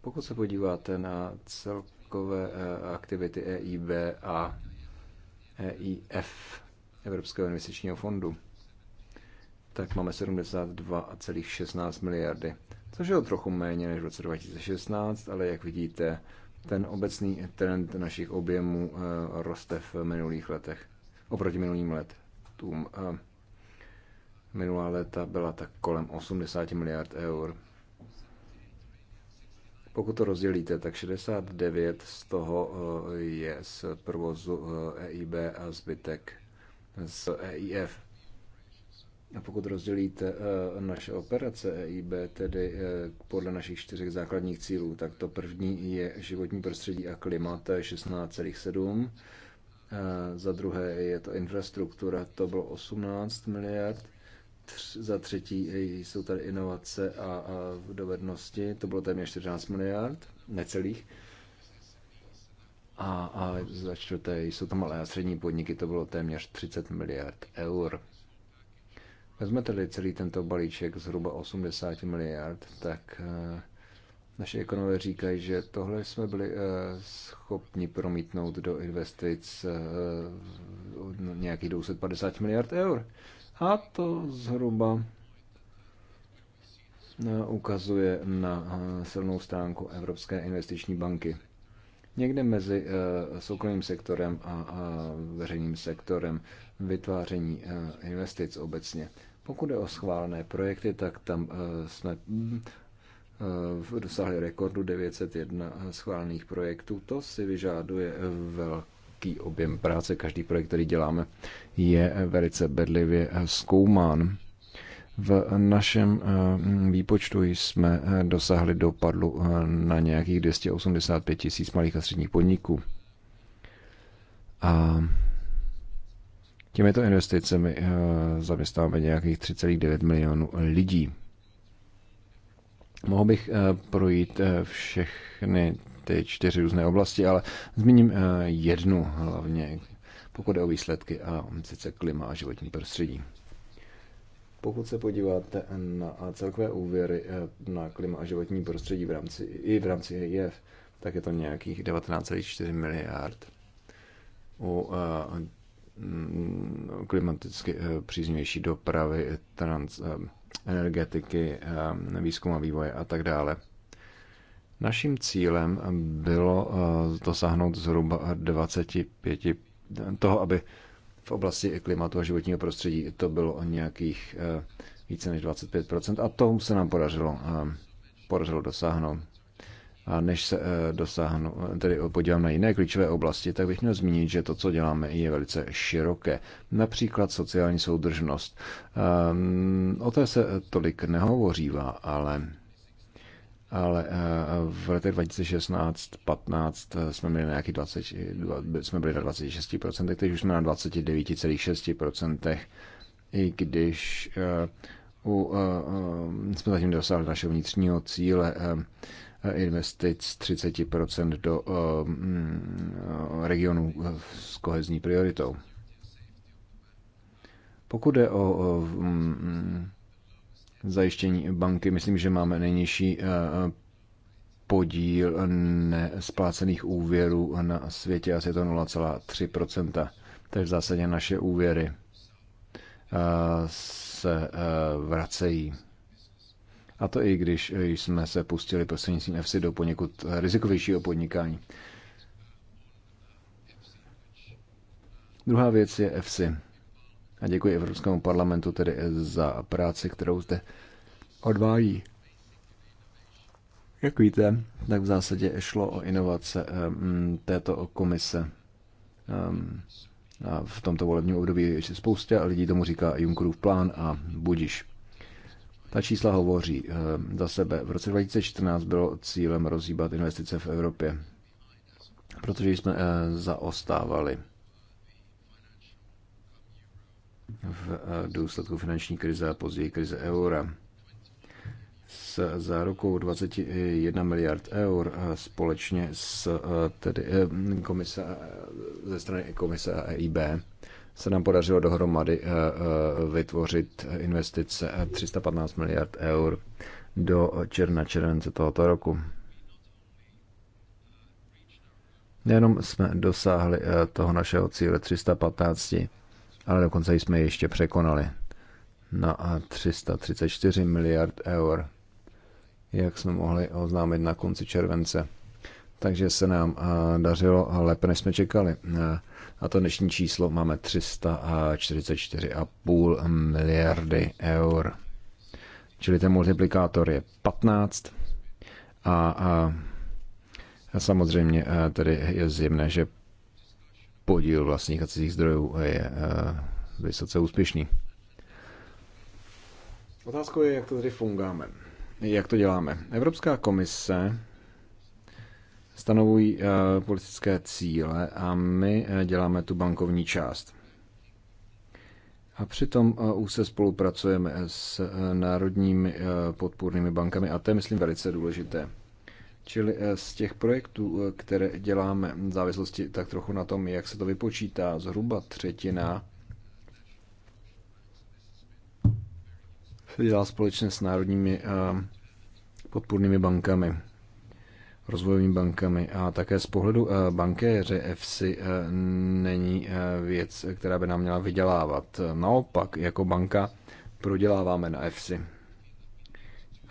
Pokud se podíváte na celkové eh, aktivity EIB a EIF, Evropského investičního fondu, tak máme 72,16 miliardy, což je o trochu méně než v roce 2016, ale jak vidíte, ten obecný trend našich objemů eh, roste v minulých letech, oproti minulým letům. Eh, minulá léta byla tak kolem 80 miliard eur. Pokud to rozdělíte, tak 69 z toho eh, je z provozu EIB eh, e a zbytek z EIF. A pokud rozdělíte eh, naše operace EIB, tedy podle našich čtyřech základních cílů, tak to první je životní prostředí a klima, to je 16,7. Za druhé je to infrastruktura, to bylo 18 miliard za třetí jsou tady inovace a, a dovednosti, to bylo téměř 14 miliard, necelých. A, a za čtvrté jsou to malé a střední podniky, to bylo téměř 30 miliard eur. Vezmete-li celý tento balíček zhruba 80 miliard, tak eh, naše ekonomové říkají, že tohle jsme byli eh, schopni promítnout do investic eh, nějakých 250 miliard eur. A to zhruba eh, ukazuje na eh, silnou stránku Evropské investiční banky. Někde mezi eh, soukromým sektorem a veřejným sektorem vytváření investic obecně. Pokud je o schválené projekty, tak tam jsme mm, dosáhli rekordu 901 schválených projektů. To si vyžáduje velké obrovský objem práce. Každý projekt, který děláme, je velice bedlivě zkoumán. V našem eh, výpočtu jsme eh, dosáhli dopadu eh, na nějakých 285 tisíc malých a středních podniků. A těmito investicemi zaměstnáme nějakých 3,9 milionů lidí. Mohl bych projít všechny ty čtyři různé oblasti, ale zmíním eh, jednu hlavně, pokud je o výsledky a sice klima a životní prostředí. Pokud se podíváte na celkové úvěry eh, na klima a životní prostředí v rámci, i v rámci EIF, tak je to nějakých 19,4 miliard. U eh, mm, klimaticky příznivější dopravy, trans, energetiky, výzkum a vývoje a tak dále. Naším cílem bylo eh, dosáhnout zhruba 25 toho, aby v oblasti klimatu a životního prostředí to bylo nějakých eh, více než 25%. A tomu se nám podařilo, eh, podařilo dosáhnout. A než se dosáhnu, tedy podívám na jiné klíčové oblasti, tak bych měl zmínit, že to, co děláme, je velice široké. Například sociální soudržnost. Ehm, o té se tolik nehovořívá, ale ale eh, v letech 2016-15 eh, jsme byli na nějakých 20, jsme byli na 26%, teď už jsme na 29,6%, i když uh, uh, uh, jsme zatím dosáhli našeho vnitřního cíle investic 30% do mm, regionu s kohezní prioritou. Pokud je o, o um, zajištění banky. Myslím, že máme nejnižší eh, podíl nesplácených úvěrů na světě, asi je to 0,3%. Takže v zásadě naše úvěry eh, se eh, vracejí. A to i když jsme se pustili prostřednictvím FC do poněkud rizikovějšího podnikání. Druhá věc je FC. A děkuji Evropskému parlamentu tedy za práci, kterou zde odvádí. Jak víte, tak v zásadě šlo o inovace ehm, této komise. Ehm, a v tomto volebním období je ještě spousta lidí tomu říká Junckerův plán a budiš. Ta čísla hovoří ehm, za sebe. V roce 2014 bylo cílem rozhýbat investice v Evropě, protože jsme eh, zaostávali v důsledku finanční krize a později krize eura. S zárukou 21 miliard eur společně s tedy komise, ze strany komise a EIB se nám podařilo dohromady eh, eh, vytvořit investice 315 miliard eur do června července tohoto roku. Nejenom jsme dosáhli eh, toho našeho cíle 315 ale dokonce jsme ještě překonali na no 334 miliard eur, jak jsme mohli oznámit na konci července. Takže se nám dařilo lépe, než jsme čekali. A to dnešní číslo máme 344,5 miliardy eur. Čili ten multiplikátor je 15 a, a samozřejmě tedy je zjemné, že podíl vlastních a cizích zdrojů je eh, vysoce úspěšný. Otázkou je, jak to tady fungáme. Jak to děláme? Evropská komise stanovují eh, politické cíle a my eh, děláme tu bankovní část. A přitom už se spolupracujeme s národními podpůrnými bankami a to je, myslím, velice důležité. Čili eh, z těch projektů, eh, které děláme v závislosti tak trochu na tom, jak se to vypočítá, zhruba třetina se dělá společně s národními eh, podpůrnými bankami, rozvojovými bankami a také z pohledu bankéře EFSI není věc, která by nám měla vydělávat. Naopak, jako banka proděláváme na EFSI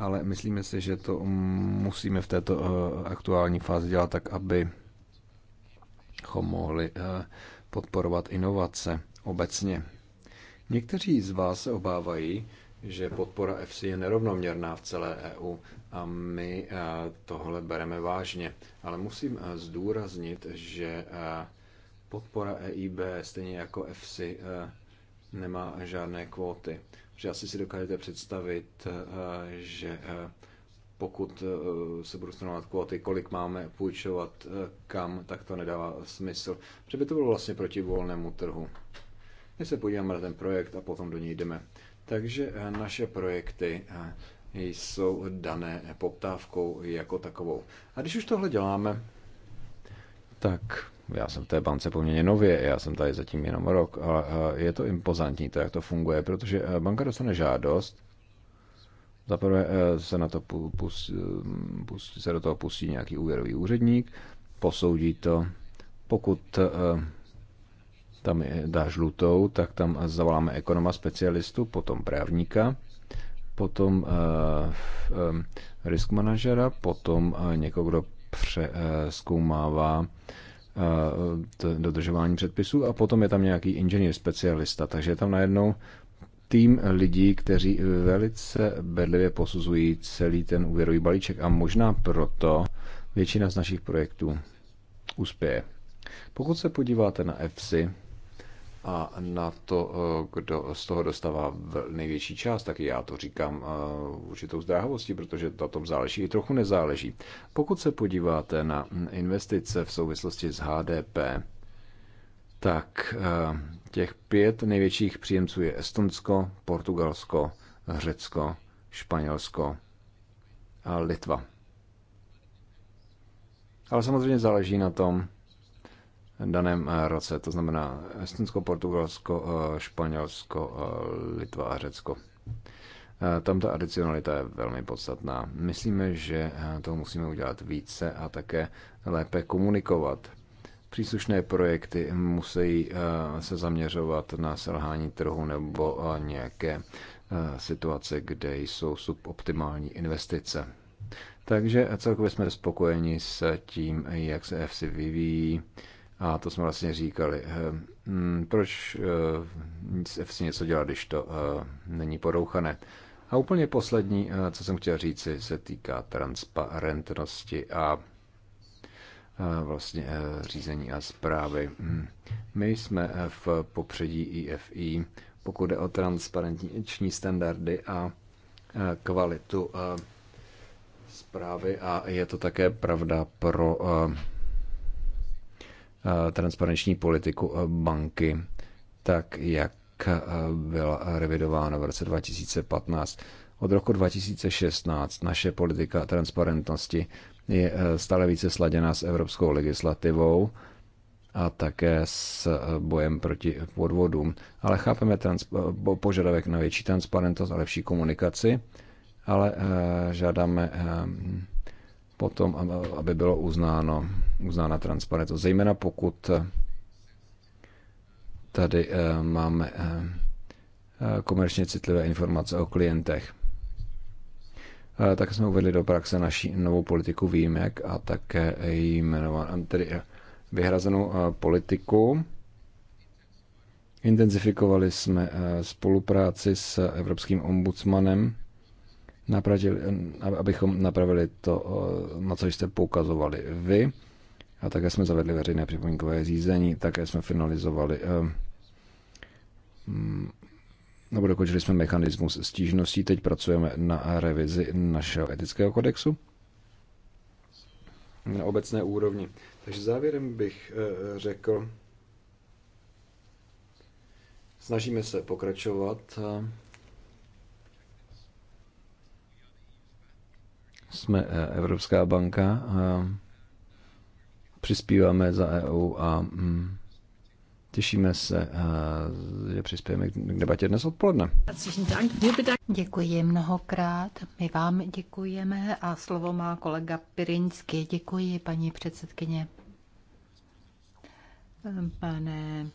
ale myslíme si, že to musíme v této eh, aktuální fázi dělat tak, aby mohli eh, podporovat inovace obecně. Někteří z vás se obávají, že podpora FC je nerovnoměrná v celé EU a my eh, tohle bereme vážně. Ale musím zdůraznit, že podpora EIB stejně jako FC nemá žádné kvóty že asi si dokážete představit, eh, že eh, pokud eh, se budu stanovat kvóty, kolik máme půjčovat kam, tak to nedává smysl. Protože by to bylo vlastně proti volnému trhu. My se podíváme na ten projekt a potom do něj jdeme. Takže naše projekty jsou dané poptávkou jako takovou. A když už tohle děláme, tak já jsem v té bance poměrně nově, já jsem tady zatím jenom rok, ale eh, je to impozantní to, jak to funguje, protože eh, banka dostane žádost, zaprvé eh, se, na to pustí, pustí, se do toho pustí nějaký úvěrový úředník, posoudí to, pokud tam dá žlutou, tak tam zavoláme ekonoma specialistu, potom právníka, potom risk manažera, potom někoho, kdo přeskoumává dodržování předpisů a potom je tam nějaký inženýr, specialista. Takže je tam najednou tým lidí, kteří velice bedlivě posuzují celý ten úvěrový balíček a možná proto většina z našich projektů uspěje. Pokud se podíváte na EFSI, a na to, eh, kdo z toho dostává největší část, tak já to říkám eh, určitou zdráhavostí, protože na tom záleží i trochu nezáleží. Pokud se podíváte na investice v souvislosti s HDP, tak eh, těch pět největších příjemců je Estonsko, Portugalsko, Řecko, Španělsko a Litva. Ale samozřejmě záleží na tom, daném eh, roce, to znamená Estonsko, Portugalsko, eh, Španělsko, eh, Litva a Řecko. Tam ta adicionalita je velmi podstatná. Myslíme, že to musíme udělat více a také lépe komunikovat. Příslušné projekty musí se zaměřovat na selhání trhu nebo nějaké situace, kde jsou suboptimální investice. Takže celkově jsme spokojeni s tím, jak se FC vyvíjí a to jsme vlastně říkali. Eh, hm, proč eh, si něco dělat, když to eh, není porouchané? A úplně poslední, co jsem chtěl říci, se týká transparentnosti a vlastně řízení a zprávy. Hm. My jsme v popředí IFI, pokud jde o transparentní standardy a kvalitu zprávy a je to také pravda pro Eh, transparenční politiku eh, banky, tak jak eh, byla revidována v roce 2015. Od roku 2016 naše politika transparentnosti je stále více sladěná s evropskou legislativou a také s bojem proti podvodům. Ale chápeme požadavek na větší transparentnost a lepší komunikaci, ale žádáme potom, aby bylo uznáno, uznána transparentnost. Zejména pokud eh, tady eh, máme eh, komerčně citlivé informace o klientech. Tak jsme uvedli do praxe naší novou politiku výjimek a také jmenovanou, tedy vyhrazenou politiku. Intenzifikovali jsme spolupráci s Evropským ombudsmanem napravili, eh, abychom napravili to, eh, na co jste poukazovali vy. A také jsme zavedli veřejné připomínkové řízení, také jsme finalizovali eh, mm, nebo dokončili jsme mechanismus stížností, teď pracujeme na revizi našeho etického kodexu na obecné úrovni. Takže závěrem bych řekl, snažíme se pokračovat Jsme eh, Evropská banka, a eh, přispíváme za EU a mm, těšíme se, eh, že přispějeme k debatě dnes odpoledne. Děkuji mnohokrát. My vám děkujeme a slovo má kolega Pirinsky. Děkuji, paní předsedkyně. Pane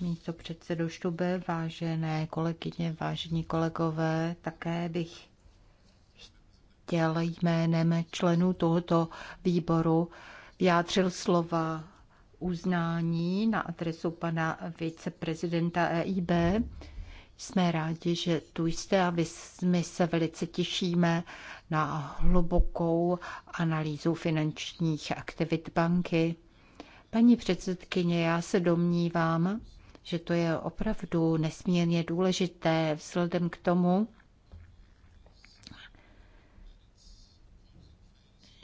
místo předsedu Štube, vážené kolegyně, vážení kolegové, také bych chtěl jménem členů tohoto výboru vyjádřil slova uznání na adresu pana viceprezidenta EIB. Jsme rádi, že tu jste a my se velice těšíme na hlubokou analýzu finančních aktivit banky. Paní předsedkyně, já se domnívám, že to je opravdu nesmírně důležité vzhledem k tomu,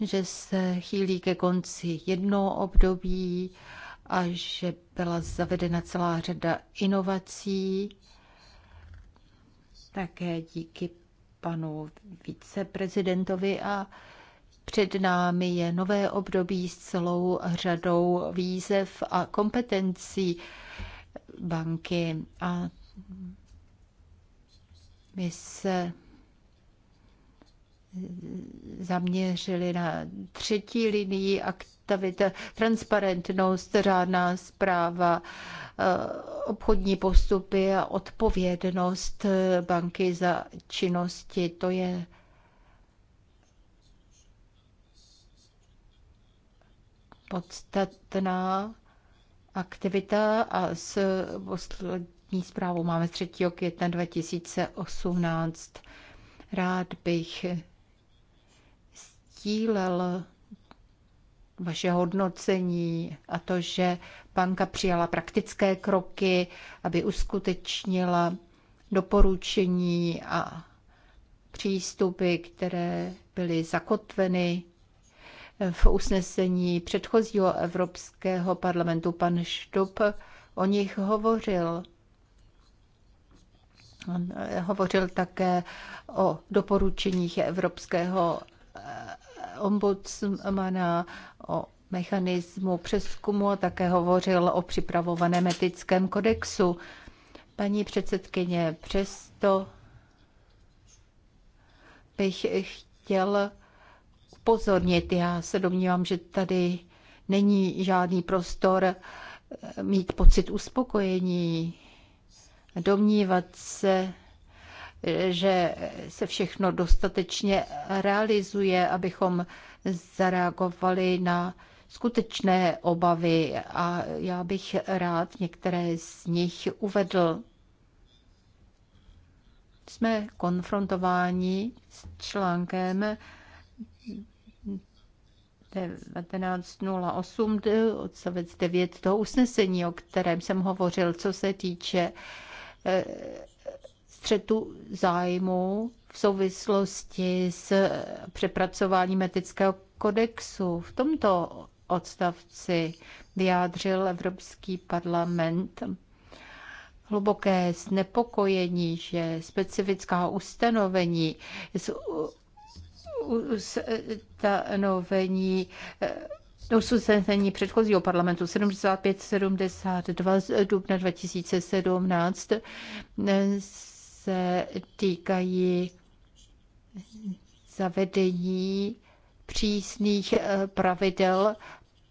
že se chýlí ke konci jedno období a že byla zavedena celá řada inovací. Také díky panu viceprezidentovi a před námi je nové období s celou řadou výzev a kompetencí banky a my se zaměřili na třetí linii aktivit, transparentnost, řádná zpráva, eh, obchodní postupy a odpovědnost banky za činnosti. To je podstatná aktivita a s poslední zprávou máme 3. května 2018. Rád bych sdílel vaše hodnocení a to, že banka přijala praktické kroky, aby uskutečnila doporučení a přístupy, které byly zakotveny v usnesení předchozího Evropského parlamentu. Pan Štup o nich hovořil. On eh, hovořil také o doporučeních Evropského eh, ombudsmana, o mechanismu přeskumu a také hovořil o připravovaném etickém kodexu. Paní předsedkyně, přesto bych chtěl upozornit. Já se domnívám, že tady není žádný prostor eh, mít pocit uspokojení, domnívat se, že se všechno dostatečně realizuje, abychom zareagovali na skutečné obavy a já bych rád některé z nich uvedl. Jsme konfrontováni s článkem 1908 odstavec 9 toho usnesení, o kterém jsem hovořil, co se týče eh, střetu zájmu v souvislosti s přepracováním etického kodexu. V tomto odstavci vyjádřil Evropský parlament hluboké znepokojení, že specifická ustanovení z ustanovení eh, usuzení předchozího parlamentu 75-72 z dubna 2017 se týkají zavedení přísných eh, pravidel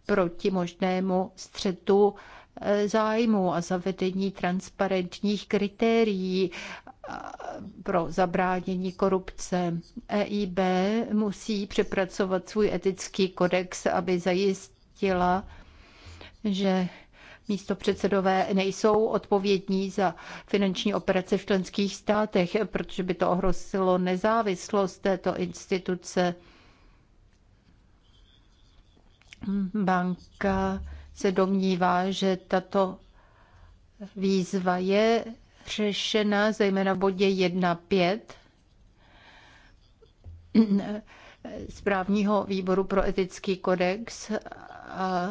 proti možnému střetu eh, zájmu a zavedení transparentních kritérií eh, pro zabránění korupce. EIB musí přepracovat svůj etický kodex, aby zajistila, že místo předsedové nejsou odpovědní za finanční operace v členských státech, protože by to ohrozilo nezávislost této instituce. Banka se domnívá, že tato výzva je řešena zejména v bodě 1.5 správního výboru pro etický kodex a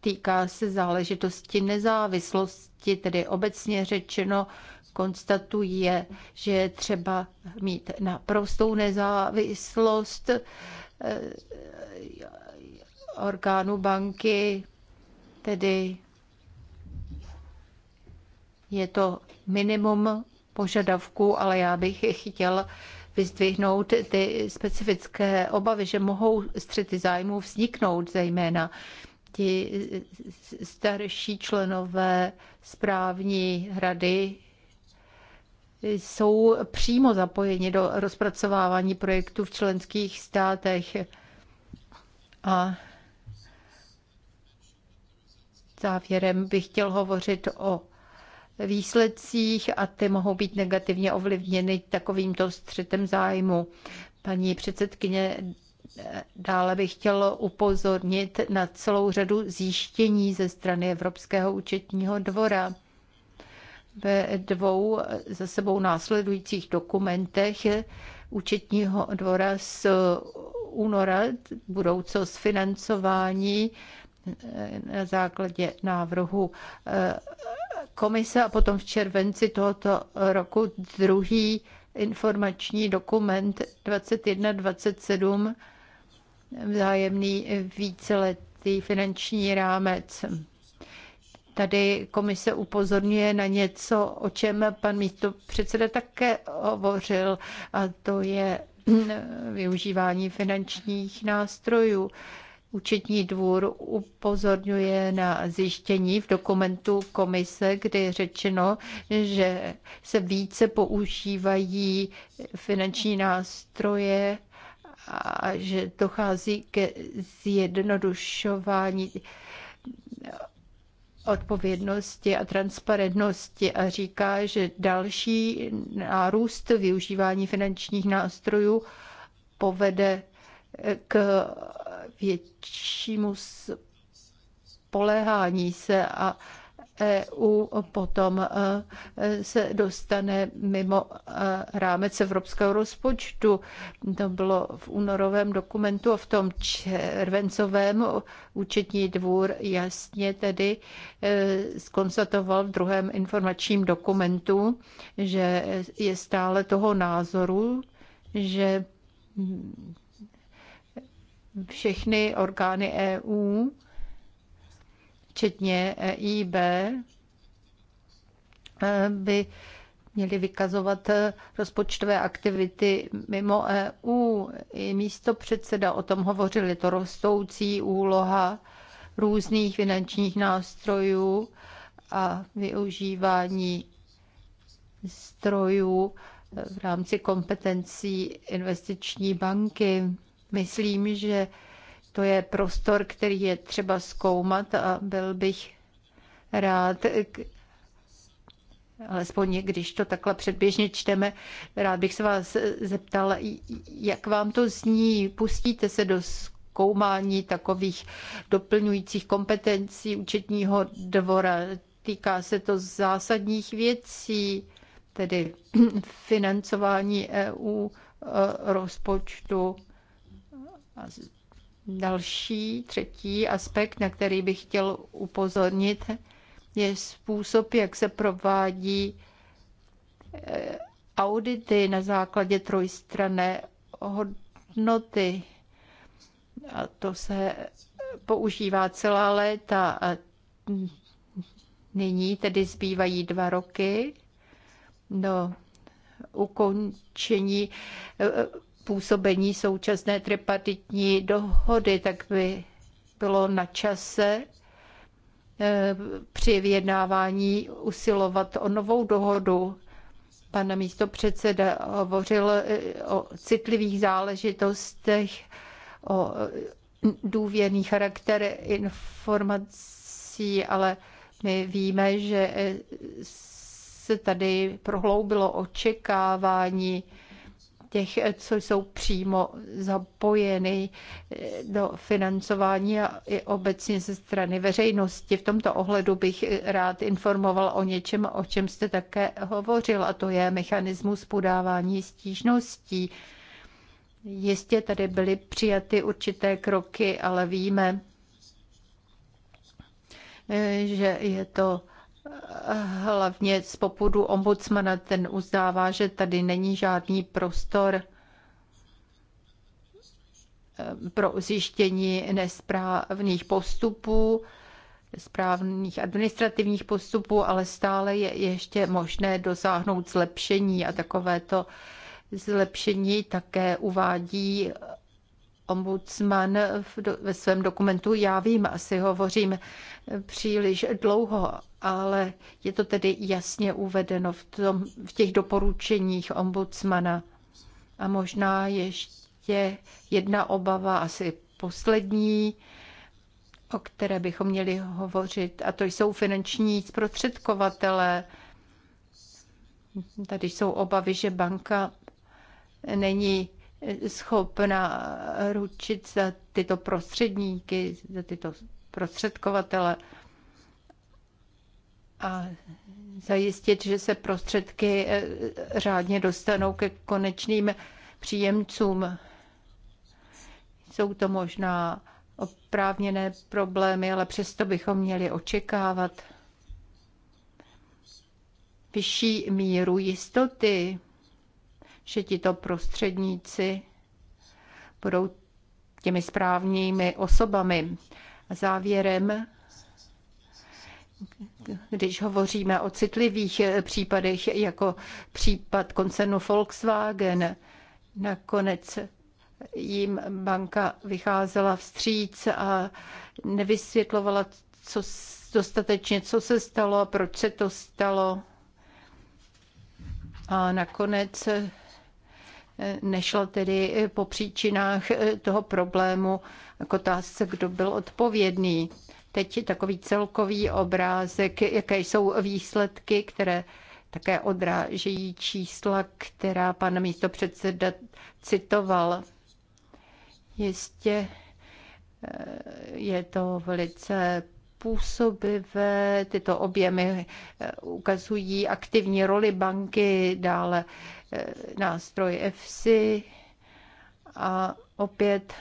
týká se záležitosti nezávislosti, tedy obecně řečeno konstatuje, že je třeba mít naprostou nezávislost eh, orgánu banky, tedy je to minimum požadavků, ale já bych chtěl vyzdvihnout ty specifické obavy, že mohou střety zájmů vzniknout, zejména ti starší členové správní rady jsou přímo zapojeni do rozpracovávání projektů v členských státech. A závěrem bych chtěl hovořit o výsledcích a ty mohou být negativně ovlivněny takovýmto střetem zájmu. Paní předsedkyně Dále bych chtěl upozornit na celou řadu zjištění ze strany Evropského účetního dvora. Ve dvou za sebou následujících dokumentech účetního dvora z února budoucnost financování eh, na základě návrhu eh, komise a potom v červenci tohoto roku druhý informační dokument 2127 vzájemný víceletý finanční rámec. Tady komise upozorňuje na něco, o čem pan místo předseda také hovořil, a to je využívání finančních nástrojů. Účetní dvůr upozorňuje na zjištění v dokumentu komise, kde je řečeno, že se více používají finanční nástroje a že dochází ke zjednodušování odpovědnosti a transparentnosti a říká, že další nárůst využívání finančních nástrojů povede k většímu spoléhání se a EU potom e, se dostane mimo e, rámec evropského rozpočtu. To bylo v únorovém dokumentu a v tom červencovém účetní dvůr jasně tedy e, skonstatoval v druhém informačním dokumentu, že je stále toho názoru, že všechny orgány EU včetně EIB, eh, eh, by měli vykazovat eh, rozpočtové aktivity mimo EU. I místo předseda o tom hovořil, je to rostoucí úloha různých finančních nástrojů a využívání strojů v rámci kompetencí investiční banky. Myslím, že to je prostor, který je třeba zkoumat a byl bych rád, alespoň když to takhle předběžně čteme, rád bych se vás zeptal, jak vám to zní, pustíte se do zkoumání takových doplňujících kompetencí účetního dvora, týká se to zásadních věcí, tedy financování EU e, rozpočtu Další, třetí aspekt, na který bych chtěl upozornit, je způsob, jak se provádí eh, audity na základě trojstrané hodnoty. A to se používá celá léta. A nyní tedy zbývají dva roky do ukončení eh, působení současné tripartitní dohody, tak by bylo na čase eh, při vyjednávání usilovat o novou dohodu. Pan místo předseda hovořil eh, o citlivých záležitostech, o eh, důvěrný charakter informací, ale my víme, že se tady prohloubilo očekávání těch, co jsou přímo zapojeny eh, do financování a i obecně ze strany veřejnosti. V tomto ohledu bych eh, rád informoval o něčem, o čem jste také hovořil, a to je mechanismus podávání stížností. Jistě tady byly přijaty určité kroky, ale víme, eh, že je to hlavně z popudu ombudsmana, ten uzdává, že tady není žádný prostor eh, pro zjištění nesprávných postupů, správných administrativních postupů, ale stále je ještě možné dosáhnout zlepšení a takovéto zlepšení také uvádí ombudsman ve svém dokumentu. Já vím, asi hovořím příliš dlouho, ale je to tedy jasně uvedeno v, tom, v těch doporučeních ombudsmana. A možná ještě jedna obava, asi poslední, o které bychom měli hovořit, a to jsou finanční zprostředkovatele. Tady jsou obavy, že banka není schopna ručit za tyto prostředníky, za tyto prostředkovatele a zajistit, že se prostředky eh, řádně dostanou ke konečným příjemcům. Jsou to možná oprávněné problémy, ale přesto bychom měli očekávat vyšší míru jistoty že tito prostředníci budou těmi správnými osobami. Závěrem, když hovoříme o citlivých eh, případech, jako případ koncernu Volkswagen, nakonec jim banka vycházela vstříc a nevysvětlovala co, dostatečně, co se stalo a proč se to stalo. A nakonec Nešlo tedy eh, po příčinách eh, toho problému k otázce, kdo byl odpovědný. Teď takový celkový obrázek, jaké jsou výsledky, které také odrážejí čísla, která pan místo předseda citoval. Jistě eh, je to velice působivé. Tyto objemy eh, ukazují aktivní roli banky, dále eh, nástroj EFSI a opět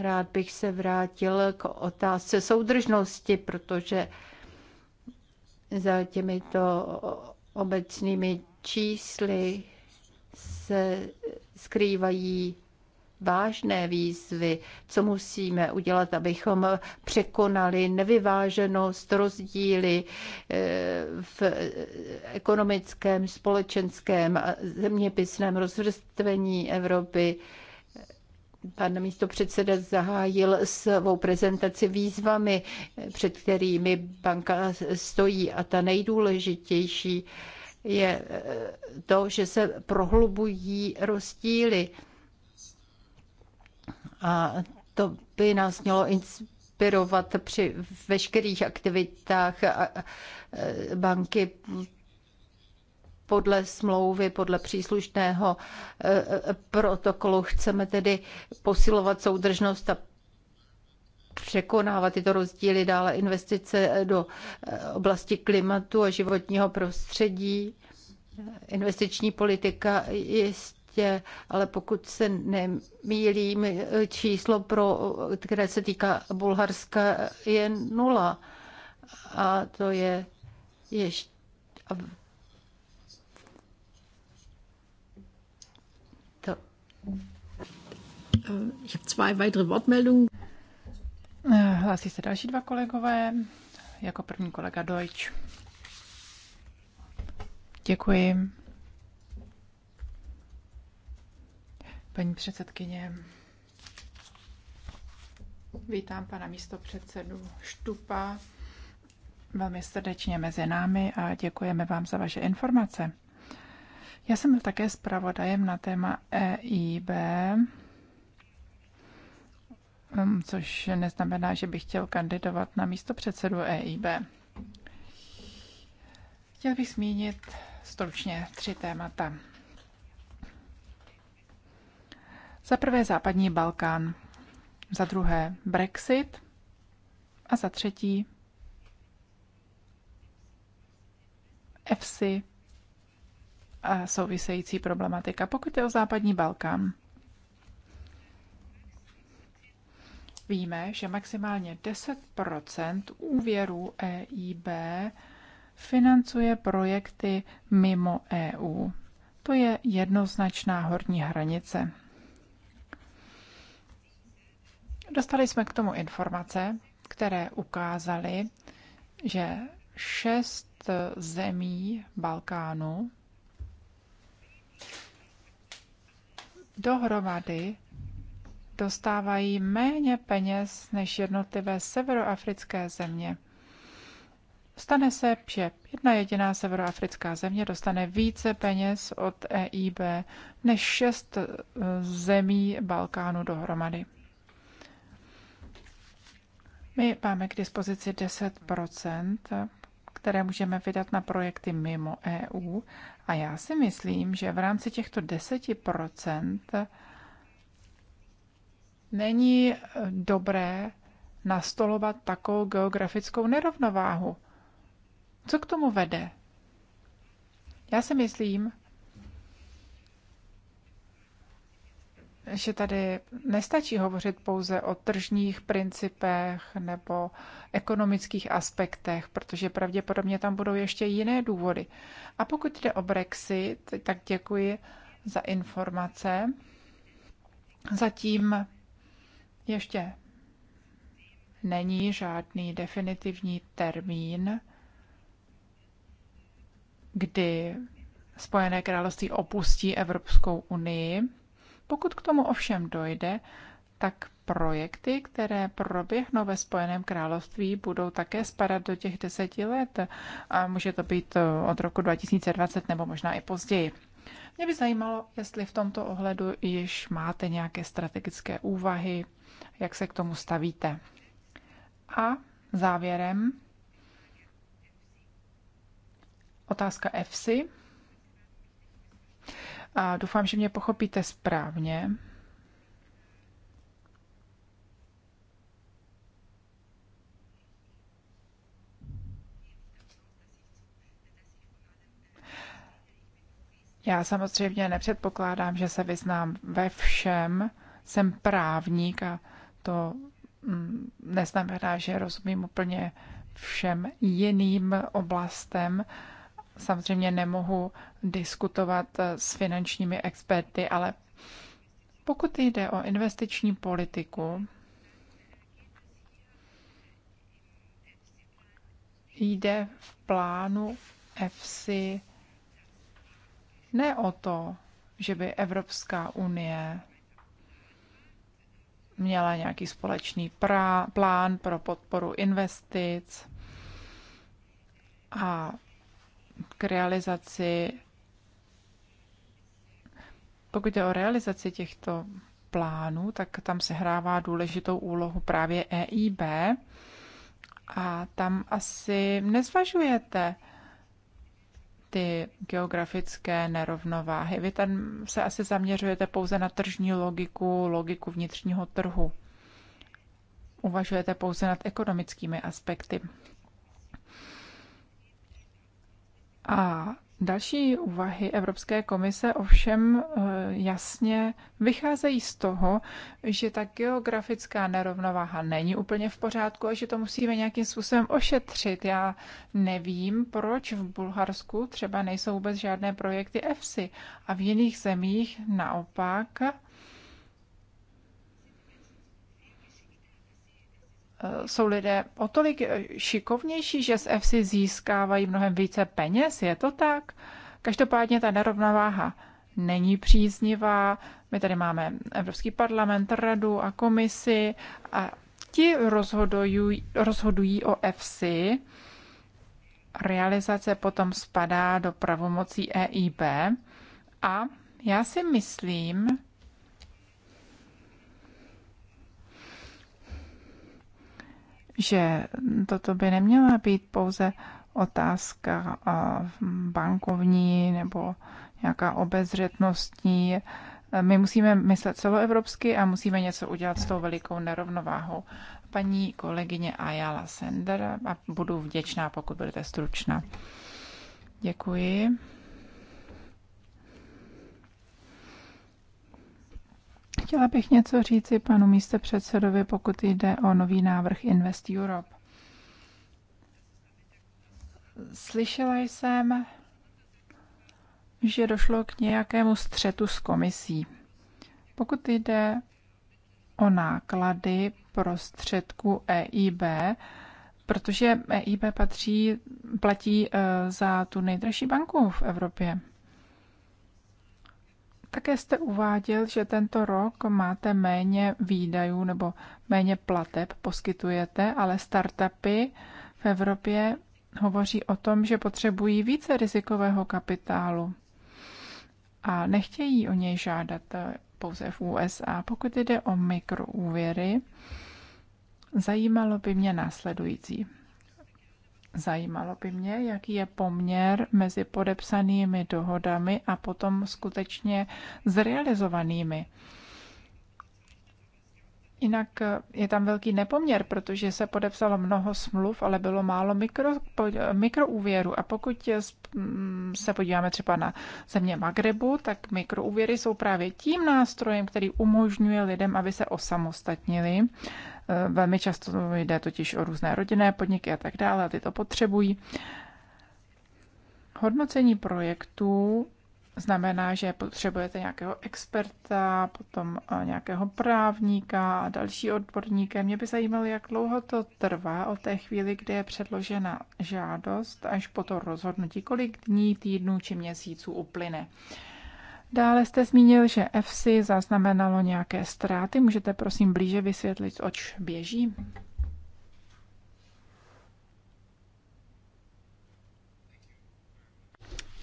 rád bych se vrátil k otázce soudržnosti, protože za těmito obecnými čísly se skrývají vážné výzvy, co musíme udělat, abychom překonali nevyváženost, rozdíly eh, v ekonomickém, společenském a zeměpisném rozvrstvení Evropy. Pan místo předseda zahájil svou prezentaci výzvami, před kterými banka stojí a ta nejdůležitější je eh, to, že se prohlubují rozdíly. A to by nás mělo inspirovat při veškerých aktivitách banky podle smlouvy, podle příslušného e, e, protokolu. Chceme tedy posilovat soudržnost a překonávat tyto rozdíly, dále investice do e, oblasti klimatu a životního prostředí. Investiční politika jistě určitě, ale pokud se nemýlím, číslo, pro, které se týká Bulharska, je nula. A to je ještě... To. Ich habe zwei weitere Wortmeldungen. Eh, hlásí se další dva kolegové. Jako první kolega Deutsch. Děkuji. paní předsedkyně. Vítám pana předsedu Štupa velmi srdečně mezi námi a děkujeme vám za vaše informace. Já jsem byl také zpravodajem na téma EIB, um, což neznamená, že bych chtěl kandidovat na místo předsedu EIB. Chtěl bych zmínit stručně tři témata. Za prvé západní Balkán, za druhé Brexit a za třetí EFSI a související problematika, pokud je o západní Balkán. Víme, že maximálně 10 úvěrů EIB financuje projekty mimo EU. To je jednoznačná horní hranice. Dostali jsme k tomu informace, které ukázaly, že šest zemí Balkánu dohromady dostávají méně peněz než jednotlivé severoafrické země. Stane se, že jedna jediná severoafrická země dostane více peněz od EIB než šest eh, zemí Balkánu dohromady. My máme k dispozici 10 které můžeme vydat na projekty mimo EU. A já si myslím, že v rámci těchto 10 není eh, dobré nastolovat takovou geografickou nerovnováhu. Co k tomu vede? Já si myslím, že tady nestačí hovořit pouze o tržních principech nebo ekonomických aspektech, protože pravděpodobně tam budou ještě jiné důvody. A pokud jde o Brexit, tak děkuji za informace. Zatím ještě není žádný definitivní termín, kdy Spojené království opustí Evropskou unii. Pokud k tomu ovšem dojde, tak projekty, které proběhnou ve Spojeném království, budou také spadat do těch deseti let a může to být od roku 2020 nebo možná i později. Mě by zajímalo, jestli v tomto ohledu již máte nějaké strategické úvahy, jak se k tomu stavíte. A závěrem otázka FC a doufám, že mě pochopíte správně. Já samozřejmě nepředpokládám, že se vyznám ve všem. Jsem právník a to mm, neznamená, že rozumím úplně všem jiným oblastem samozřejmě nemohu diskutovat eh, s finančními experty, ale pokud jde o investiční politiku, jde v plánu EFSI ne o to, že by Evropská unie měla nějaký společný prá, plán pro podporu investic a k realizaci, pokud jde o realizaci těchto plánů, tak tam se hrává důležitou úlohu právě EIB a tam asi nezvažujete ty geografické nerovnováhy. Vy tam se asi zaměřujete pouze na tržní logiku, logiku vnitřního trhu. Uvažujete pouze nad ekonomickými aspekty. A další úvahy Evropské komise ovšem eh, jasně vycházejí z toho, že ta geografická nerovnováha není úplně v pořádku a že to musíme nějakým způsobem ošetřit. Já nevím, proč v Bulharsku třeba nejsou vůbec žádné projekty EFSI a v jiných zemích naopak Eh, jsou lidé o tolik eh, šikovnější, že z FC získávají mnohem více peněz, je to tak? Každopádně ta nerovnováha není příznivá. My tady máme Evropský parlament, radu a komisi a ti rozhodují, rozhodují o FC. Realizace potom spadá do pravomocí EIB a já si myslím, že toto by neměla být pouze otázka bankovní nebo nějaká obezřetnostní. My musíme myslet celoevropsky a musíme něco udělat s tou velikou nerovnováhou. Paní kolegyně Ayala Sender, a budu vděčná, pokud budete stručná. Děkuji. Chtěla bych něco říci panu předsedovi, pokud jde o nový návrh Invest Europe. Slyšela jsem, že došlo k nějakému střetu s komisí. Pokud jde o náklady prostředku EIB, protože EIB patří, platí eh, za tu nejdražší banku v Evropě. Také jste uváděl, že tento rok máte méně výdajů nebo méně plateb poskytujete, ale startupy v Evropě hovoří o tom, že potřebují více rizikového kapitálu a nechtějí o něj žádat eh, pouze v USA. Pokud jde o mikroúvěry, zajímalo by mě následující. Zajímalo by mě, jaký je poměr mezi podepsanými dohodami a potom skutečně zrealizovanými. Jinak je tam velký nepoměr, protože se podepsalo mnoho smluv, ale bylo málo mikro, mikroúvěru. A pokud mm, se podíváme třeba na země Magrebu, tak mikroúvěry jsou právě tím nástrojem, který umožňuje lidem, aby se osamostatnili Eh, velmi často jde totiž o různé rodinné podniky a tak dále a ty to potřebují. Hodnocení projektů znamená, že potřebujete nějakého experta, potom eh, nějakého právníka a další odborníka. Mě by zajímalo, jak dlouho to trvá od té chvíli, kdy je předložena žádost až po to rozhodnutí, kolik dní, týdnů či měsíců uplyne. Dále jste zmínil, že FC zaznamenalo nějaké ztráty. Můžete prosím blíže vysvětlit, oč běží?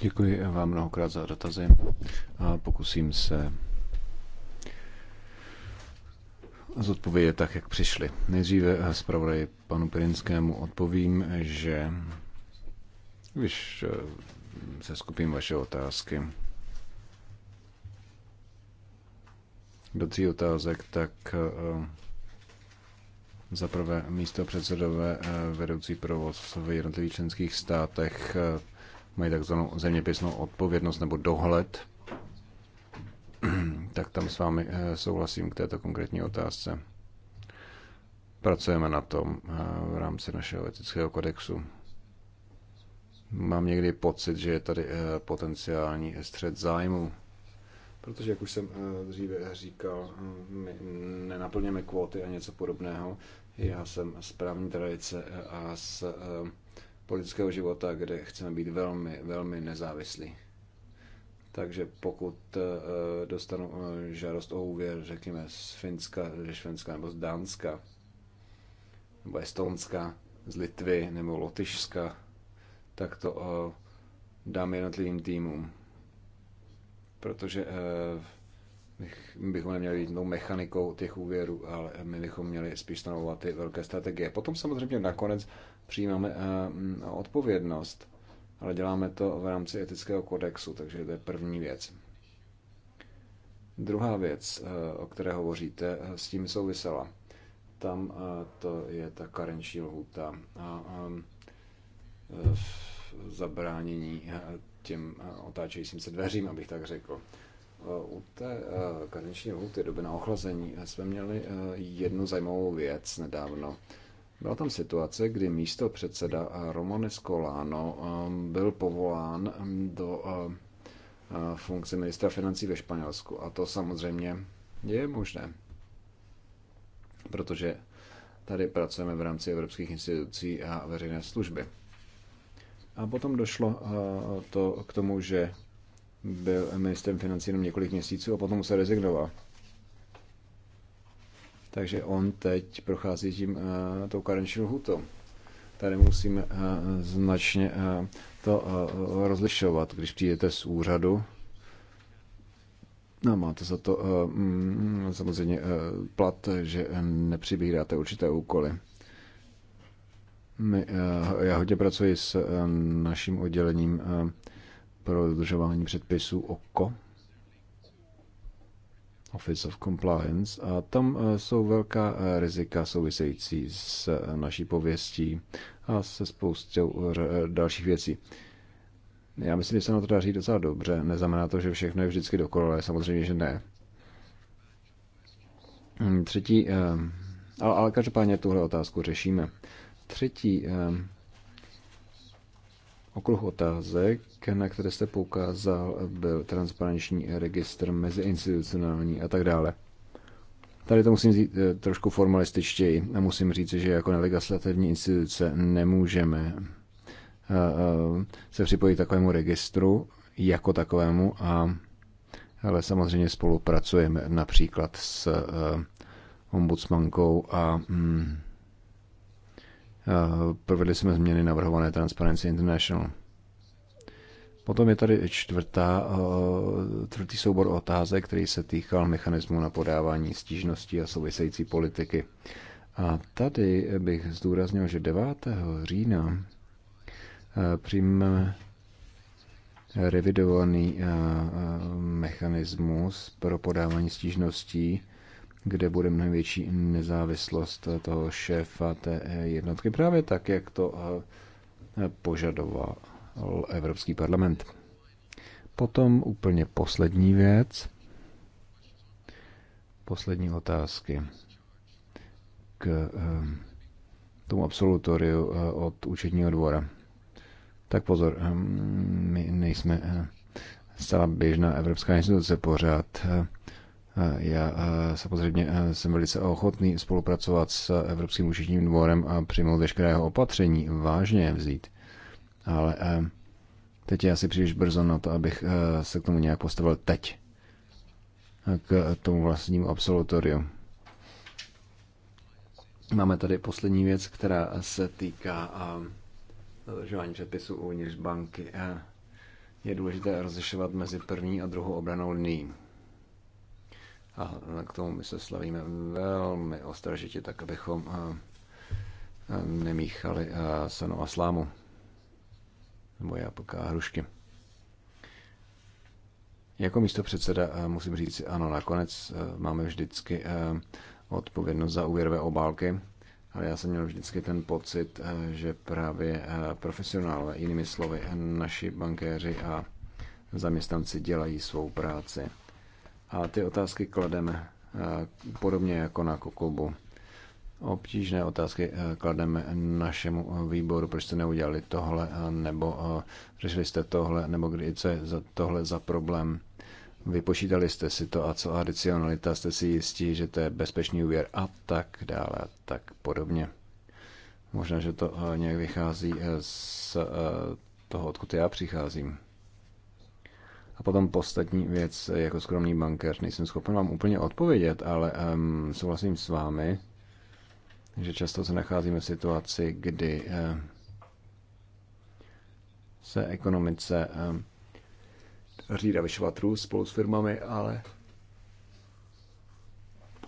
Děkuji vám mnohokrát za dotazy a pokusím se zodpovědět tak, jak přišli. Nejdříve zpravodaj panu Pirinskému odpovím, že když se skupím vaše otázky, do tří otázek, tak eh, za prvé místo předsedové eh, vedoucí provoz v jednotlivých členských státech eh, mají takzvanou zeměpisnou odpovědnost nebo dohled. tak tam s vámi souhlasím k této konkrétní otázce. Pracujeme na tom v rámci našeho etického kodexu. Mám někdy pocit, že je tady potenciální střed zájmu. Protože, jak už jsem eh, dříve říkal, eh, my nenaplněme kvóty a něco podobného. Já jsem z právní tradice eh, a z politického života, kde chceme být velmi, velmi nezávislí. Takže pokud dostanu žádost o úvěr, řekněme, z Finska, ze Švenska nebo z Dánska, nebo Estonska, z Litvy nebo Lotyšska, tak to dám jednotlivým týmům protože eh, bychom neměli jít mechanikou těch úvěrů, ale my bychom měli spíš stanovovat ty velké strategie. Potom samozřejmě nakonec přijímáme eh, odpovědnost, ale děláme to v rámci etického kodexu, takže to je první věc. Druhá věc, eh, o které hovoříte, s tím souvisela. Tam to je ta karenční lhůta a zabránění těm eh, otáčejícím se dveřím, abych tak řekl. Eh, u té eh, karniční lhuty doby na ochlazení jsme měli jednu zajímavou věc nedávno. Byla tam situace, kdy místo předseda Romane Scolano byl povolán mm, do funkce ministra financí ve Španělsku. A to samozřejmě je možné, protože tady pracujeme v rámci evropských institucí a veřejné služby. A potom došlo eh, to k tomu, že byl ministrem financí jenom několik měsíců a potom se rezignoval. Takže on teď prochází tím, eh, tou karenční lhutou. Tady musíme eh, značně to rozlišovat, když přijdete z úřadu. No, máte za to mm, samozřejmě plat, že nepřibíráte určité úkoly. My, eh, já hodně pracuji s eh, naším oddělením eh, pro dodržování předpisů OKO, Office of Compliance, a tam jsou velká rizika související s naší pověstí a se spoustou dalších věcí. Já myslím, že se na to daří docela dobře. Neznamená to, že všechno je vždycky dokonalé, samozřejmě, že ne. Hm, třetí, ale, ale každopádně tuhle otázku řešíme třetí ehm, okruh otázek, na které jste poukázal, byl transparenční registr meziinstitucionální a tak dále. Tady to musím říct eh, trošku formalističtěji a musím říct, že jako nelegislativní instituce nemůžeme eh, eh, se připojit takovému registru jako takovému, a, ale samozřejmě spolupracujeme například s ombudsmankou a mm, Provedli jsme změny navrhované Transparency International. Potom je tady čtvrtá, čtvrtý soubor otázek, který se týkal mechanismu na podávání stížností a související politiky. A tady bych zdůraznil, že 9. října přijmeme revidovaný mechanismus pro podávání stížností kde bude mnohem větší nezávislost toho šéfa té eh, jednotky, právě tak, jak to eh, požadoval Evropský parlament. Potom úplně poslední věc, poslední otázky k eh, tomu absolutoriu od účetního dvora. Tak pozor, my nejsme zcela běžná evropská instituce pořád. Já samozřejmě jsem velice ochotný spolupracovat s Evropským účetním dvorem a přijmout veškeré jeho opatření, vážně je vzít. Ale teď je asi příliš brzo na to, abych se k tomu nějak postavil teď. K tomu vlastnímu absolutoriu. Máme tady poslední věc, která se týká dodržování předpisů uvnitř banky. Je důležité rozlišovat mezi první a druhou obranou linií. A k tomu my se slavíme velmi ostražitě, tak abychom eh, eh, nemíchali eh, seno a slámu nebo jablka a hrušky. Jako místo předseda musím říct, ano, nakonec máme vždycky odpovědnost za úvěrové obálky, ale já jsem měl vždycky ten pocit, že právě profesionálové, jinými slovy, naši bankéři a zaměstnanci dělají svou práci a ty otázky klademe eh, podobně jako na Kokobu. Obtížné otázky eh, klademe našemu eh, výboru, proč jste neudělali tohle, nebo řešili jste tohle, nebo kdy, co je za tohle za problém. Vypočítali jste si to a co adicionalita, jste si jistí, že to je bezpečný úvěr a tak dále a tak podobně. Možná, že to nějak vychází z toho, odkud já přicházím. A potom poslední věc, jako skromný bankéř, nejsem schopen vám úplně odpovědět, ale um, souhlasím s vámi, že často se nacházíme v situaci, kdy uh, se ekonomice um, řída vyšovat růst spolu s firmami, ale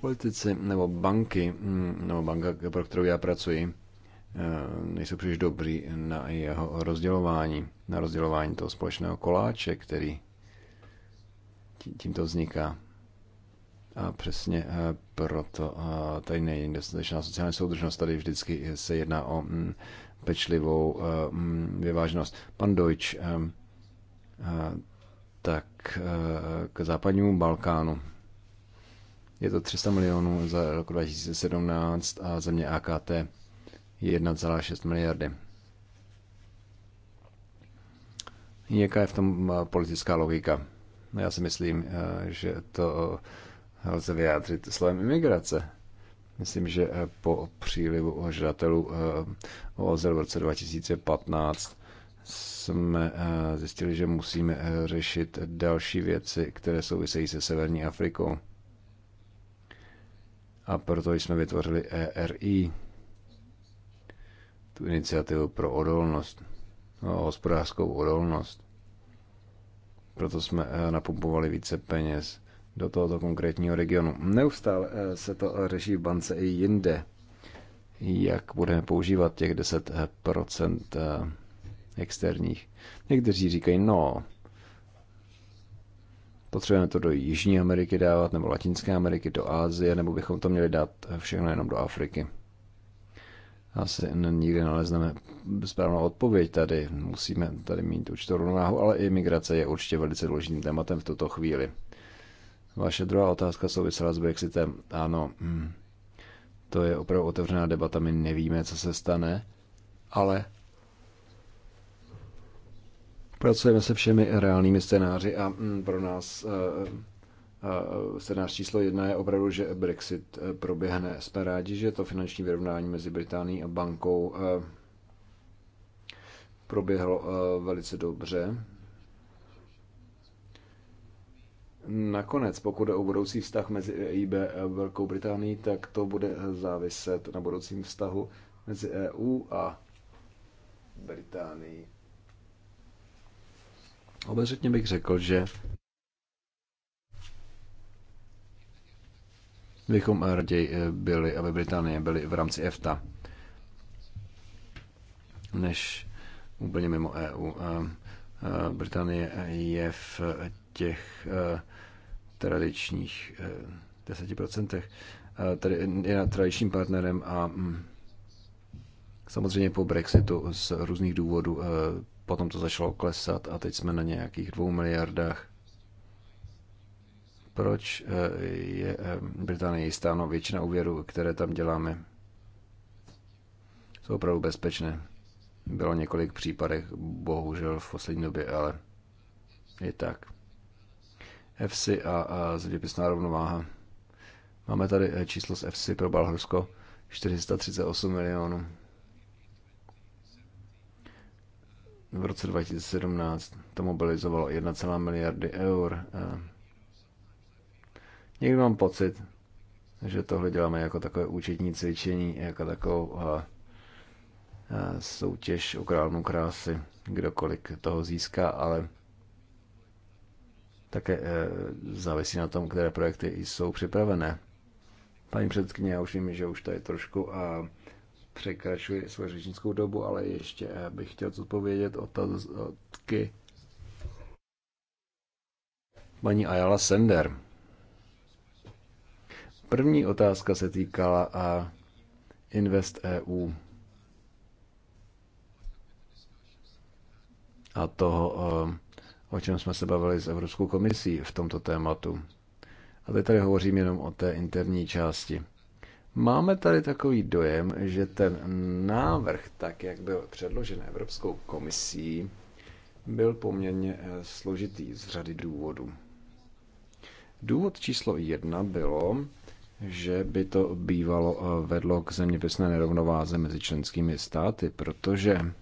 politici nebo banky, hm, nebo banka, pro kterou já pracuji, eh, nejsou příliš dobří na jeho rozdělování, na rozdělování toho společného koláče, který tím to vzniká. A přesně eh, proto eh, tady není dostatečná sociální soudržnost, tady vždycky se jedná o mm, pečlivou eh, mm, vyváženost. Pan Deutsch, tak k západnímu Balkánu. Je to 300 milionů za rok 2017 a země AKT je 1,6 miliardy. Jaká je v tom politická logika? No, já si myslím, eh, že to eh, lze vyjádřit slovem imigrace. Myslím, že eh, po přílivu žadatelů o v roce 2015 jsme zjistili, že musíme řešit další věci, které souvisejí se Severní Afrikou. A proto jsme vytvořili ERI, tu iniciativu pro odolnost, no, hospodářskou odolnost. Proto jsme eh, napumpovali více peněz do tohoto konkrétního regionu. Neustále eh, se to řeší v bance i jinde, jak budeme používat těch 10% eh, externích. Někteří říkají, no, potřebujeme to do Jižní Ameriky dávat, nebo Latinské Ameriky, do Ázie, nebo bychom to měli dát všechno jenom do Afriky asi nikdy nalezneme správnou odpověď tady. Musíme tady mít určitou rovnováhu, ale i migrace je určitě velice důležitým tématem v tuto chvíli. Vaše druhá otázka souvisela s Brexitem. Ano, hm. to je opravdu otevřená debata, my nevíme, co se stane, ale pracujeme se všemi reálnými scénáři a hm, pro nás eh, Scénář číslo jedna je opravdu, že Brexit e, proběhne. Jsme rádi, že to finanční vyrovnání mezi Británií a bankou e, proběhlo e, velice dobře. Nakonec, pokud je o budoucí vztah mezi EIB a Velkou Británií, tak to bude záviset na budoucím vztahu mezi EU a Británií. Obezřetně bych řekl, že bychom raději eh, byli, aby Británie byly v rámci EFTA, než úplně mimo EU. Británie je v těch eh, tradičních 10%. Eh, tady je tradičním partnerem a mm, samozřejmě po Brexitu z různých důvodů potom to začalo klesat a teď jsme na nějakých dvou miliardách proč eh, je eh, Británie jistá, no většina úvěrů, které tam děláme, jsou opravdu bezpečné. Bylo několik případech, bohužel v poslední době, ale je tak. FC a, a zeměpisná rovnováha. Máme tady eh, číslo z FC pro Balhorsko 438 milionů. V roce 2017 to mobilizovalo 1,1 miliardy eur. A Někdy mám pocit, že tohle děláme jako takové účetní cvičení, jako takovou a, eh, a, eh, soutěž o královnu krásy, kdokoliv toho získá, ale také e, závisí na tom, které projekty jsou připravené. Paní předsedkyně, já už vím, že už tady trošku a překračuji svou řečnickou dobu, ale ještě bych chtěl zodpovědět otázky paní Ayala Sender. První otázka se týkala a Invest EU a toho, o čem jsme se bavili s Evropskou komisí v tomto tématu. A teď tady hovořím jenom o té interní části. Máme tady takový dojem, že ten návrh, tak jak byl předložen Evropskou komisí, byl poměrně e, složitý z řady důvodů. Důvod číslo jedna bylo, že by to bývalo eh, vedlo k zeměpisné nerovnováze mezi členskými státy, protože eh,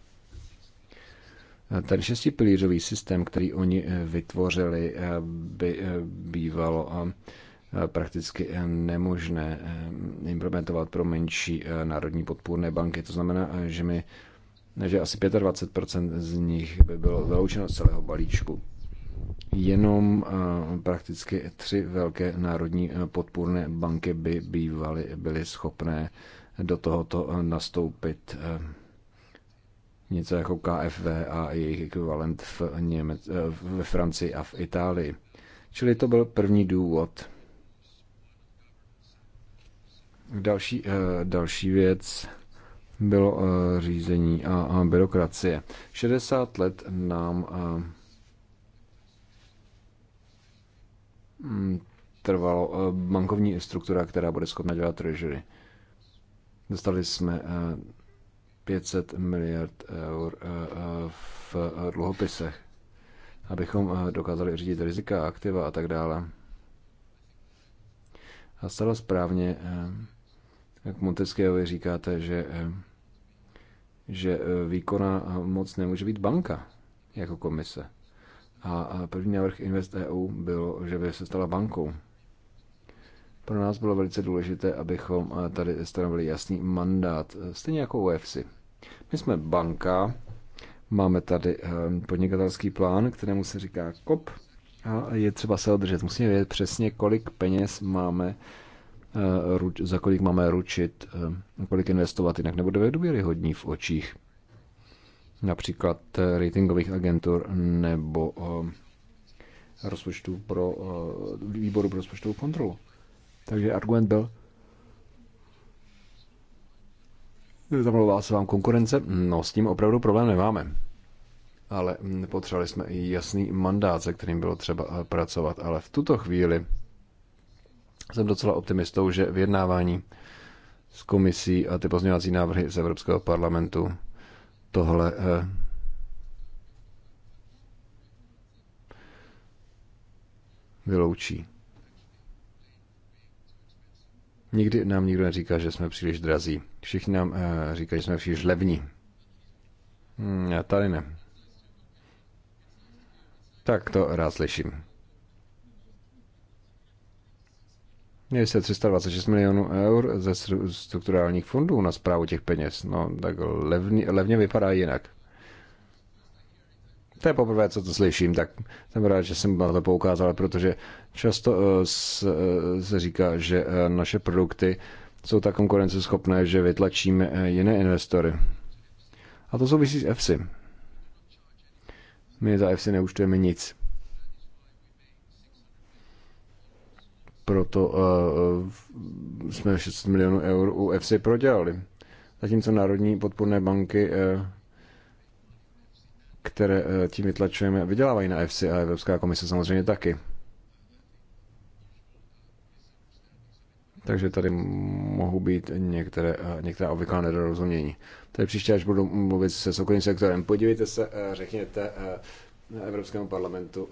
ten šestipilířový systém, který oni eh, vytvořili, by bývalo prakticky nemožné implementovat pro menší národní podpůrné banky. To znamená, že my že asi 25% z nich by bylo vyloučeno z celého balíčku jenom eh, prakticky tři velké národní eh, podpůrné banky by bývaly, byly schopné do tohoto eh, nastoupit něco jako KFV a jejich ekvivalent v Němec, ve Francii a v Itálii. Čili to byl první důvod. Další, další věc bylo řízení a byrokracie. 60 let nám Mm, trvalo eh, bankovní struktura, která bude schopna dělat treasury. Dostali jsme 500 eh, miliard eur eh, v dluhopisech, abychom dokázali řídit rizika, aktiva a tak dále. A stalo správně, jak Montesquieu říkáte, že, že výkona moc nemůže být banka jako komise. A první návrh Invest EU byl, že by se stala bankou. Pro nás bylo velice důležité, abychom eh, tady stanovili jasný mandát, eh, stejně jako UFC. My jsme banka, máme tady eh, podnikatelský plán, kterému se říká KOP a je třeba se održet. Musíme vědět přesně, kolik peněz máme, za kolik máme ručit, kolik investovat, jinak nebudeme důvěryhodní v očích například eh, ratingových agentur nebo eh, rozpočtu pro, eh, výboru pro rozpočtovou kontrolu. Takže argument byl, zamlouvá se vám konkurence, no s tím opravdu problém nemáme. Ale hm, potřebovali jsme i jasný mandát, se kterým bylo třeba pracovat. Ale v tuto chvíli jsem docela optimistou, že vyjednávání s komisí a ty pozměňovací návrhy z Evropského parlamentu tohle eh, vyloučí. Nikdy nám nikdo neříká, že jsme příliš drazí. Všichni nám eh, říkají, že jsme příliš levní. Hmm, já tady ne. Tak to rád slyším. Měli jste 326 milionů eur ze strukturálních fondů na zprávu těch peněz. No, tak levně, levně vypadá jinak. To je poprvé, co to slyším, tak jsem rád, že jsem na to poukázal, protože často eh, eh, se říká, že eh, naše produkty jsou tak konkurenceschopné, že vytlačíme jiné investory. A to souvisí s EFSI. My za EFSI neúčtujeme nic. Proto eh, eh, jsme 600 milionů eur u EFSI prodělali. Zatímco Národní podporné banky, eh, které tím vytlačujeme, vydělávají na EFSI a Evropská komise samozřejmě taky. takže tady mohou být některé, některá obvyklá nedorozumění. Tady příště, až budu mluvit se soukromým sektorem, podívejte se, řekněte Evropskému parlamentu,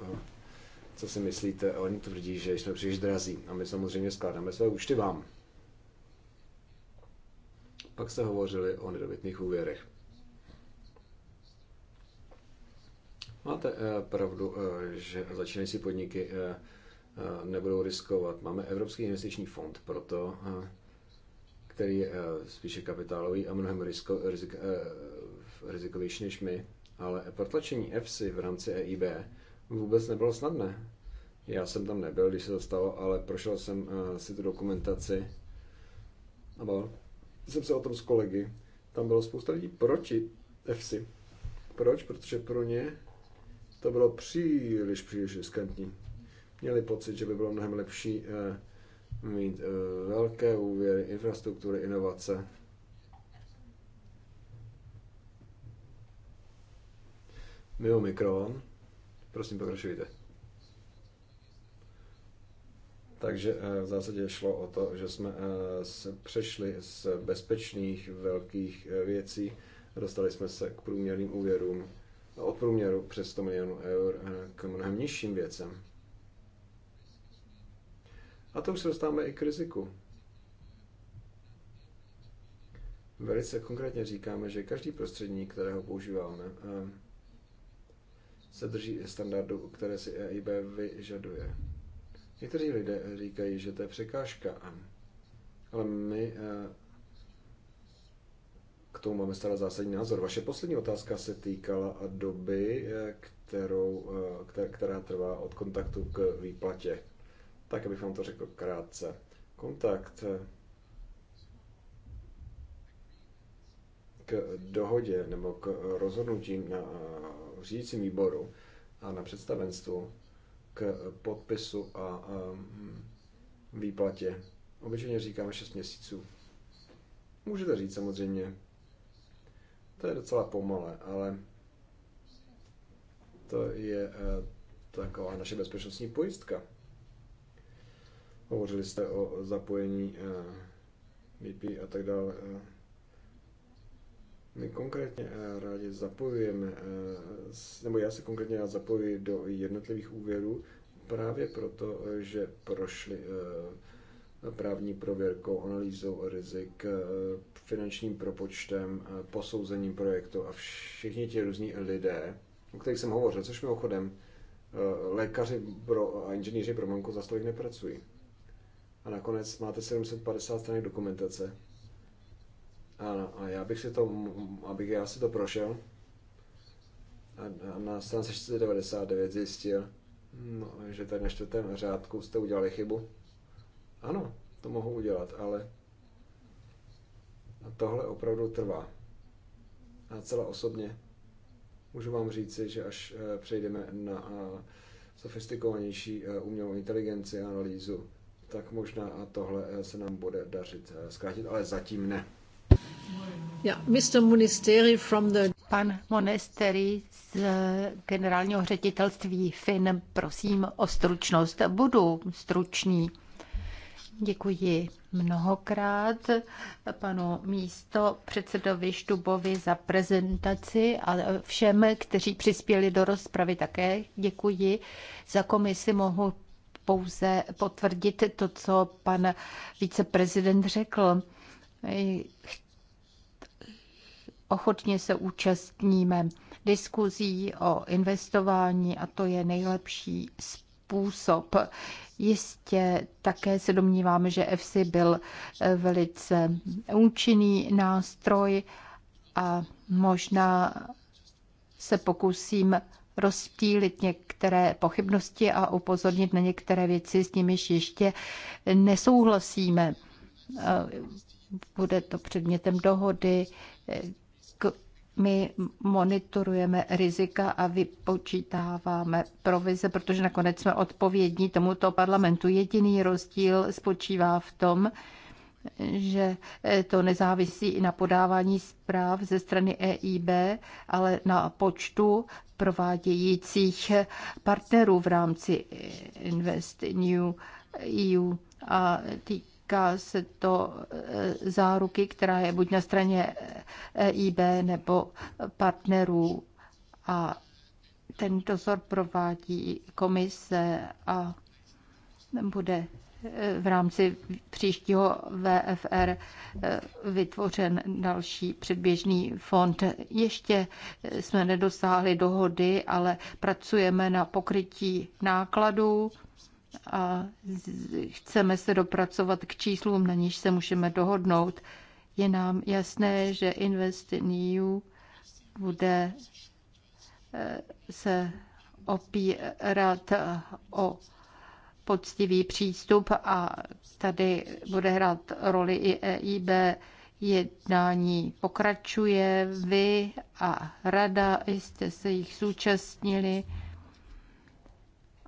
co si myslíte? A oni tvrdí, že jsme příliš drazí. A my samozřejmě skládáme své účty vám. Pak se hovořili o nedobytných úvěrech. Máte eh, pravdu, eh, že začínající podniky eh, nebudou riskovat. Máme Evropský investiční fond proto, který je spíše kapitálový a mnohem riziko, rizik, rizikovější než my, ale protlačení EFSI v rámci EIB vůbec nebylo snadné. Já jsem tam nebyl, když se to stalo, ale prošel jsem eh, si tu dokumentaci a bavil jsem se o tom s kolegy. Tam bylo spousta lidí proti FC. Proč? Protože pro ně to bylo příliš, příliš riskantní. Měli pocit, že by bylo mnohem lepší eh, mít eh, velké úvěry, infrastruktury, inovace. Mimo mikrofon. Prosím, pokračujte. Takže eh, v zásadě šlo o to, že jsme eh, přešli z bezpečných velkých eh, věcí, dostali jsme se k průměrným úvěrům, od průměru přes 100 milionů eur k mnohem nižším věcem. A to už se dostáváme i k riziku. Velice konkrétně říkáme, že každý prostředník, kterého používáme, se drží standardů, které si EIB vyžaduje. Někteří lidé říkají, že to je překážka, ale my eh, k tomu máme stále zásadní názor. Vaše poslední otázka se týkala doby, eh, kterou, eh, která trvá od kontaktu k výplatě. Tak, abych vám to řekl krátce. Kontakt k dohodě nebo k rozhodnutím na řídícím výboru a na představenstvu k podpisu a mm, výplatě. Obyčejně říkáme 6 měsíců. Můžete říct samozřejmě. To je docela pomalé, ale to je e, taková naše bezpečnostní pojistka. Hovořili jste o zapojení e, VP a tak dále. E, my konkrétně eh, rádi zapojujeme, eh, nebo já se konkrétně rád zapojuji do jednotlivých úvěrů právě proto, eh, že prošli právní prověrkou, analýzou rizik, finančním propočtem, posouzením projektu a všichni ti různí lidé, o kterých jsem hovořil, což mimochodem lékaři pro, a inženýři pro banku za stolik nepracují. A nakonec máte 750 stranek dokumentace, ano, a já bych si to, abych já si to prošel a na stránce 499 zjistil, no, že tady na čtvrtém řádku jste udělali chybu. Ano, to mohu udělat, ale tohle opravdu trvá. A celá osobně můžu vám říci, že až eh, přejdeme na eh, sofistikovanější eh, umělou inteligenci a analýzu, tak možná a tohle se nám bude dařit zkrátit, ale zatím ne. Pan Monesteri z eh, generálního ředitelství FIN, prosím o stručnost. Budu stručný. Děkuji mnohokrát panu místo předsedovi Štubovi za prezentaci a všem, kteří přispěli do rozpravy také. Děkuji. Za komisi mohu pouze potvrdit to, co pan viceprezident řekl ochotně se účastníme diskuzí o investování a to je nejlepší způsob. Jistě také se domníváme, že EFSI byl eh, velice účinný nástroj a možná se pokusím rozptýlit některé pochybnosti a upozornit na některé věci, s nimiž ještě nesouhlasíme. Eh, bude to předmětem dohody, eh, my monitorujeme rizika a vypočítáváme provize, protože nakonec jsme odpovědní tomuto parlamentu. Jediný rozdíl spočívá v tom, že e, to nezávisí i na podávání zpráv ze strany EIB, ale na počtu provádějících partnerů v rámci e, New EU a týká se to e, záruky, která je buď na straně EIB nebo partnerů a ten dozor provádí komise a bude e, v rámci příštího VFR e, vytvořen další předběžný fond. Ještě jsme nedosáhli dohody, ale pracujeme na pokrytí nákladů a chceme se dopracovat k číslům, na níž se můžeme dohodnout. Je nám jasné, že Invest in EU bude eh, se opírat eh, o poctivý přístup a tady bude hrát roli i EIB. Jednání pokračuje, vy a rada jste se jich zúčastnili.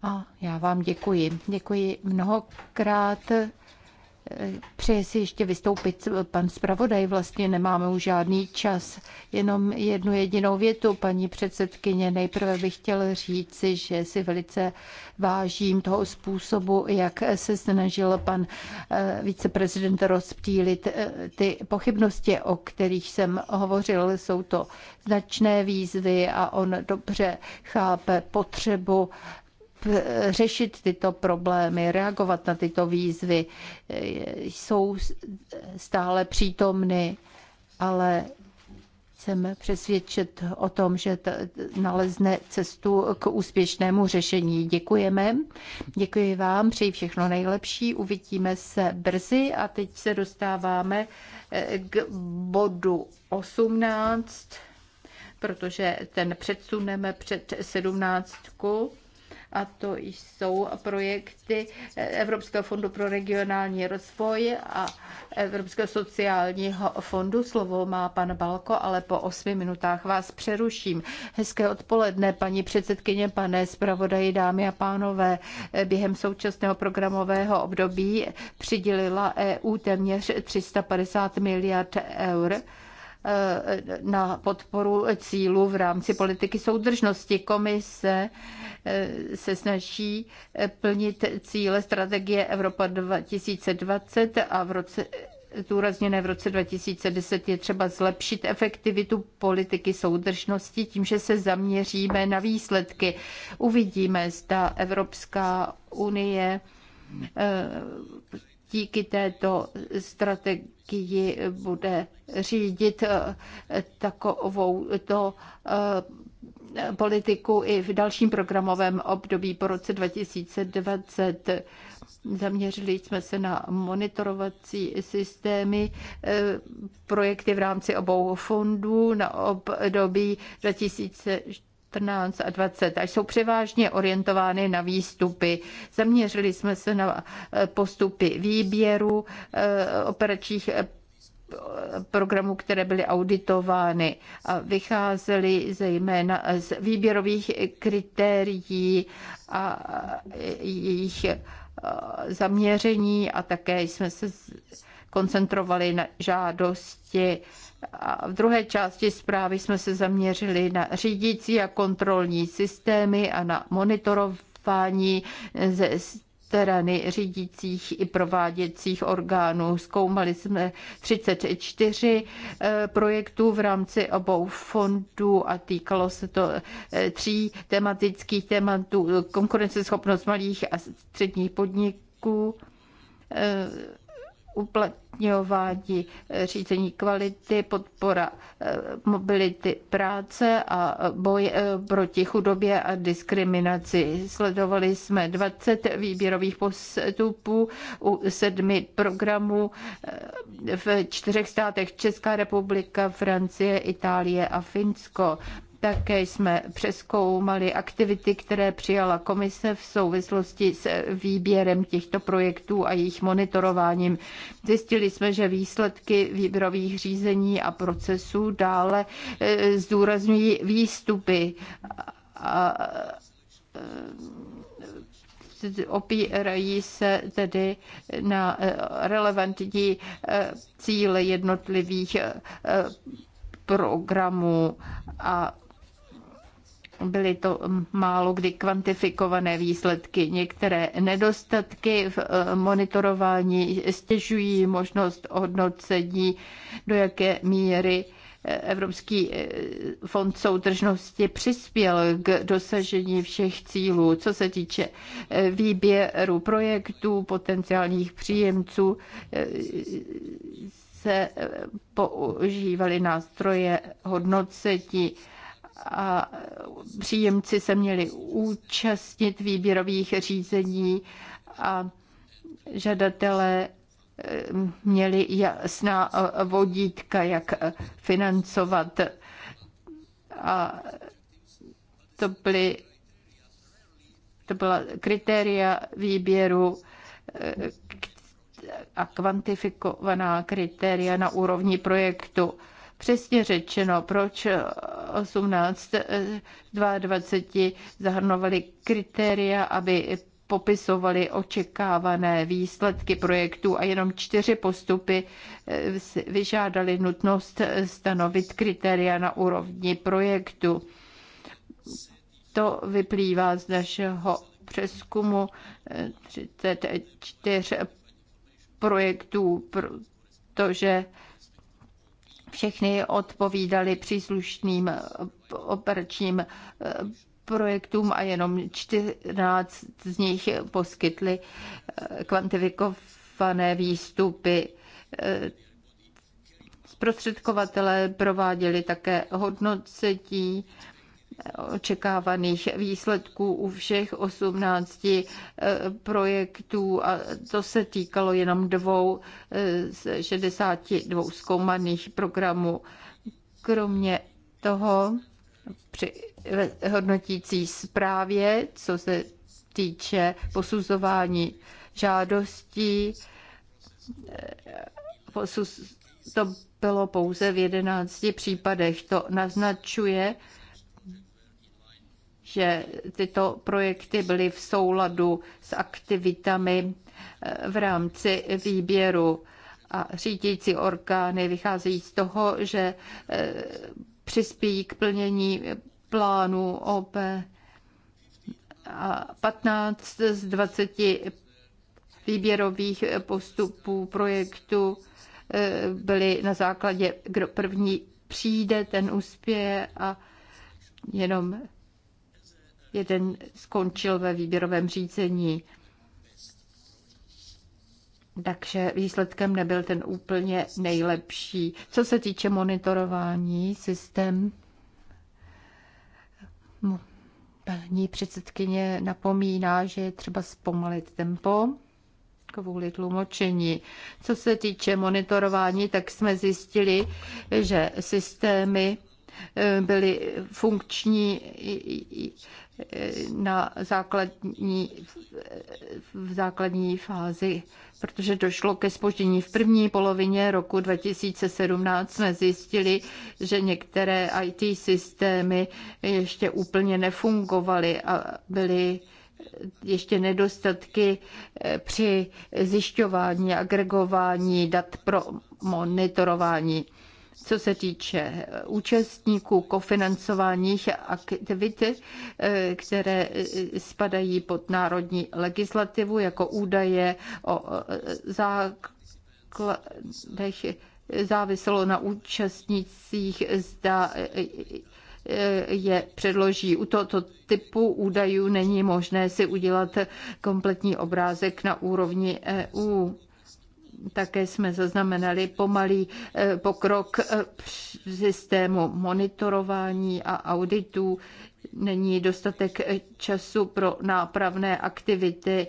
A já vám děkuji. Děkuji mnohokrát. E, přeje si ještě vystoupit pan zpravodaj, vlastně nemáme už žádný čas. Jenom jednu jedinou větu, paní předsedkyně. Nejprve bych chtěl říci, že si velice vážím toho způsobu, jak se snažil pan e, viceprezident rozptýlit e, ty pochybnosti, o kterých jsem hovořil. Jsou to značné výzvy a on dobře chápe potřebu řešit tyto problémy, reagovat na tyto výzvy, jsou stále přítomny, ale chceme přesvědčit o tom, že nalezne cestu k úspěšnému řešení. Děkujeme. Děkuji vám, přeji všechno nejlepší, uvidíme se brzy a teď se dostáváme eh, k bodu 18, protože ten předsuneme před sedmnáctku a to jsou projekty Evropského fondu pro regionální rozvoj a Evropského sociálního fondu. Slovo má pan Balko, ale po osmi minutách vás přeruším. Hezké odpoledne, paní předsedkyně, pane zpravodaji, dámy a pánové. Během současného programového období přidělila EU téměř 350 miliard eur Eh, na podporu cílu v rámci politiky soudržnosti. Komise eh, se snaží eh, plnit cíle strategie Evropa 2020 a v roce zdůrazněné v roce 2010, je třeba zlepšit efektivitu politiky soudržnosti tím, že se zaměříme na výsledky. Uvidíme, zda Evropská unie díky této strategii ji bude řídit eh, takovou to eh, politiku i v dalším programovém období po roce 2020. Zaměřili jsme se na monitorovací systémy, eh, projekty v rámci obou fondů na období 2014 14 a 20 a jsou převážně orientovány na výstupy. Zaměřili jsme se na eh, postupy výběru eh, operačních eh, programů, které byly auditovány a vycházely zejména z výběrových kritérií a jejich zaměření a také jsme se koncentrovali na žádosti. A v druhé části zprávy jsme se zaměřili na řídící a kontrolní systémy a na monitorování ze strany řídících i prováděcích orgánů. Zkoumali jsme 34 eh, projektů v rámci obou fondů a týkalo se to eh, tří tematických tématů konkurenceschopnost malých a středních podniků eh, uplatňování eh, řízení kvality, podpora eh, mobility práce a boj eh, proti chudobě a diskriminaci. Sledovali jsme 20 výběrových postupů u sedmi programů v čtyřech státech Česká republika, Francie, Itálie a Finsko. Také jsme přeskoumali aktivity, které přijala komise v souvislosti s výběrem těchto projektů a jejich monitorováním. Zjistili jsme, že výsledky výběrových řízení a procesů dále eh, zdůrazňují výstupy a eh, opírají se tedy na eh, relevantní cíle jednotlivých programů a Byly to mm, málo kdy kvantifikované výsledky. Některé nedostatky v e, monitorování stěžují možnost hodnocení, do jaké míry e, Evropský e, fond soudržnosti přispěl k dosažení všech cílů, co se týče výběru projektů, potenciálních příjemců, se používaly nástroje hodnocení a příjemci se měli účastnit výběrových řízení a žadatelé eh, měli jasná eh, vodítka, jak eh, financovat. A to, byly, to byla kritéria výběru a kvantifikovaná kritéria na úrovni projektu přesně řečeno, proč 18 22 zahrnovali kritéria, aby popisovali očekávané výsledky projektů a jenom čtyři postupy eh, vyžádali nutnost stanovit kritéria na úrovni projektu. To vyplývá z našeho přeskumu 34 eh, projektů, protože všechny odpovídali příslušným operačním eh, projektům a jenom 14 z nich poskytly eh, kvantifikované výstupy. Eh, zprostředkovatelé prováděli také hodnocení očekávaných výsledků u všech 18 eh, projektů a to se týkalo jenom dvou eh, z 62 zkoumaných programů. Kromě toho při hodnotící zprávě, co se týče posuzování žádostí, eh, posuz, to bylo pouze v 11 případech. To naznačuje, že tyto projekty byly v souladu s aktivitami eh, v rámci výběru a řídící orgány vycházejí z toho, že eh, přispějí k plnění plánu OP a 15 z 20 výběrových postupů projektu eh, byly na základě, kdo první přijde, ten uspěje a jenom Jeden skončil ve výběrovém řízení. Takže výsledkem nebyl ten úplně nejlepší. Co se týče monitorování, systém no, paní předsedkyně napomíná, že je třeba zpomalit tempo kvůli tlumočení. Co se týče monitorování, tak jsme zjistili, že systémy byly funkční na základní, v základní fázi, protože došlo ke spoždění v první polovině roku 2017. Jsme zjistili, že některé IT systémy ještě úplně nefungovaly a byly ještě nedostatky při zjišťování, agregování dat pro monitorování. Co se týče eh, účastníků kofinancováních aktivit, eh, které eh, spadají pod národní legislativu, jako údaje o základech, záviselo na účastnících, zda je předloží. U tohoto typu údajů není možné si udělat kompletní obrázek na úrovni EU. Také jsme zaznamenali pomalý eh, pokrok v eh, systému monitorování a auditů. Není dostatek eh, času pro nápravné aktivity.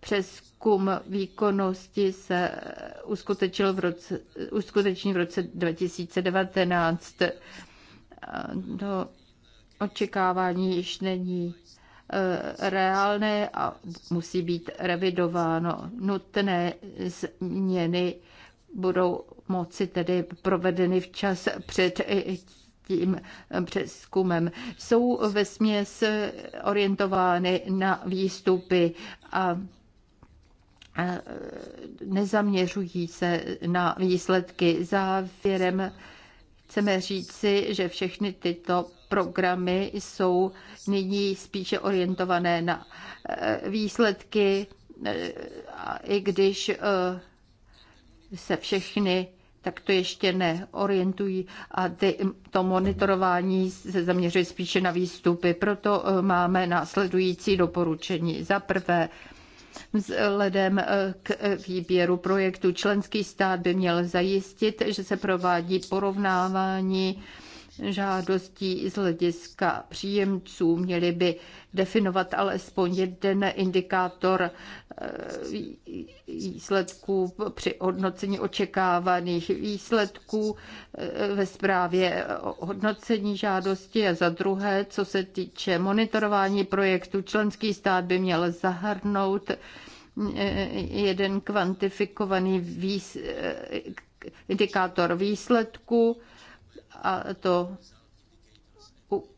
Přeskum výkonnosti se uskutečnil v roce, uskutečnil v roce 2019. To očekávání již není Eh, reálné a musí být revidováno. Nutné změny budou moci tedy provedeny včas před tím přeskumem. Jsou ve směs orientovány na výstupy a eh, nezaměřují se na výsledky. Závěrem Chceme říci, že všechny tyto programy jsou nyní spíše orientované na eh, výsledky, eh, i když eh, se všechny tak to ještě neorientují a ty, to monitorování se zaměřuje spíše na výstupy. Proto máme následující doporučení. Za prvé, Vzhledem eh, k eh, výběru projektu členský stát by měl zajistit, že se provádí porovnávání žádostí z hlediska příjemců. Měli by definovat alespoň jeden indikátor eh, výsledků při hodnocení očekávaných výsledků eh, ve zprávě o hodnocení žádosti a za druhé, co se týče monitorování projektu, členský stát by měl zahrnout eh, jeden kvantifikovaný výs- indikátor výsledku a to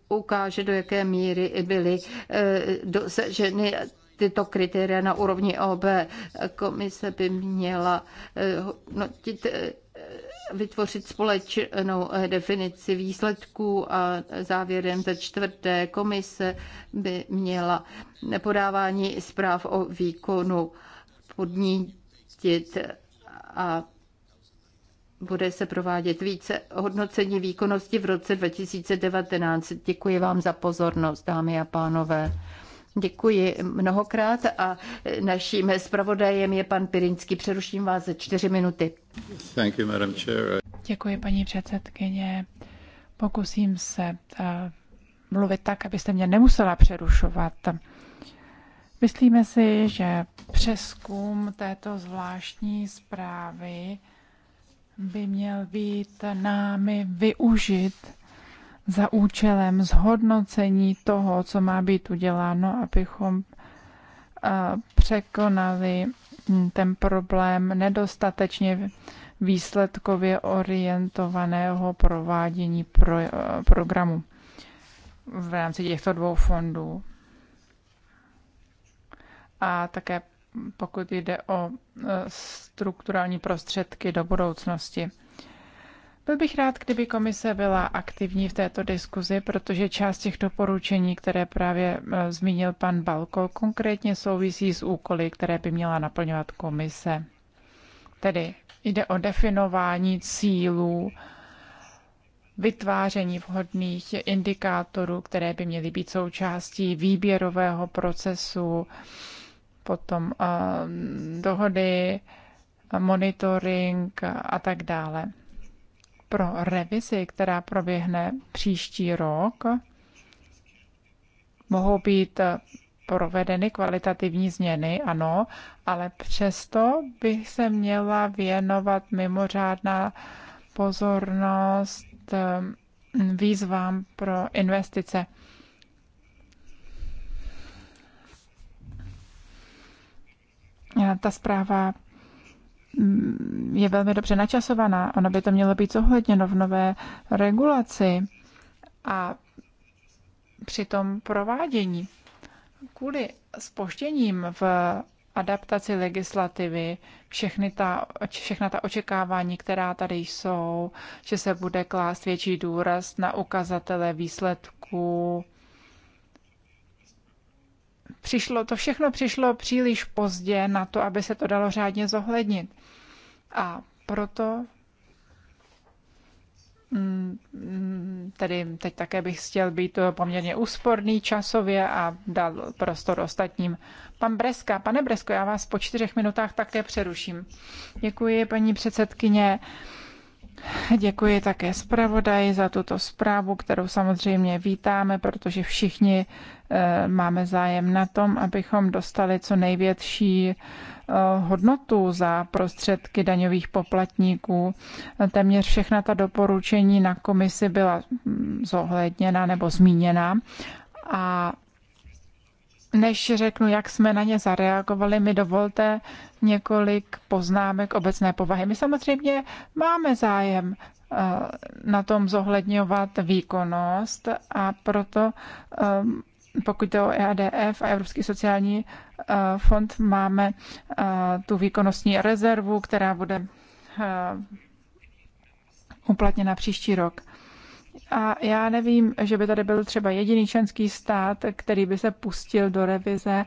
ukáže, do jaké míry byly eh, dosaženy tyto kritéria na úrovni OB. Komise by měla eh, hodnotit eh, vytvořit společnou definici výsledků a závěrem ze čtvrté komise by měla podávání zpráv o výkonu podnítit a bude se provádět více hodnocení výkonnosti v roce 2019. Děkuji vám za pozornost, dámy a pánové. Děkuji mnohokrát a naším zpravodajem je pan Pirinský. Přeruším vás ze čtyři minuty. Thank you, Madam Chair. Děkuji, paní předsedkyně. Pokusím se eh, mluvit tak, abyste mě nemusela přerušovat. Myslíme si, že přeskum této zvláštní zprávy by měl být námi využit za účelem zhodnocení toho, co má být uděláno, abychom překonali hm, ten problém nedostatečně výsledkově orientovaného provádění pro, programu v rámci těchto dvou fondů. A také pokud jde o e, strukturální prostředky do budoucnosti. Byl bych rád, kdyby komise byla aktivní v této diskuzi, protože část těch doporučení, které právě e, zmínil pan Balko, konkrétně souvisí s úkoly, které by měla naplňovat komise. Tedy jde o definování cílů, vytváření vhodných indikátorů, které by měly být součástí výběrového procesu, potom eh, dohody, eh, monitoring a tak dále. Pro revizi, která proběhne příští rok, mohou být eh, provedeny kvalitativní změny, ano, ale přesto bych se měla věnovat mimořádná pozornost výzvám pro investice. ta zpráva mm, je velmi dobře načasovaná. Ono by to mělo být zohledněno v nové regulaci a při tom provádění. Kvůli spoštěním v adaptaci legislativy, všechny ta, všechna ta očekávání, která tady jsou, že se bude klást větší důraz na ukazatele výsledků, Přišlo, to všechno přišlo příliš pozdě na to, aby se to dalo řádně zohlednit. A proto mm, tedy teď také bych chtěl být poměrně úsporný časově a dal prostor ostatním. Pan Breska, pane Bresko, já vás po čtyřech minutách také přeruším. Děkuji, paní předsedkyně. Děkuji také zpravodaji za tuto zprávu, kterou samozřejmě vítáme, protože všichni eh, máme zájem na tom, abychom dostali co největší eh, hodnotu za prostředky daňových poplatníků. Téměř všechna ta doporučení na komisi byla mm, zohledněna nebo zmíněna a než řeknu, jak jsme na ně zareagovali, mi dovolte několik poznámek obecné povahy. My samozřejmě máme zájem eh, na tom zohledňovat výkonnost a proto eh, pokud to o EADF a Evropský sociální eh, fond, máme tu výkonnostní rezervu, která bude uplatněna příští rok. A já nevím, že by tady byl třeba jediný členský stát, který by se pustil do revize,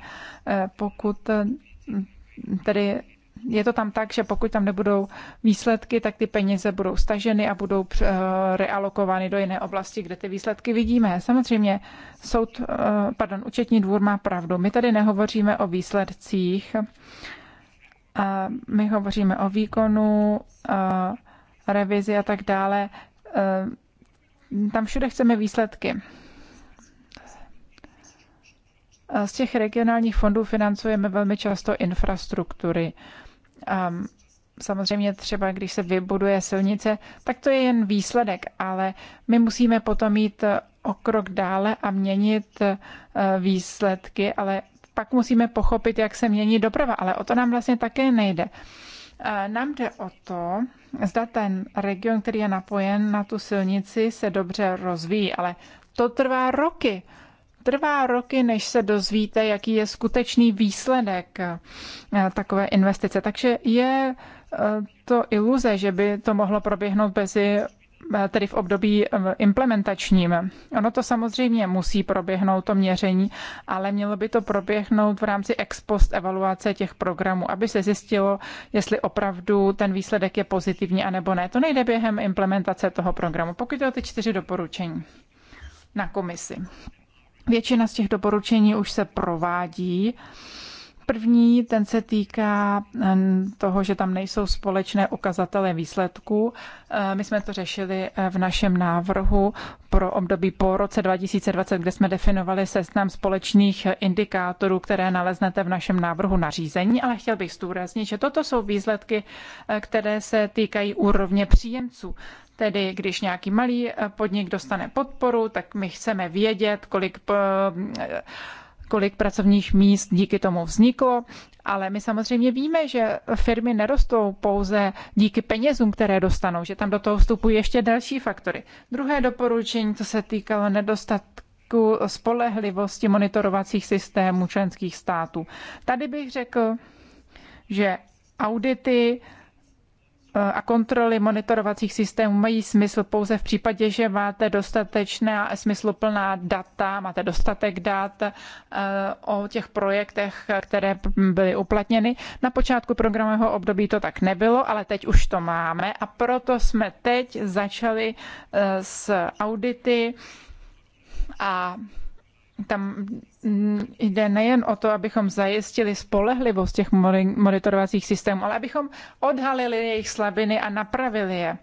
eh, pokud eh, tedy je to tam tak, že pokud tam nebudou výsledky, tak ty peníze budou staženy a budou eh, realokovány do jiné oblasti, kde ty výsledky vidíme. Samozřejmě soud, pardon, účetní dvůr má pravdu. My tady nehovoříme o výsledcích, my hovoříme o výkonu, revizi a tak dále tam všude chceme výsledky. Z těch regionálních fondů financujeme velmi často infrastruktury. samozřejmě třeba, když se vybuduje silnice, tak to je jen výsledek, ale my musíme potom jít o krok dále a měnit e, výsledky, ale pak musíme pochopit, jak se mění doprava, ale o to nám vlastně také nejde. Eh, nám jde o to, zda ten region, který je napojen na tu silnici, se dobře rozvíjí, ale to trvá roky. Trvá roky, než se dozvíte, jaký je skutečný výsledek eh, takové investice. Takže je eh, to iluze, že by to mohlo proběhnout bez Eh, tedy v období eh, implementačním. Ono to samozřejmě musí proběhnout, to měření, ale mělo by to proběhnout v rámci ex post evaluace těch programů, aby se zjistilo, jestli opravdu ten výsledek je pozitivní anebo ne. To nejde během implementace toho programu, pokud je o ty čtyři doporučení na komisi. Většina z těch doporučení už se provádí. První, ten se týká toho, že tam nejsou společné ukazatele výsledků. My jsme to řešili eh, v našem návrhu pro období po roce 2020, kde jsme definovali seznam společných eh, indikátorů, které naleznete v našem návrhu nařízení, ale chtěl bych zdůraznit, že toto jsou výsledky, eh, které se týkají úrovně příjemců. Tedy když nějaký malý podnik dostane podporu, tak my chceme vědět, kolik kolik pracovních míst díky tomu vzniklo, ale my samozřejmě víme, že firmy nerostou pouze díky penězům, které dostanou, že tam do toho vstupují ještě další faktory. Druhé doporučení, co se týkalo nedostatku spolehlivosti monitorovacích systémů členských států. Tady bych řekl, že audity Eh, a kontroly monitorovacích systémů mají smysl pouze v případě, že máte dostatečná a smysluplná data, máte dostatek dat eh, o těch projektech, které byly uplatněny. Na počátku programového období to tak nebylo, ale teď už to máme a proto jsme teď začali eh, s audity a tam jde nejen o to, abychom zajistili spolehlivost těch monitorovacích systémů, ale abychom odhalili jejich slabiny a napravili je.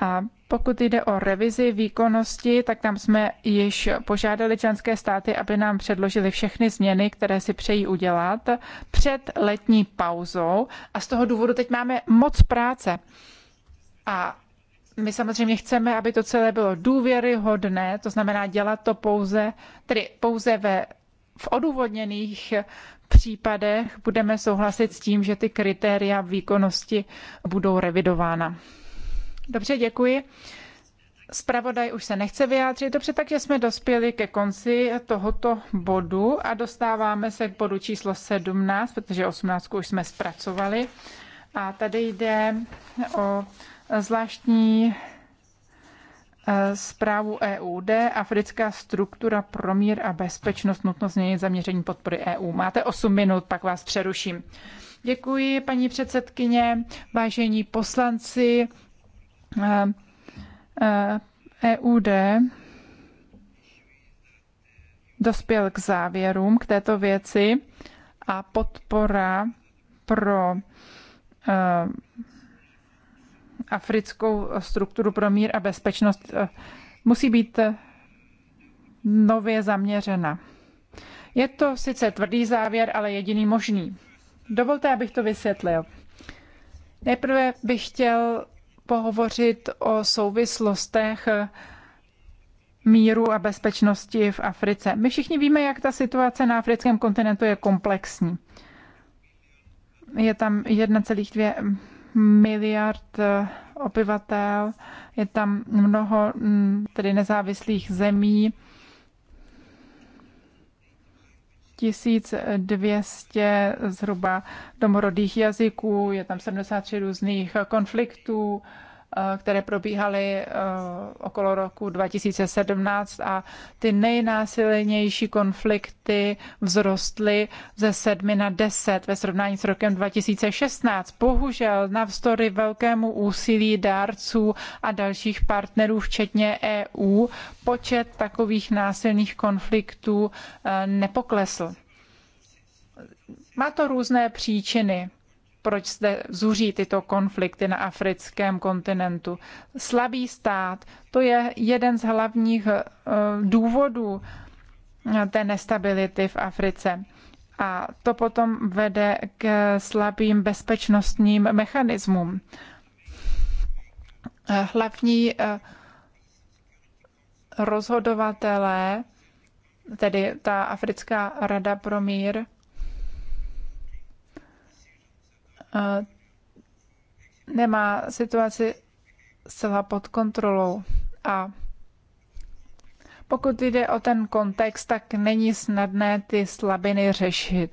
A pokud jde o revizi výkonnosti, tak tam jsme již požádali členské státy, aby nám předložili všechny změny, které si přejí udělat před letní pauzou. A z toho důvodu teď máme moc práce. A my samozřejmě chceme, aby to celé bylo důvěryhodné, to znamená dělat to pouze, tedy pouze ve, v odůvodněných případech budeme souhlasit s tím, že ty kritéria výkonnosti budou revidována. Dobře, děkuji. Spravodaj už se nechce vyjádřit, dobře, takže jsme dospěli ke konci tohoto bodu a dostáváme se k bodu číslo 17, protože 18 už jsme zpracovali. A tady jde o zvláštní eh, zprávu EUD, africká struktura pro mír a bezpečnost, nutno změnit zaměření podpory EU. Máte 8 minut, pak vás přeruším. Děkuji, paní předsedkyně, vážení poslanci EUD eh, eh, e dospěl k závěrům k této věci a podpora pro africkou strukturu pro mír a bezpečnost eh, musí být eh, nově zaměřena. Je to sice tvrdý závěr, ale jediný možný. Dovolte, abych to vysvětlil. Nejprve bych chtěl pohovořit o souvislostech eh, míru a bezpečnosti v Africe. My všichni víme, jak ta situace na africkém kontinentu je komplexní. Je tam 1,2 miliard eh, obyvatel, je tam mnoho mm, tedy nezávislých zemí, 1200 zhruba domorodých jazyků, je tam 73 různých konfliktů, Eh, které probíhaly eh, okolo roku 2017 a ty nejnásilnější konflikty vzrostly ze 7 na 10 ve srovnání s rokem 2016. Bohužel navzdory velkému úsilí dárců a dalších partnerů, včetně EU, počet takových násilných konfliktů eh, nepoklesl. Má to různé příčiny proč zde zuří tyto konflikty na africkém kontinentu. Slabý stát, to je jeden z hlavních eh, důvodů eh, té nestability v Africe. A to potom vede k slabým bezpečnostním mechanismům. Eh, hlavní rozhodovatelé, tedy ta Africká rada pro mír, nemá situaci zcela pod kontrolou. A pokud jde o ten kontext, tak není snadné ty slabiny řešit.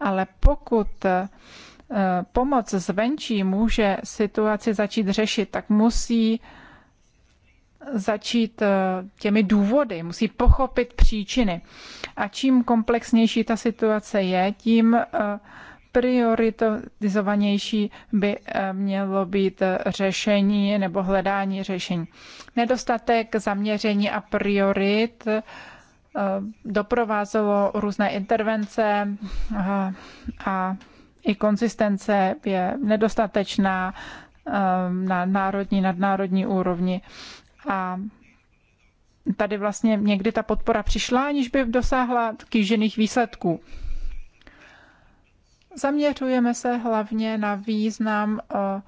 Ale pokud e, pomoc zvenčí může situaci začít řešit, tak musí začít e, těmi důvody, musí pochopit příčiny. A čím komplexnější ta situace je, tím e, prioritizovanější by eh, mělo být eh, řešení nebo hledání řešení. Nedostatek zaměření a priorit eh, doprovázelo různé intervence a i konzistence je nedostatečná na národní, nadnárodní úrovni. A tady vlastně někdy ta podpora přišla, aniž by dosáhla kýžených výsledků. Zaměřujeme se hlavně na význam eh,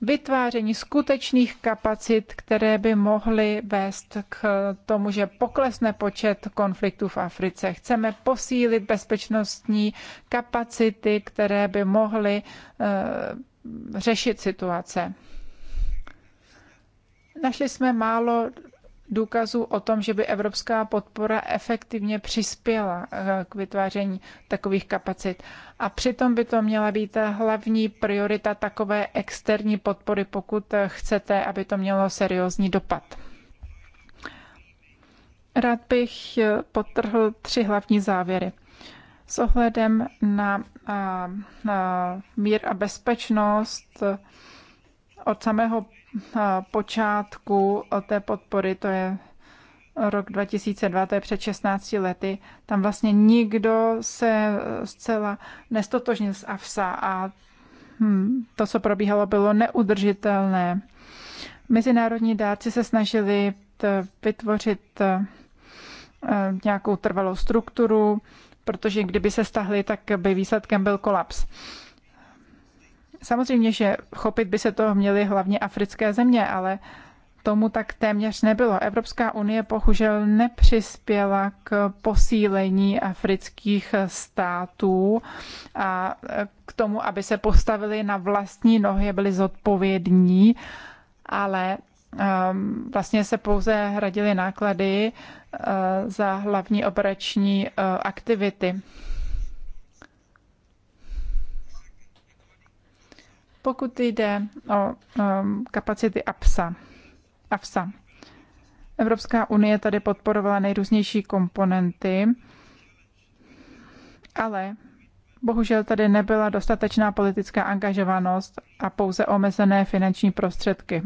vytváření skutečných kapacit, které by mohly vést k tomu, že poklesne počet konfliktů v Africe. Chceme posílit bezpečnostní kapacity, které by mohly eh, řešit situace. Našli jsme málo důkazů o tom, že by evropská podpora efektivně přispěla eh, k vytváření takových kapacit. A přitom by to měla být hlavní priorita takové externí podpory, pokud eh, chcete, aby to mělo seriózní dopad. Rád bych eh, potrhl tři hlavní závěry. S ohledem na, na mír a bezpečnost od samého počátku té podpory, to je rok 2002, to je před 16 lety, tam vlastně nikdo se eh, zcela nestotožnil s AFSA a hm, to, co probíhalo, bylo neudržitelné. Mezinárodní dárci se snažili vytvořit eh, nějakou trvalou strukturu, protože kdyby se stahli, tak by výsledkem byl kolaps. Samozřejmě, že chopit by se toho měly hlavně africké země, ale tomu tak téměř nebylo. Evropská unie bohužel nepřispěla k posílení afrických států a e, k tomu, aby se postavili na vlastní nohy, byli zodpovědní, ale ehm, vlastně se pouze hradily náklady e, za hlavní operační e, aktivity. Pokud jde o um, kapacity APSA, APSA, Evropská unie tady podporovala nejrůznější komponenty, ale bohužel tady nebyla dostatečná politická angažovanost a pouze omezené finanční prostředky.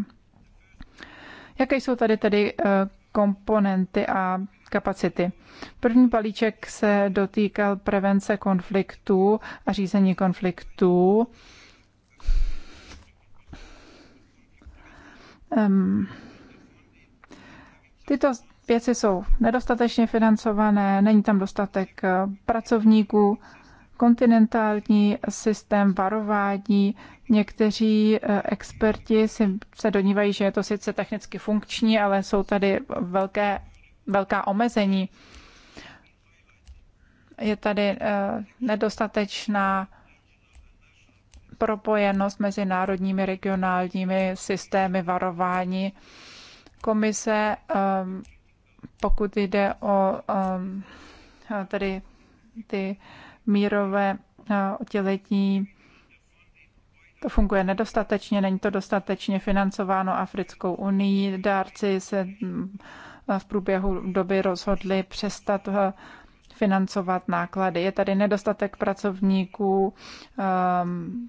Jaké jsou tady tedy eh, komponenty a kapacity? První balíček se dotýkal prevence konfliktů a řízení konfliktů um, tyto věci jsou nedostatečně financované, není tam dostatek eh, pracovníků, kontinentální systém varování. Někteří eh, experti si, se donívají, že je to sice technicky funkční, ale jsou tady velké, velká omezení. Je tady eh, nedostatečná propojenost mezi národními regionálními systémy varování. Komise, um, pokud jde o um, tedy ty mírové uh, oddělení, to funguje nedostatečně, není to dostatečně financováno Africkou unii. Dárci se mm, v průběhu doby rozhodli přestat uh, financovat náklady. Je tady nedostatek pracovníků. Um,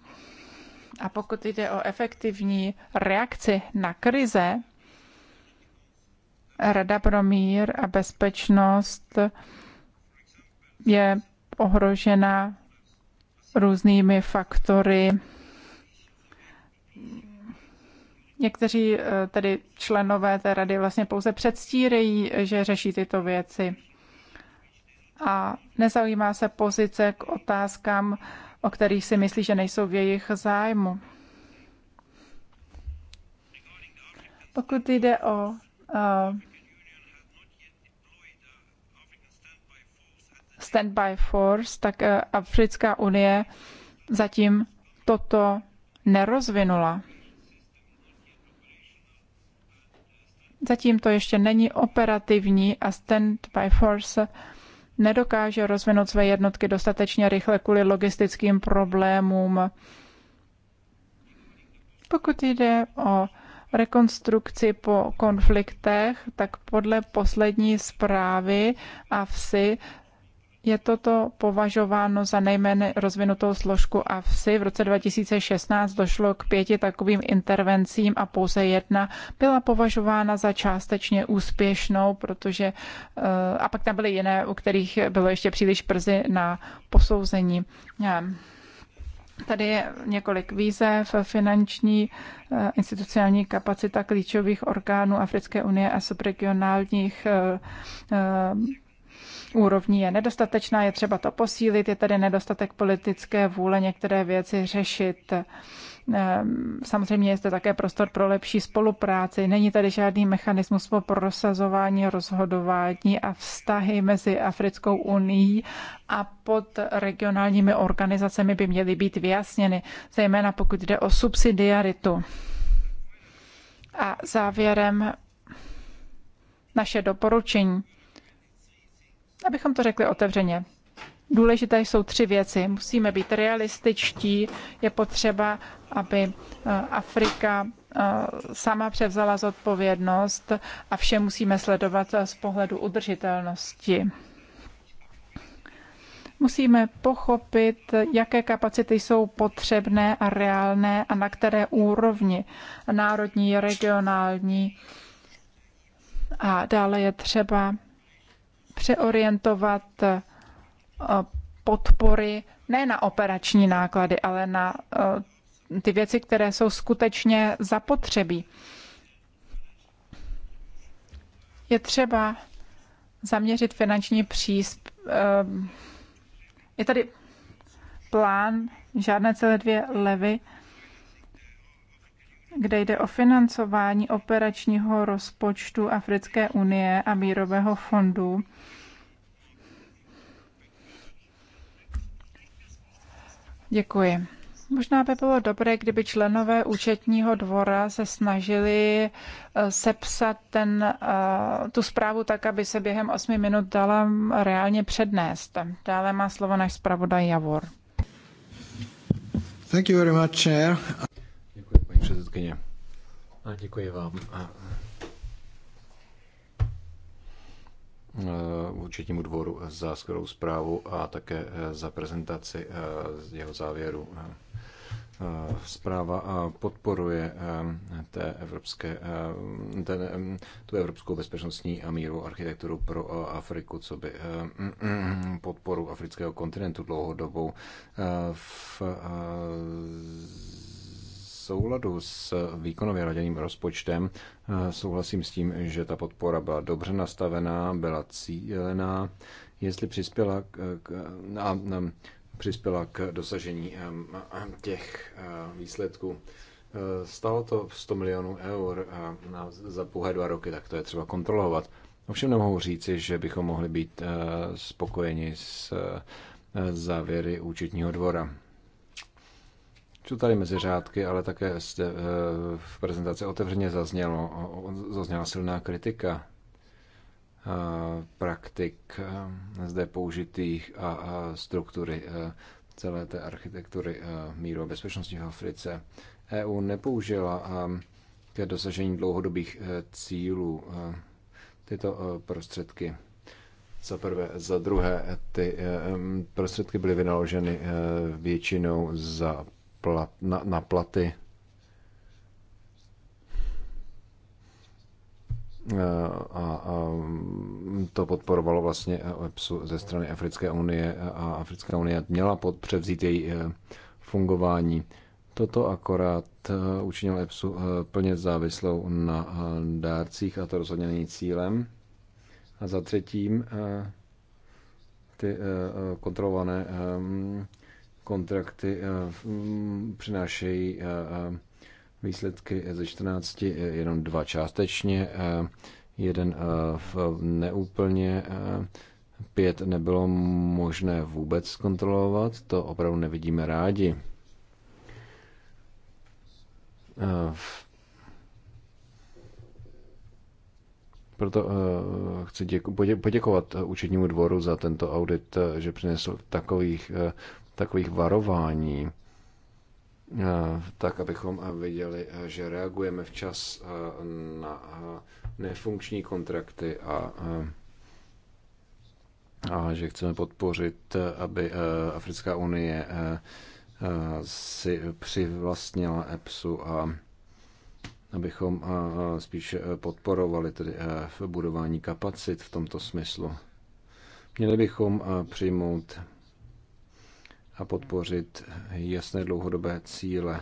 a pokud jde o efektivní reakci na krize, Rada pro mír a bezpečnost je ohrožena různými faktory. Někteří eh, tedy členové té rady vlastně pouze předstírají, že řeší tyto věci a nezaujímá se pozice k otázkám, o kterých si myslí, že nejsou v jejich zájmu. Pokud jde o uh, eh, Standby Force, tak uh, Africká unie zatím toto nerozvinula. Zatím to ještě není operativní a Standby Force uh, nedokáže rozvinout své jednotky dostatečně rychle kvůli logistickým problémům. Pokud jde o rekonstrukci po konfliktech, tak podle poslední zprávy a vsi je toto považováno za nejméně rozvinutou složku a vsi V roce 2016 došlo k pěti takovým intervencím a pouze jedna byla považována za částečně úspěšnou, protože eh, a pak tam byly jiné, u kterých bylo ještě příliš brzy na posouzení. Tady je několik výzev, finanční, eh, institucionální kapacita klíčových orgánů Africké unie a subregionálních eh, úrovní je nedostatečná, je třeba to posílit, je tady nedostatek politické vůle některé věci řešit. Ehm, samozřejmě je zde také prostor pro lepší spolupráci. Není tady žádný mechanismus pro prosazování, rozhodování a vztahy mezi Africkou unii a pod regionálními organizacemi by měly být vyjasněny, zejména pokud jde o subsidiaritu. A závěrem naše doporučení. Abychom to řekli otevřeně. Důležité jsou tři věci. Musíme být realističtí, je potřeba, aby eh, Afrika eh, sama převzala zodpovědnost a vše musíme sledovat eh, z pohledu udržitelnosti. Musíme pochopit, jaké kapacity jsou potřebné a reálné a na které úrovni národní, regionální. A dále je třeba přeorientovat eh, podpory ne na operační náklady, ale na eh, ty věci, které jsou skutečně zapotřebí. Je třeba zaměřit finanční přísp... Eh, je tady plán žádné celé dvě levy kde jde o financování operačního rozpočtu Africké unie a mírového fondu. Děkuji. Možná by bylo dobré, kdyby členové účetního dvora se snažili eh, sepsat ten, eh, tu zprávu tak, aby se během 8 minut dala reálně přednést. Dále má slovo náš zpravodaj Javor. Thank you very much, Chair předsedkyně. A děkuji vám. A... účetnímu dvoru za skvělou zprávu a také e, za prezentaci z e, jeho závěru. E, zpráva podporuje té evropské, ten, tu evropskou bezpečnostní a mírovou architekturu pro Afriku, co by podporu afrického kontinentu dlouhodobou v souladu s výkonově raděným rozpočtem eh, souhlasím s tím, že ta podpora byla dobře nastavená, byla cílená, jestli přispěla k, k, a, a no, přispěla k dosažení ehm, těch eh, výsledků. Eh, stalo to 100 milionů eur za půhé dva roky, tak to je třeba kontrolovat. Ovšem nemohu říci, že bychom mohli být spokojeni s závěry účetního dvora co tady mezi řádky, ale také eh, v prezentaci otevřeně zaznělo, zazněla silná kritika eh, praktik eh, zde použitých a struktury celé té architektury míru a bezpečnosti v Africe. EU nepoužila ke dosažení dlouhodobých cílů tyto prostředky. Za prvé. Za druhé, ty prostředky byly vynaloženy většinou za plat, na, na platy. Eh, a, a mm, to podporovalo vlastně EPSu ze strany Africké unie a Africká unie měla pod, převzít její eh, fungování. Toto akorát eh, učinil EPSu plně závislou na dárcích a to rozhodně není cílem. A za třetím, ty kontrolované kontrakty eh, mm, přinášejí eh, eh, výsledky ze 14, jenom dva částečně, jeden neúplně, pět nebylo možné vůbec zkontrolovat, to opravdu nevidíme rádi. Proto chci děku, poděkovat účetnímu dvoru za tento audit, že přinesl takových takových varování, eh, tak abychom viděli, eh, že reagujeme včas eh, na nefunkční kontrakty a, a že chceme podpořit, aby Africká unie si přivlastnila EPSu a abychom spíše podporovali tedy v budování kapacit v tomto smyslu. Měli bychom přijmout a podpořit jasné dlouhodobé cíle.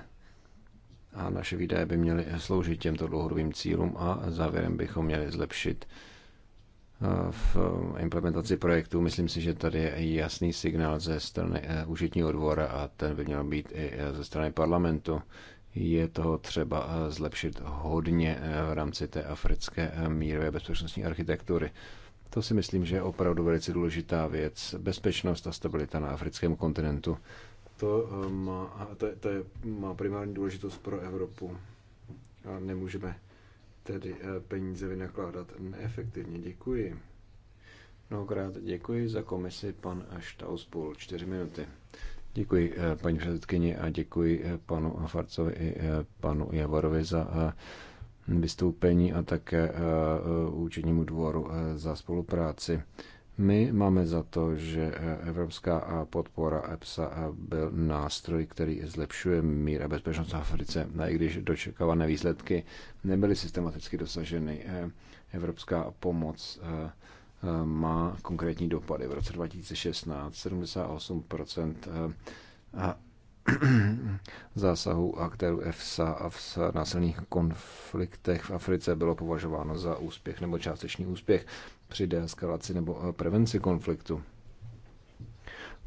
A naše výdaje by měly sloužit těmto dlouhodobým cílům a závěrem bychom měli zlepšit eh, v eh, implementaci projektu. Myslím si, že tady je jasný signál ze strany užitního eh, dvora a ten by měl být i ze strany parlamentu. Je toho třeba zlepšit hodně v rámci té africké mírové bezpečnostní architektury. To si myslím, že je opravdu velice důležitá věc. Bezpečnost a stabilita na africkém kontinentu. To eh, má, to, to je, má primární důležitost pro Evropu. A nemůžeme tedy eh, peníze vynakládat neefektivně. Děkuji. Mnohokrát děkuji za komisi pan Štauspol. Čtyři minuty. Děkuji eh, paní předsedkyni a děkuji panu Farcovi i panu Javorovi za vystoupení a také eh, eh, účetnímu dvoru eh, za spolupráci. My máme za to, že evropská podpora EPSA byl nástroj, který zlepšuje mír a bezpečnost v Africe, i když dočekávané výsledky nebyly systematicky dosaženy. Evropská pomoc má konkrétní dopady. V roce 2016 78% Zásahu aktérů EFSA a v násilných konfliktech v Africe bylo považováno za úspěch nebo částečný úspěch při deeskalaci nebo eh, prevenci konfliktu.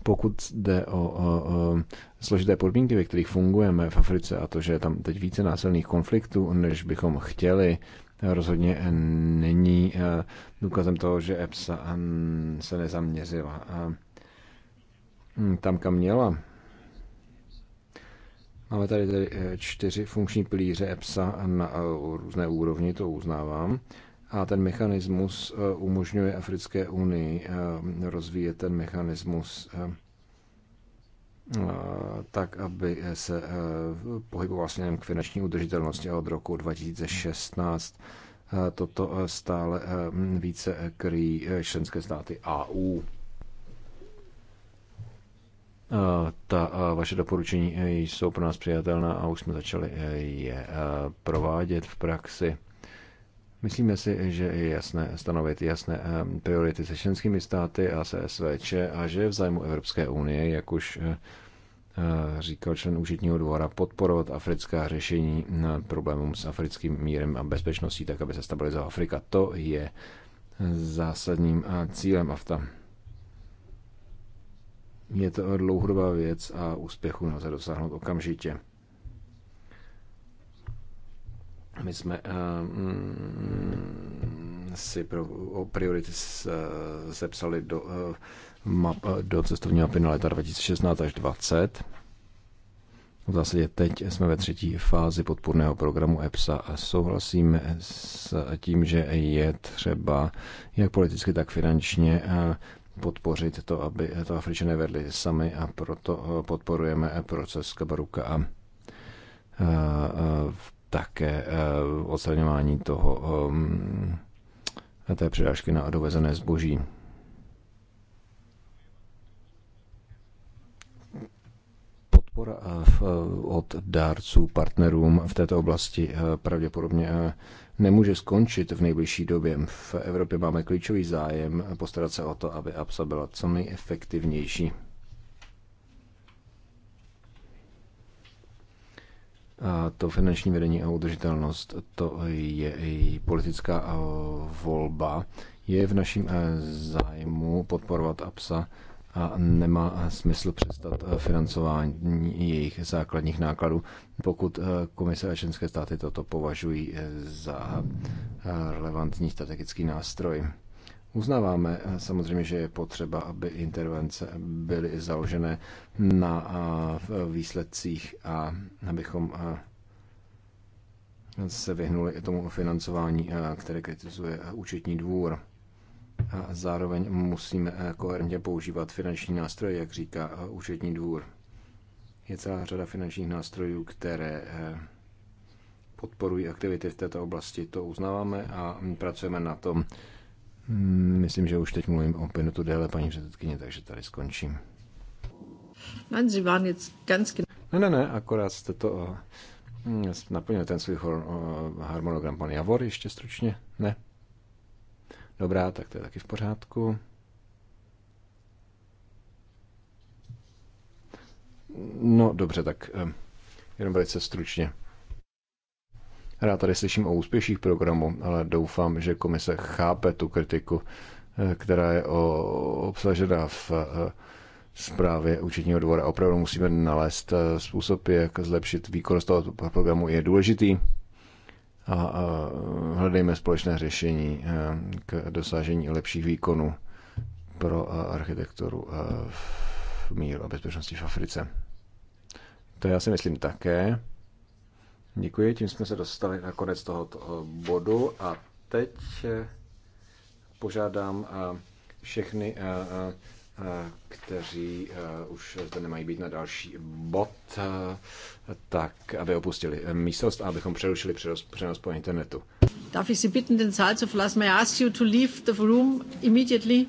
Pokud jde o, o, o složité podmínky, ve kterých fungujeme v Africe a to, že je tam teď více násilných konfliktů, než bychom chtěli, rozhodně není eh, důkazem toho, že EPSA se nezaměřila hm, tam, kam měla Máme tady, tady eh, čtyři funkční pilíře EPSA na eh, různé úrovni, to uznávám. A ten mechanismus eh, umožňuje Africké unii rozvíjet ten mechanismus tak, aby se pohyboval směrem k finanční udržitelnosti od roku 2016 toto stále více kryjí členské státy AU. Ta vaše doporučení e, jsou pro nás přijatelná a už jsme začali e, je e, provádět v praxi. Myslíme si, že je jasné stanovit jasné priority se členskými státy a se SVČ a že je v zájmu Evropské unie, jak už říkal člen účetního dvora, podporovat africká řešení problémům s africkým mírem a bezpečností, tak aby se stabilizovala Afrika. To je zásadním cílem AFTA. Je to dlouhodobá věc a úspěchu nelze dosáhnout okamžitě. My jsme eh, mm, si pro, o priority sepsali eh, do, eh, map, do cestovní mapy na leta 2016 až 2020. V zásadě teď jsme ve třetí fázi podpůrného programu EPSA a souhlasíme s tím, že je třeba jak politicky, tak finančně podpořit to, aby to Afričané vedli sami a proto eh, podporujeme eh, proces Kabaruka a eh, také odstraňování toho té přirážky na dovezené zboží. podpora od dárců, partnerům v této oblasti pravděpodobně nemůže skončit v nejbližší době. V Evropě máme klíčový zájem postarat se o to, aby APSA byla co nejefektivnější. A to finanční vedení a udržitelnost, to je i politická eh, volba. Je v našem eh, zájmu podporovat APSA a nemá smysl přestat eh, financování jejich základních nákladů, pokud eh, komise a členské státy toto považují eh, za relevantní strategický nástroj. Uznáváme samozřejmě, že je potřeba, aby intervence byly založené na výsledcích a abychom se vyhnuli tomu financování, které kritizuje účetní dvůr. A zároveň musíme eh, koherentně používat finanční nástroje, jak říká eh, účetní dvůr. Je celá řada finančních nástrojů, které eh, podporují aktivity v této oblasti. To uznáváme a mm, pracujeme na tom. Mm, myslím, že už teď mluvím o minutu déle, paní předsedkyně, takže tady skončím. Ne, ne, ne, akorát jste to mm, naplnil ten svůj harmonogram. Pan Javor ještě stručně? Ne? Dobrá, tak to je taky v pořádku. No dobře, tak jenom velice stručně. Rád tady slyším o úspěších programu, ale doufám, že komise chápe tu kritiku, eh, která je obsažena v eh, zprávě účetního dvora. Opravdu musíme nalézt eh, způsob, jak zlepšit výkonnost tohoto programu. Je důležitý a hledejme společné řešení eh, k dosažení lepších výkonů pro eh, architekturu eh, v míru a bezpečnosti v Africe. To já si myslím také. Děkuji, tím jsme se dostali na konec tohoto bodu a teď požádám všechny Eh, kteří eh, už zde nemají být na další bod, eh, tak aby opustili místnost a abychom přerušili přenos, po internetu. Darf ich Sie bitten, den Saal zu verlassen? May I ask you to leave the room immediately?